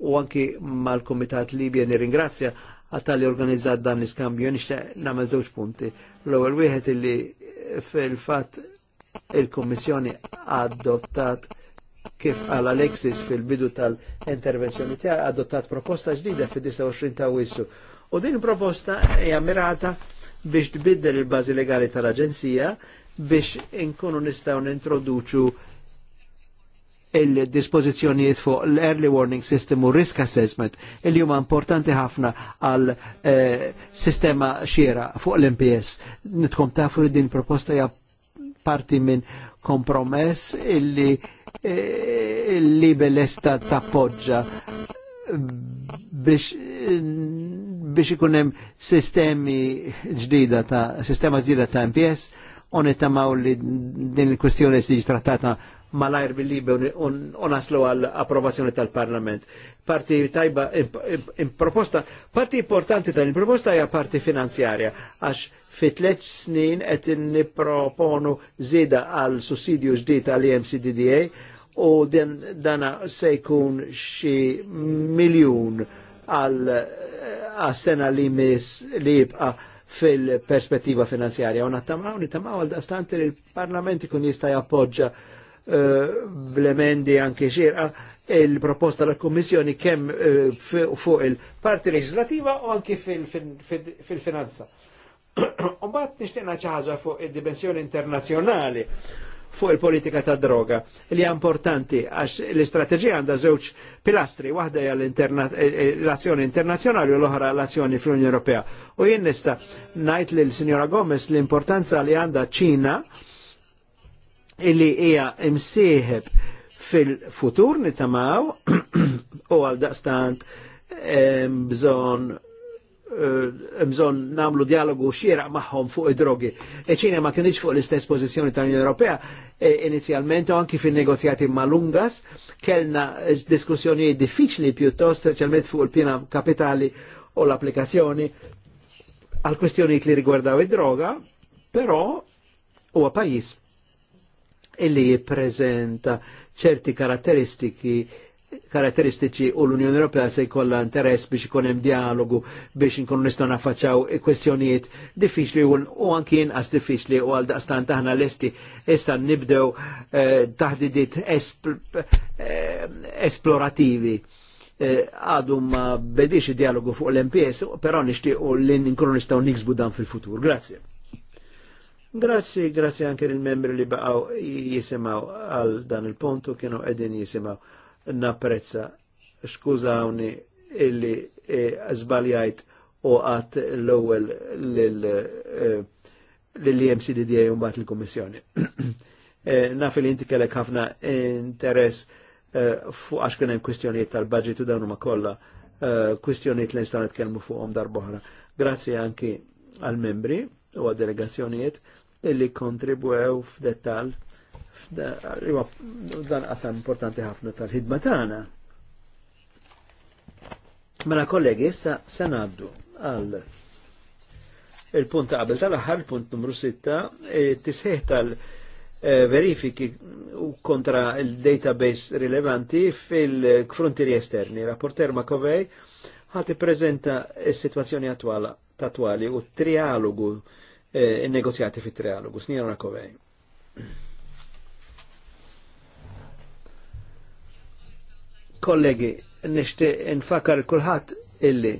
[SPEAKER 1] u anki mal-Komitat Libja nirringrazzja għatalli organizzat dan l-iskambju, nishtaq namma zewġ punti. L-ewwel wieħed illi fil-fatt il komissjoni adottat kif għal Alexis fil-bidu tal-intervenzjoni tiegħek adottat proposta ġdida fid-29 ta' Wissu U din proposta hija mirata biex tbiddel il-bażi legali tal-Aġenzija biex inkunu nistgħu nintroduċu il dispożizzjonijiet fuq l-early warning system u risk assessment illi huma importanti ħafna għal eh, sistema xiera fuq l-MPS. Nitkom tafu li din proposta hija parti minn kompromess illi eh, il-libelesta tappoġġa biex biex ikunem sistemi ġdida ta' sistema ġdida ta' MPS on ittamaw li din il-kwestjoni si trattata malajr bil-libe un unaslu għal approvazzjoni tal-Parlament. Parti tajba, proposta, parti importanti tal-proposta hija parti finanzjarja, għax fit tliet snin qed niproponu zida għal sussidju ġdid għal e MCDDA u din dana se jkun xi miljun għal għas-sena li mis li jibqa' fil-perspettiva finanzjarja. U nattamaw, nittamaw għal li l parlament ikun jista' jappoġġa eh, bl-emendi anke xirqa il-proposta tal kommissjoni kemm eh, fuq il-parti legislativa u anke fil-finanza. Umbat nishtiqna ċaħġa fuq id-dimensjoni internazjonali fuq il-politika ta' droga li hija importanti għax l-istrateġija għandha żewġ pilastri, waħda hija eh, l-azzjoni internazzjonali u l-oħra l-azzjoni fl-Unjoni Ewropea. U jien nista' ngħid lil Sinjora Gomez l-importanza li għandha Ċina illi hija imsieħeb fil-futur nitamaw u għal daqstant bżon Eh, bżon namlu dialogu xiera maħħom fuq id-drogi. Eċina ma kienieċ fuq l-istess pozizjoni tal-Unjoni Ewropea e inizjalment anki fin-negozjati mal-Ungas, kellna diskussjoni diffiċli pjuttost, ċelmet fuq il-pina kapitali u l-applikazzjoni għal kwestjoni li rigwardaw id-droga, però u pajjiż illi jippreżenta ċerti karatteristiki karatteristiċi u l-Unjoni Ewropea se jkollha interess biex ikun hemm dialogu biex inkunu nistgħu naffaċċaw kwestjonijiet diffiċli u anki inqas diffiċli u għal daqstant taħna lesti issa nibdew eh, taħdidiet eh, esplorativi eh, għadu ma bedix dialogu fuq l-MPS, però u li nkunu nistgħu niksbu dan fil-futur. Grazie. Grazie, grazie anke il-membri li baqaw jisimaw għal dan il-pontu kienu għedin jisimaw napprezza. Skużawni illi eh, zbaljajt u għat l-ewwel lill-EMCDDA eh, u mbagħad l-Komissjoni. Eh, naf li inti kellek ħafna interess fuq għax kien hemm tal-budget u dawn ma kolla kwistjoniet li nistgħu nitkellmu fuqhom darb'oħra. Grazzi anki għal-membri u għad-delegazzjonijiet illi kontribwew f'dettal dan qasam importanti ħafna tal-ħidma tagħna. Mela kollegi, issa se ngħaddu għal il-punt ta' qabel tal-aħħar, punt numru 6, e, tisħiħ tal-verifiki u kontra il-database rilevanti fil-frontieri esterni. Rapporter Makovej ħati prezenta s-situazzjoni attuali tatwali u trialogu, e, il-negozjati fit trialogu. Snijan Makovej. Kollegi, nishtiq nfakar kulħadd illi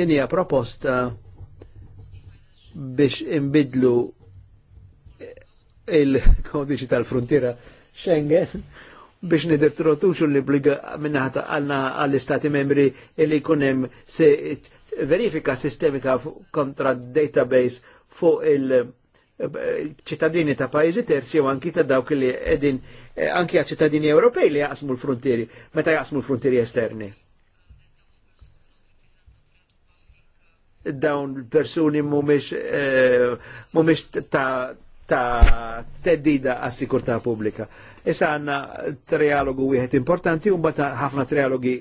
[SPEAKER 1] dinja proposta biex imbidlu il-kodiċi tal-frontiera Schengen biex trotuċu li bliga minnaħta għalna għall-istati membri illi kunem se verifika sistemika kontra database fuq il- ċittadini ta' pajjiżi terzi u anki ta' dawk li edin eh, anki għal ċittadini Ewropej li jaqsmu l-frontieri, meta jaqsmu l-frontieri esterni. Dawn persuni mumiex eh, mumiex ta' teddida għas sikurta publika. Issa għanna trialogu wieħed importanti un mbagħad ħafna trialogi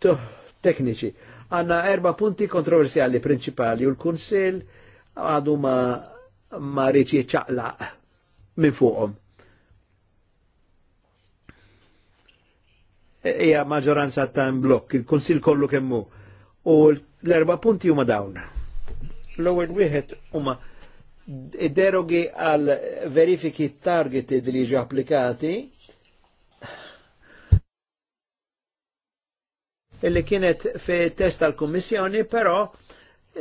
[SPEAKER 1] eh, tekniċi. Għanna erba punti kontroversjali prinċipali u l kunsel għadu ma' ma rridx jiċċaqlaq minn fuqhom. E-, hija e maġġoranza ta' blokk, il kunsill kollu kemmu. U l-erba' punti huma dawn. L-ewwel wieħed huma derogi għal verifiki targeted li ġa applikati illi kienet fi test tal-Kummissjoni, però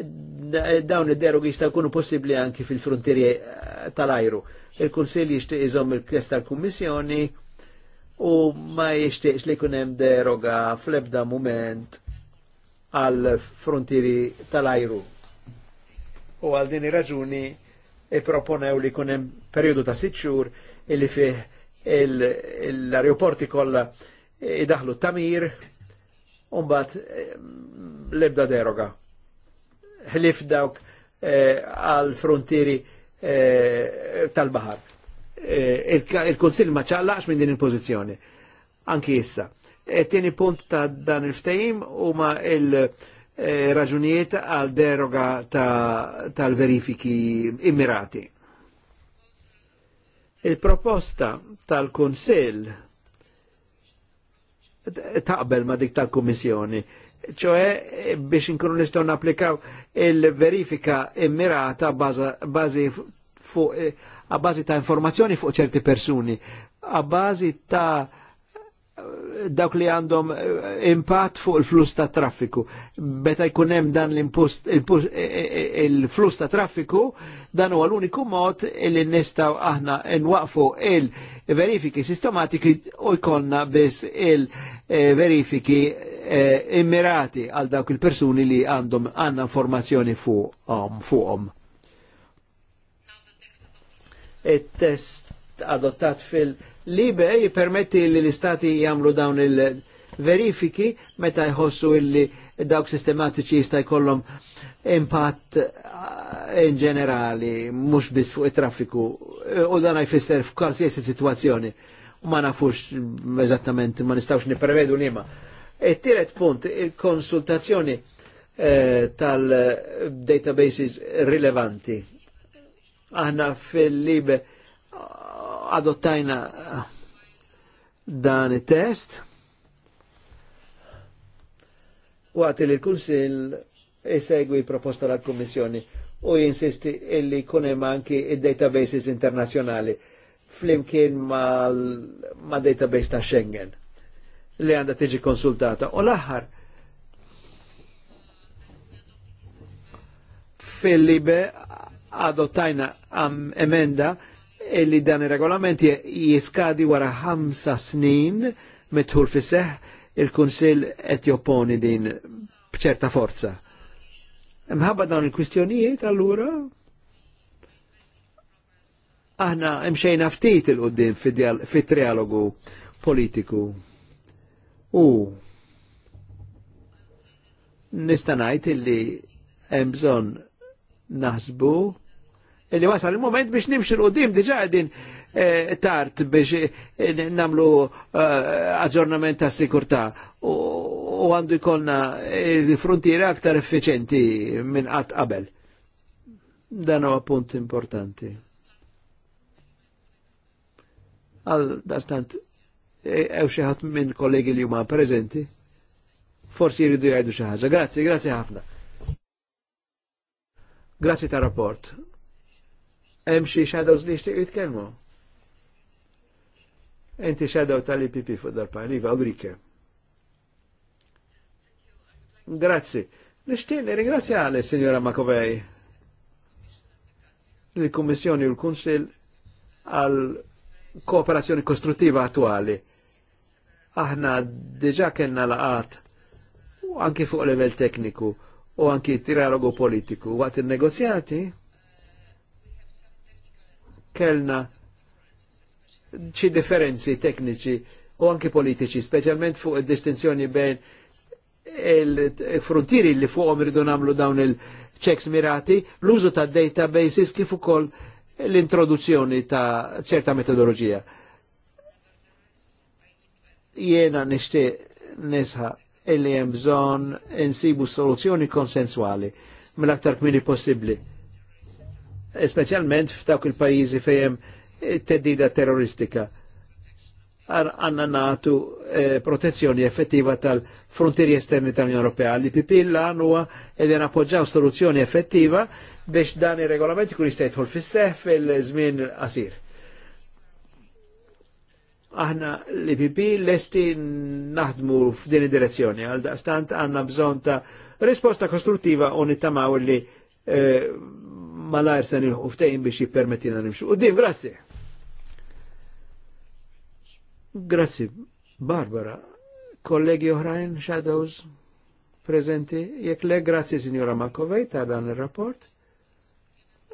[SPEAKER 1] dawn id-derogi jista' jkunu possibbli anki fil-frontieri eh, tal-ajru. Il-Kunsill jixtieq iżomm il-kres tal-Kummissjoni u ma jixtieqx li jkun hemm deroga fl-ebda mument għal frontieri tal-ajru. U għal din ir-raġuni proponew li jkun hemm perjodu ta' sitt xhur illi fih l-aeroporti kollha idaħlu tamir u mbagħad eh, l-ebda deroga ħlif dawk eh, għal frontieri eh, tal-bahar. Eh, Il-Konsil ma ċallax minn din il-pozizjoni. Anki issa. E tieni punt ta' dan il-ftajim u ma' il- raġunijiet għal deroga tal-verifiki ta immirati. Il-proposta tal-Konsil taqbel ma dik tal-Kummissjoni ċoħe biex inkunu nistaw napplikaw il-verifika immirata eh, a bazi ta' informazzjoni fuq ċerti persuni, a bazi ta' dawk li għandhom eh, impatt fuq il-flus ta' traffiku. Beta jkunem dan l-impost, eh, il-flus ta' traffiku, dan huwa l-uniku mod li nistaw aħna nwaqfu il-verifiki sistematiki u jkollna biss il-verifiki eh, immirati għal dawk il-persuni li għandhom għanna informazzjoni fuqhom. Fu Il-test adottat fil-libe jipermetti li l-istati jamlu dawn il-verifiki meta jħossu illi dawk sistematiċi jista' jkollhom impatt eh, in ġenerali mhux biss fuq it-traffiku eh, u dan jfisser f'kwalsiasi sitwazzjoni. Ma nafux eżattament ma nistgħux nipprevedu liema. ma E tiret punt, il-konsultazzjoni eh, tal-databases rilevanti. Aħna fil-lib eh, adottajna eh, dan il-test. Waqt li l-Kunsil jisegwi proposta tal kommissjoni u jinsisti illi kunem anki il-databases internazjonali flimkien ma, ma database ta' Schengen li għandha tiġi konsultata. U l-aħħar fil-libe adottajna għam emenda illi dan il-regolament jiskadi wara ħamsa snin mitħul fiseħ il-Kunsil Etjoponi din bċerta forza. Mħabba dawn il-kwistjonijiet allura aħna imxejna ftit il-qoddim fit-trialogu politiku. U nista' ngħid illi hemm bżonn naħsbu illi wasal il-moment biex nimxil u dim diġà għedin tart eh, tard biex eh, namlu eh, aġġornament ta' sikurtà u għandu jkollna il-frontiera aktar effiċenti minn qatt qabel. Dan huwa punt importanti. Għal dastant E, ew xeħat minn kollegi li juma prezenti, forsi jiridu jgħidu xaħġa. Grazie, grazie ħafna. Grazie ta' rapport. Hemm xi shadows li jixtiequ jitkellmu. Enti shadow tal-IPP fuq dal-pan, Iva Ulrike. Grazzi. Nishtiq ringrazzjale, Signora Makovej, l-Kummissjoni u l-Kunsil għal kooperazzjoni kostruttiva attuali Aħna deġa kena laqat anki fuq level tekniku u anki trialogu politiku. Waqt il-negozjati kellna ċi differenzi tekniċi u anki politiċi, specialment fuq il-distinzjoni bejn il-frontieri li fuqhom irridu namlu dawn il-checks mirati, l-użu ta' databases kif ukoll l-introduzzjoni ta' ċerta metodologija. Jiena nishti nisħa illi hemm bżonn insibu soluzzjoni konsensuali mill-aktar kmini possibbli. Speċjalment f'dawk il-pajjiżi fejn teddida terroristika. Għanna natu eh, protezzjoni effettiva tal-frontieri esterni tal-Unjoni Ewropea li pipilla huwa edin appoġġaw soluzzjoni effettiva biex dan ir-regolament kun jista' jidħol fis-seħħ fil-żmien qasir aħna l-IPP lesti naħdmu f'din id-direzzjoni, għal daqstant għanna bżon ta' risposta kostruttiva u nittamaw li eh, malajr sen il ftejn biex jippermettina nimxu. U din, grazzi. Grazzi, Barbara. Kollegi oħrajn, Shadows, prezenti, jek le, grazzi signora Makovej ta' dan il-rapport.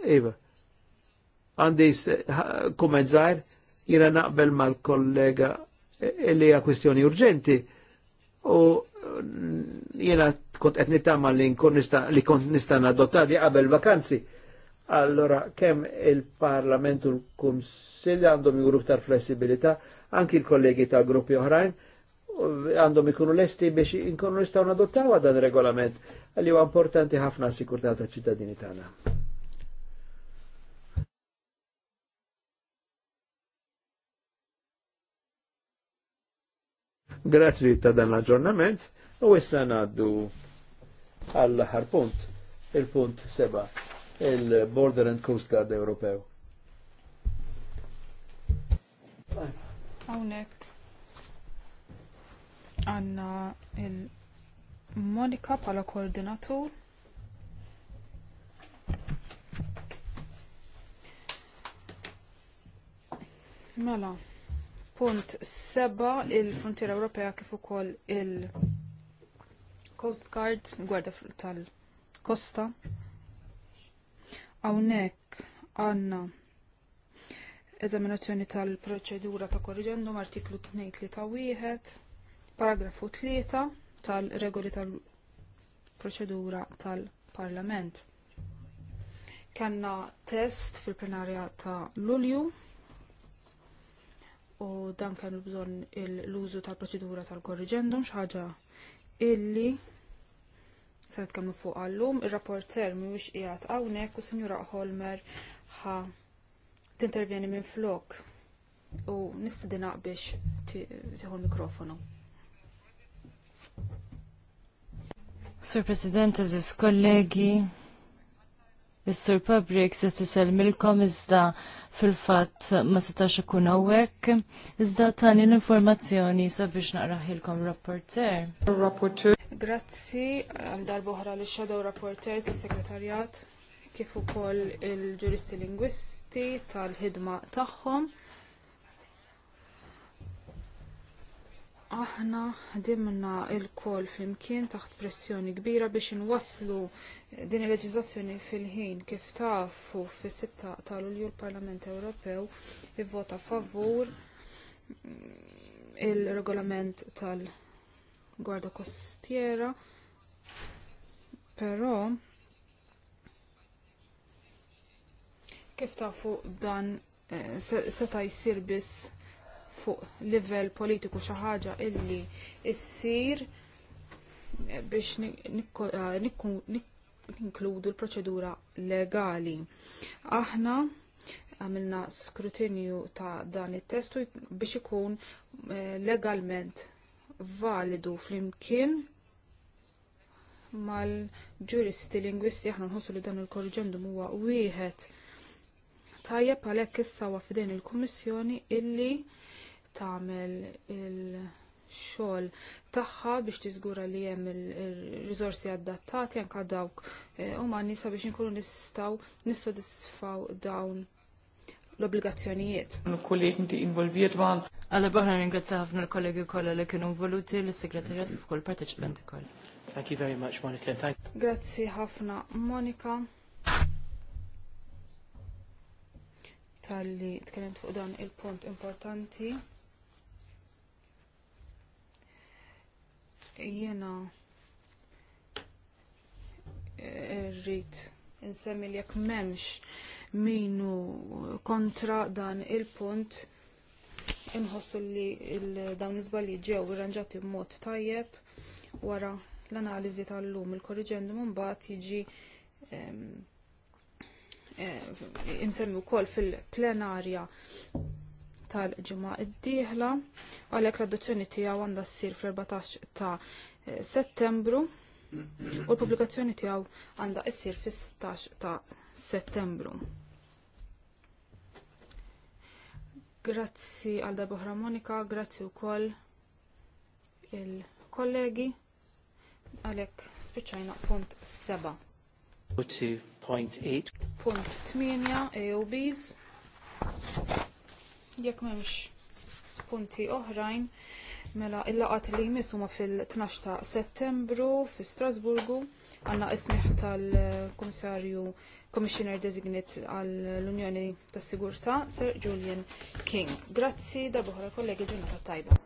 [SPEAKER 1] Iva, Għandis, kumment zaħir, Jina naqbel mal-kollega eh, li hija kwistjoni urġenti u eh, jina kont qed nittama li li kont nista' nadotta qabel vakanzi. Allora kemm il-Parlament u l-Kunsill għandhom juru ktar flessibilità, anki l-kollegi ta' gruppi oħrajn għandhom ikunu lesti biex inkunu nistgħu nadottaw dan regolament għalli huwa importanti ħafna sikurtà ta' ċittadini tagħna. Grazzi ta' dan l-aġġornament u issa ngħaddu għall-aħħar punt, il-punt seba' il-Border and Coast Guard Ewropew.
[SPEAKER 3] Għawnek għanna il-Monika pala koordinatur Mela, Punt seba' il-Frontiera Ewropea kif ukoll il-Coast Guard, gwarda tal-Kosta. Hawnhekk għandna eżaminazzjoni tal-proċedura ta' korriġendum artiklu 231, paragrafu 3 tal-regoli tal-proċedura tal-Parlament. Kanna test fil-plenarja ta' Lulju u dan kellu bżonn l-użu tal-proċedura tal-korriġendum xaġa illi se kemmu fuq għallum, ir-rapport rapporter mhuwiex qiegħed hawnhekk u Sinjura Holmer ħa tintervjeni minn flok u nistidinaq biex tieħu l-mikrofonu.
[SPEAKER 2] Sur President, Aziz kollegi, Is-Sur Public se milkom iżda fil-fatt ma setax ikun hawnhekk. Iżda tani l-informazzjoni sabiex naqraħilkom rapporter.
[SPEAKER 3] Grazzi għal darbohra li shadow rapporters is-Sekretarjat kif ukoll il-ġuristi lingwisti tal-ħidma tagħhom. aħna ħdimna il-kol flimkien taħt pressjoni kbira biex inwasslu din il-leġizazzjoni fil-ħin kif tafu fis-sitta ta' Lulju l-Parlament Ewropew ivvota favur il-regolament tal-Gwarda Kostiera, però kif tafu dan eh, seta' jsir biss fuq livell politiku xi ħaġa illi ssir biex ninkludu eh, l-proċedura legali. Aħna għamilna skrutinju ta' dan it-testu biex ikun eh, legalment validu flimkien mal-ġuristi lingwisti aħna nħossu li dan il-korriġendum huwa wieħed tajjeb għalhekk issa huwa f'din il-Kummissjoni illi tagħmel il-xogħol tagħha biex tiżgura li hemm ir-riżorsi adattati anke dawk eh, umani sabiex inkunu nistgħu nissodisfaw dawn l-obbligazzjonijiet. Kollegen inti involviert ma.
[SPEAKER 2] Għalla barra ringrazzja ħafna l-kollegi kollha li kienu involuti l-segretarjat kif kull partecipanti kollha. Thank you very much, Monica. Thank
[SPEAKER 3] Grazzi ħafna, Monica. Talli tkellimt fuq dan il-punt importanti. Jiena rrid insemmi li jekk m'hemmx minu kontra dan il-punt inħossu li dawn iż-żbalji ġew irranġati b'mod tajjeb wara l-analiżi tal-lum il-korriġendum mbagħad jiġi eh, insemmi wkoll fil-plenarja tal-ġimgħa d dieħla għalhekk l-adozzjoni tiegħu għandha ssir fl-14 ta' eh, Settembru u l-pubblikazzjoni tiegħu għandha ssir fis-16 ta' Settembru. Grazzi għal Deborah Monika, grazzi wkoll il-kollegi għalhekk spiċċajna punt seba'.
[SPEAKER 1] Punt 8.
[SPEAKER 3] Punt 8 AOBs. Jekk m'hemmx punti oħrajn, mela il-laqat li jmiss huma fil-12 ta' Settembru fi Strasburgu għandna ismiħ tal-Kummissarju Commissioner Designate għall-Unjoni tas-Sigurtà Sir Julian King. Grazzi darba kollegi ġurnata tajba.